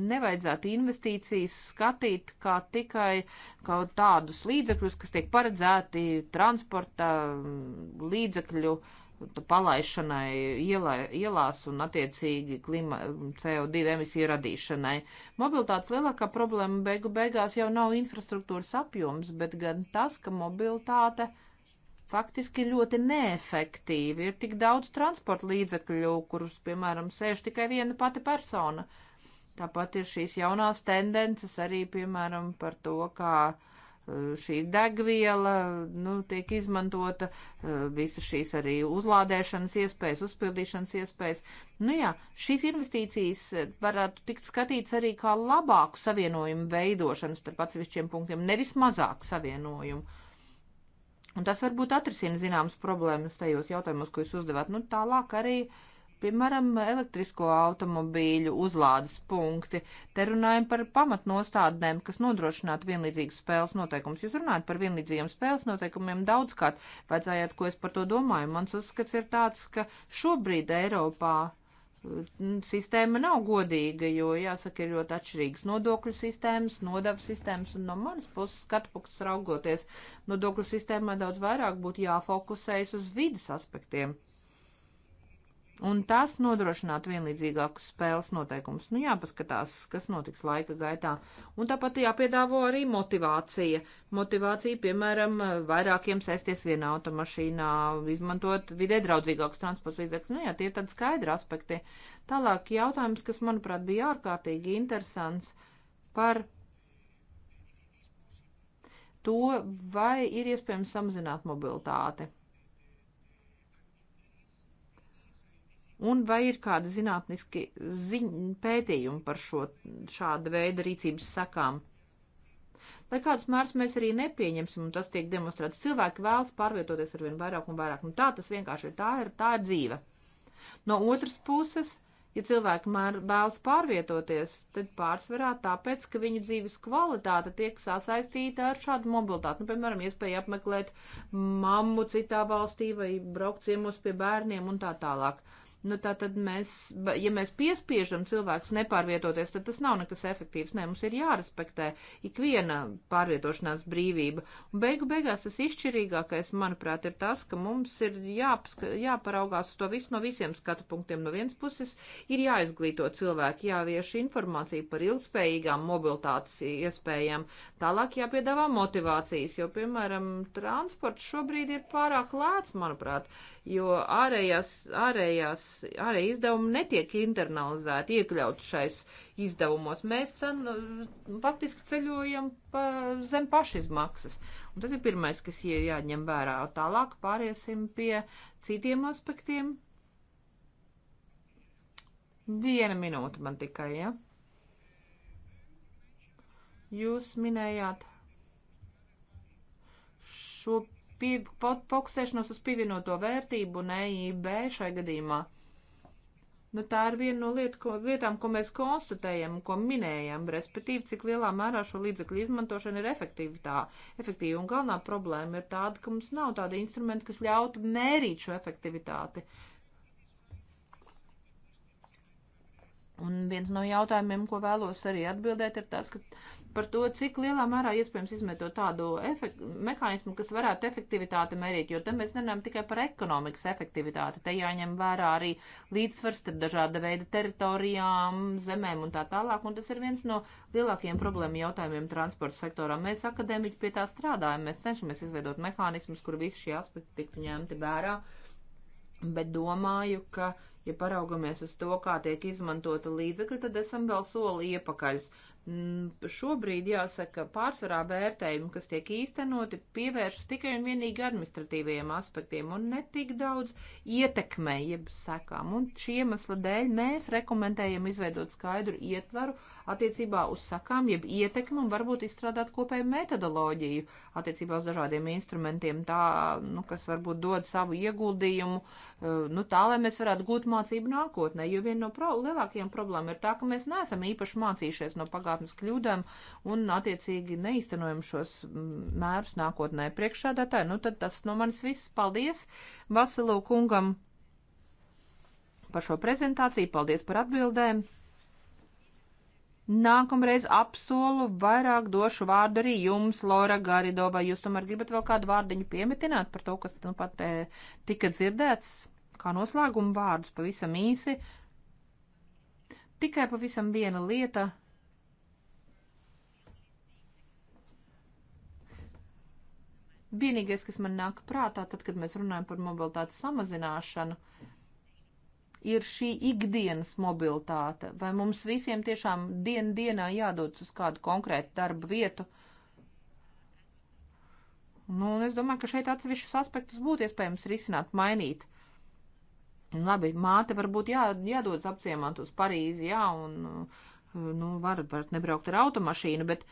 nevajadzētu investīcijas skatīt kā tikai kaut tādus līdzekļus, kas tiek paredzēti transporta mm, līdzekļu uh, Nu, palaišanai ielā, ielās un attiecīgi klima, CO2 emisiju radīšanai. Mobiltātes lielākā problēma beigu beigās jau nav infrastruktūras apjoms, bet gan tas, ka mobiltāte faktiski ļoti neefektīvi. Ir tik daudz transporta līdzekļu, kurus, piemēram, sēž tikai viena pati persona. Tāpat ir šīs jaunās tendences arī, piemēram, par to, kā uh, Eh, šī degviela, nu, tiek izmantota eh, visas šīs arī uzlādēšanas iespējas, uzpildīšanas iespējas. Nu jā, šīs investīcijas eh, varētu tikt skatīts arī kā labāku savienojumu veidošanu starp atsevišķiem punktiem, nevis mazāku savienojumu. Un tas varbūt atrisina zināmas problēmas tajos jautājumos, ko jūs uzdevāt. Nu, tālāk arī uh, Piemēram, elektrisko automobīļu uzlādes punkti. Te runājam par pamatnostādnēm, kas nodrošinātu vienlīdzīgas spēles noteikumus. Jūs runājat par vienlīdzīgiem spēles noteikumiem daudzkārt. Vajadzējāt, ko es par to domāju. Mans uzskats ir tāds, ka šobrīd Eiropā mm, sistēma nav godīga, jo, jāsaka, ir ļoti atšķirīgas nodokļu sistēmas, nodevu sistēmas, un no manas puses skatu punkts raugoties, nodokļu sistēmā daudz vairāk būtu jāfokusējas uz vidas aspektiem. Un tas nodrošinātu vienlīdzīgākus spēles noteikumus. Nu, jāpaskatās, kas notiks laika gaitā. Un tāpat jāpiedāvo arī motivācija. Motivācija, piemēram, vairākiem sēsties vienā automašīnā, izmantot vidē draudzīgākus transporta līdzekļus. Nu, jā, tie ir tādi skaidri aspekti. Tālāk jautājums, kas, manuprāt, bija ārkārtīgi interesants par to, vai ir iespējams samazināt mobilitāti. Un vai ir kādi zinātniski ziņ, pētījumi par šo šādu veidu rīcības sakām? Lai kādus mērus mēs arī nepieņemsim, un tas tiek demonstrēts, cilvēki vēlas pārvietoties ar vien vairāk un vairāk. Un nu, tā tas vienkārši ir. Tā ir, tā ir dzīve. No otras puses, ja cilvēki mēr, vēlas pārvietoties, tad pārsvarā tāpēc, ka viņu dzīves kvalitāte tiek sasaistīta ar šādu mobilitāti. Nu, piemēram, iespēja apmeklēt mammu citā valstī vai braukt ciemos pie bērniem un tā tālāk. Uh, Nu, tā tad mēs, ja mēs piespiežam cilvēkus nepārvietoties, tad tas nav nekas efektīvs. Nē, mums ir jārespektē ikviena pārvietošanās brīvība. Un beigu beigās tas izšķirīgākais, manuprāt, ir tas, ka mums ir jāpaska, jāparaugās uz to visu no visiem skatu punktiem. No vienas puses ir jāizglīto cilvēki, jāvieš informācija par ilgspējīgām mobilitātes iespējām. Tālāk jāpiedāvā motivācijas, jo, piemēram, transports šobrīd ir pārāk lēts, manuprāt jo ārējās, ārējās, ārējie izdevumi netiek internalizēti, iekļaut šais izdevumos. Mēs cen, faktiski ceļojam pa, zem pašizmaksas. Un tas ir pirmais, kas jāņem vērā. Tālāk pāriesim pie citiem aspektiem. Viena minūte man tikai, ja? Jūs minējāt šo pie, fokusēšanos uz pievienoto vērtību un EIB šai gadījumā. Nu, tā ir viena no liet, ko, lietām, ko mēs konstatējam un ko minējam, respektīvi, cik lielā mērā šo līdzekļu izmantošana ir efektīva. Un galvenā problēma ir tāda, ka mums nav tāda instrumenta, kas ļautu mērīt šo efektivitāti. Un viens no jautājumiem, ko vēlos arī atbildēt, ir tas, ka par to, cik lielā mērā iespējams izmantot tādu efekt, mehānismu, kas varētu efektivitāti mērīt, jo te mēs nerunājam tikai par ekonomikas efektivitāti, te jāņem vērā arī līdzsvars starp dažāda veida teritorijām, zemēm un tā tālāk, un tas ir viens no lielākajiem problēmu jautājumiem transporta sektorā. Mēs akadēmiķi pie tā strādājam, mēs cenšamies izveidot mehānismus, kur visi šie aspekti tiktu ņemti vērā, bet domāju, ka ja paraugamies uz to, kā tiek izmantota līdzekļi, tad esam vēl soli iepakaļs. Mm, šobrīd jāsaka, pārsvarā vērtējumi, kas tiek īstenoti, pievēršas tikai un vienīgi administratīvajiem aspektiem un ne tik daudz ietekmē, jeb sekām. Un šī iemesla dēļ mēs rekomendējam izveidot skaidru ietvaru, attiecībā uz sakām, jeb ietekmi un varbūt izstrādāt kopēju metodoloģiju attiecībā uz dažādiem instrumentiem, tā, nu, kas varbūt dod savu ieguldījumu, eh, nu, tā, lai mēs varētu gūt mācību nākotnē, jo viena no pro lielākajām problēmām ir tā, ka mēs neesam īpaši mācījušies no pagātnes kļūdām un attiecīgi neiztenojam šos mm, mērus nākotnē priekšādātāji. Nu, tad tas no manis viss. Paldies Vasilu kungam! par šo prezentāciju, paldies par atbildēm. Nākamreiz apsolu vairāk došu vārdu arī jums, Lora Garido, vai jūs tomēr gribat vēl kādu vārdiņu piemetināt par to, kas nu pat e, tika dzirdēts, kā noslēguma vārdus pavisam īsi. Tikai pavisam viena lieta. Vienīgais, kas man nāk prātā, tad, kad mēs runājam par mobilitātes samazināšanu, uh, ir šī ikdienas mobilitāte? Vai mums visiem tiešām dien dienā jādodas uz kādu konkrētu darbu vietu? Nu, es domāju, ka šeit atsevišķus aspektus būtu iespējams risināt, mainīt. Labi, māte varbūt jā, jādodas apciemāt uz Parīzi, jā, un, uh, nu, var, var nebraukt ar automašīnu, bet,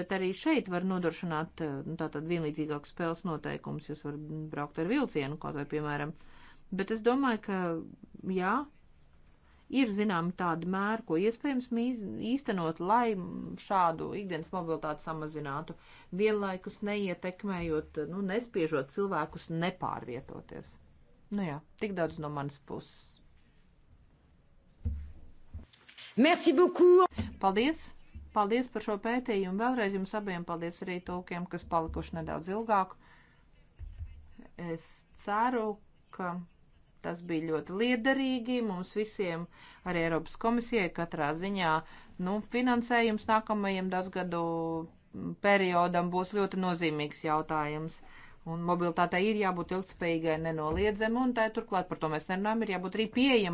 bet arī šeit var nodrošināt, uh, nu, tātad vienlīdzīgākus spēles noteikumus. Jūs varat braukt ar vilcienu, kaut vai, piemēram, uh, Bet es domāju, ka jā, ir zinām tādi mēri, ko iespējams īstenot, lai šādu ikdienas mobilitāti samazinātu, vienlaikus neietekmējot, nu, nespiežot cilvēkus nepārvietoties. Nu jā, tik daudz no manas puses. Merci beaucoup! Paldies! Paldies par šo pētījumu. Vēlreiz jums abiem paldies arī tūkiem, kas palikuši nedaudz ilgāk. Es ceru, ka Tas bija ļoti liederīgi mums visiem, arī Eiropas komisijai katrā ziņā. Nu, finansējums nākamajam dasgadu periodam būs ļoti nozīmīgs jautājums. Un mobilitātei ir jābūt ilgspējīgai, nenoliedzami, un tā turklāt par to mēs nerunājam, ir jābūt arī pieejamai.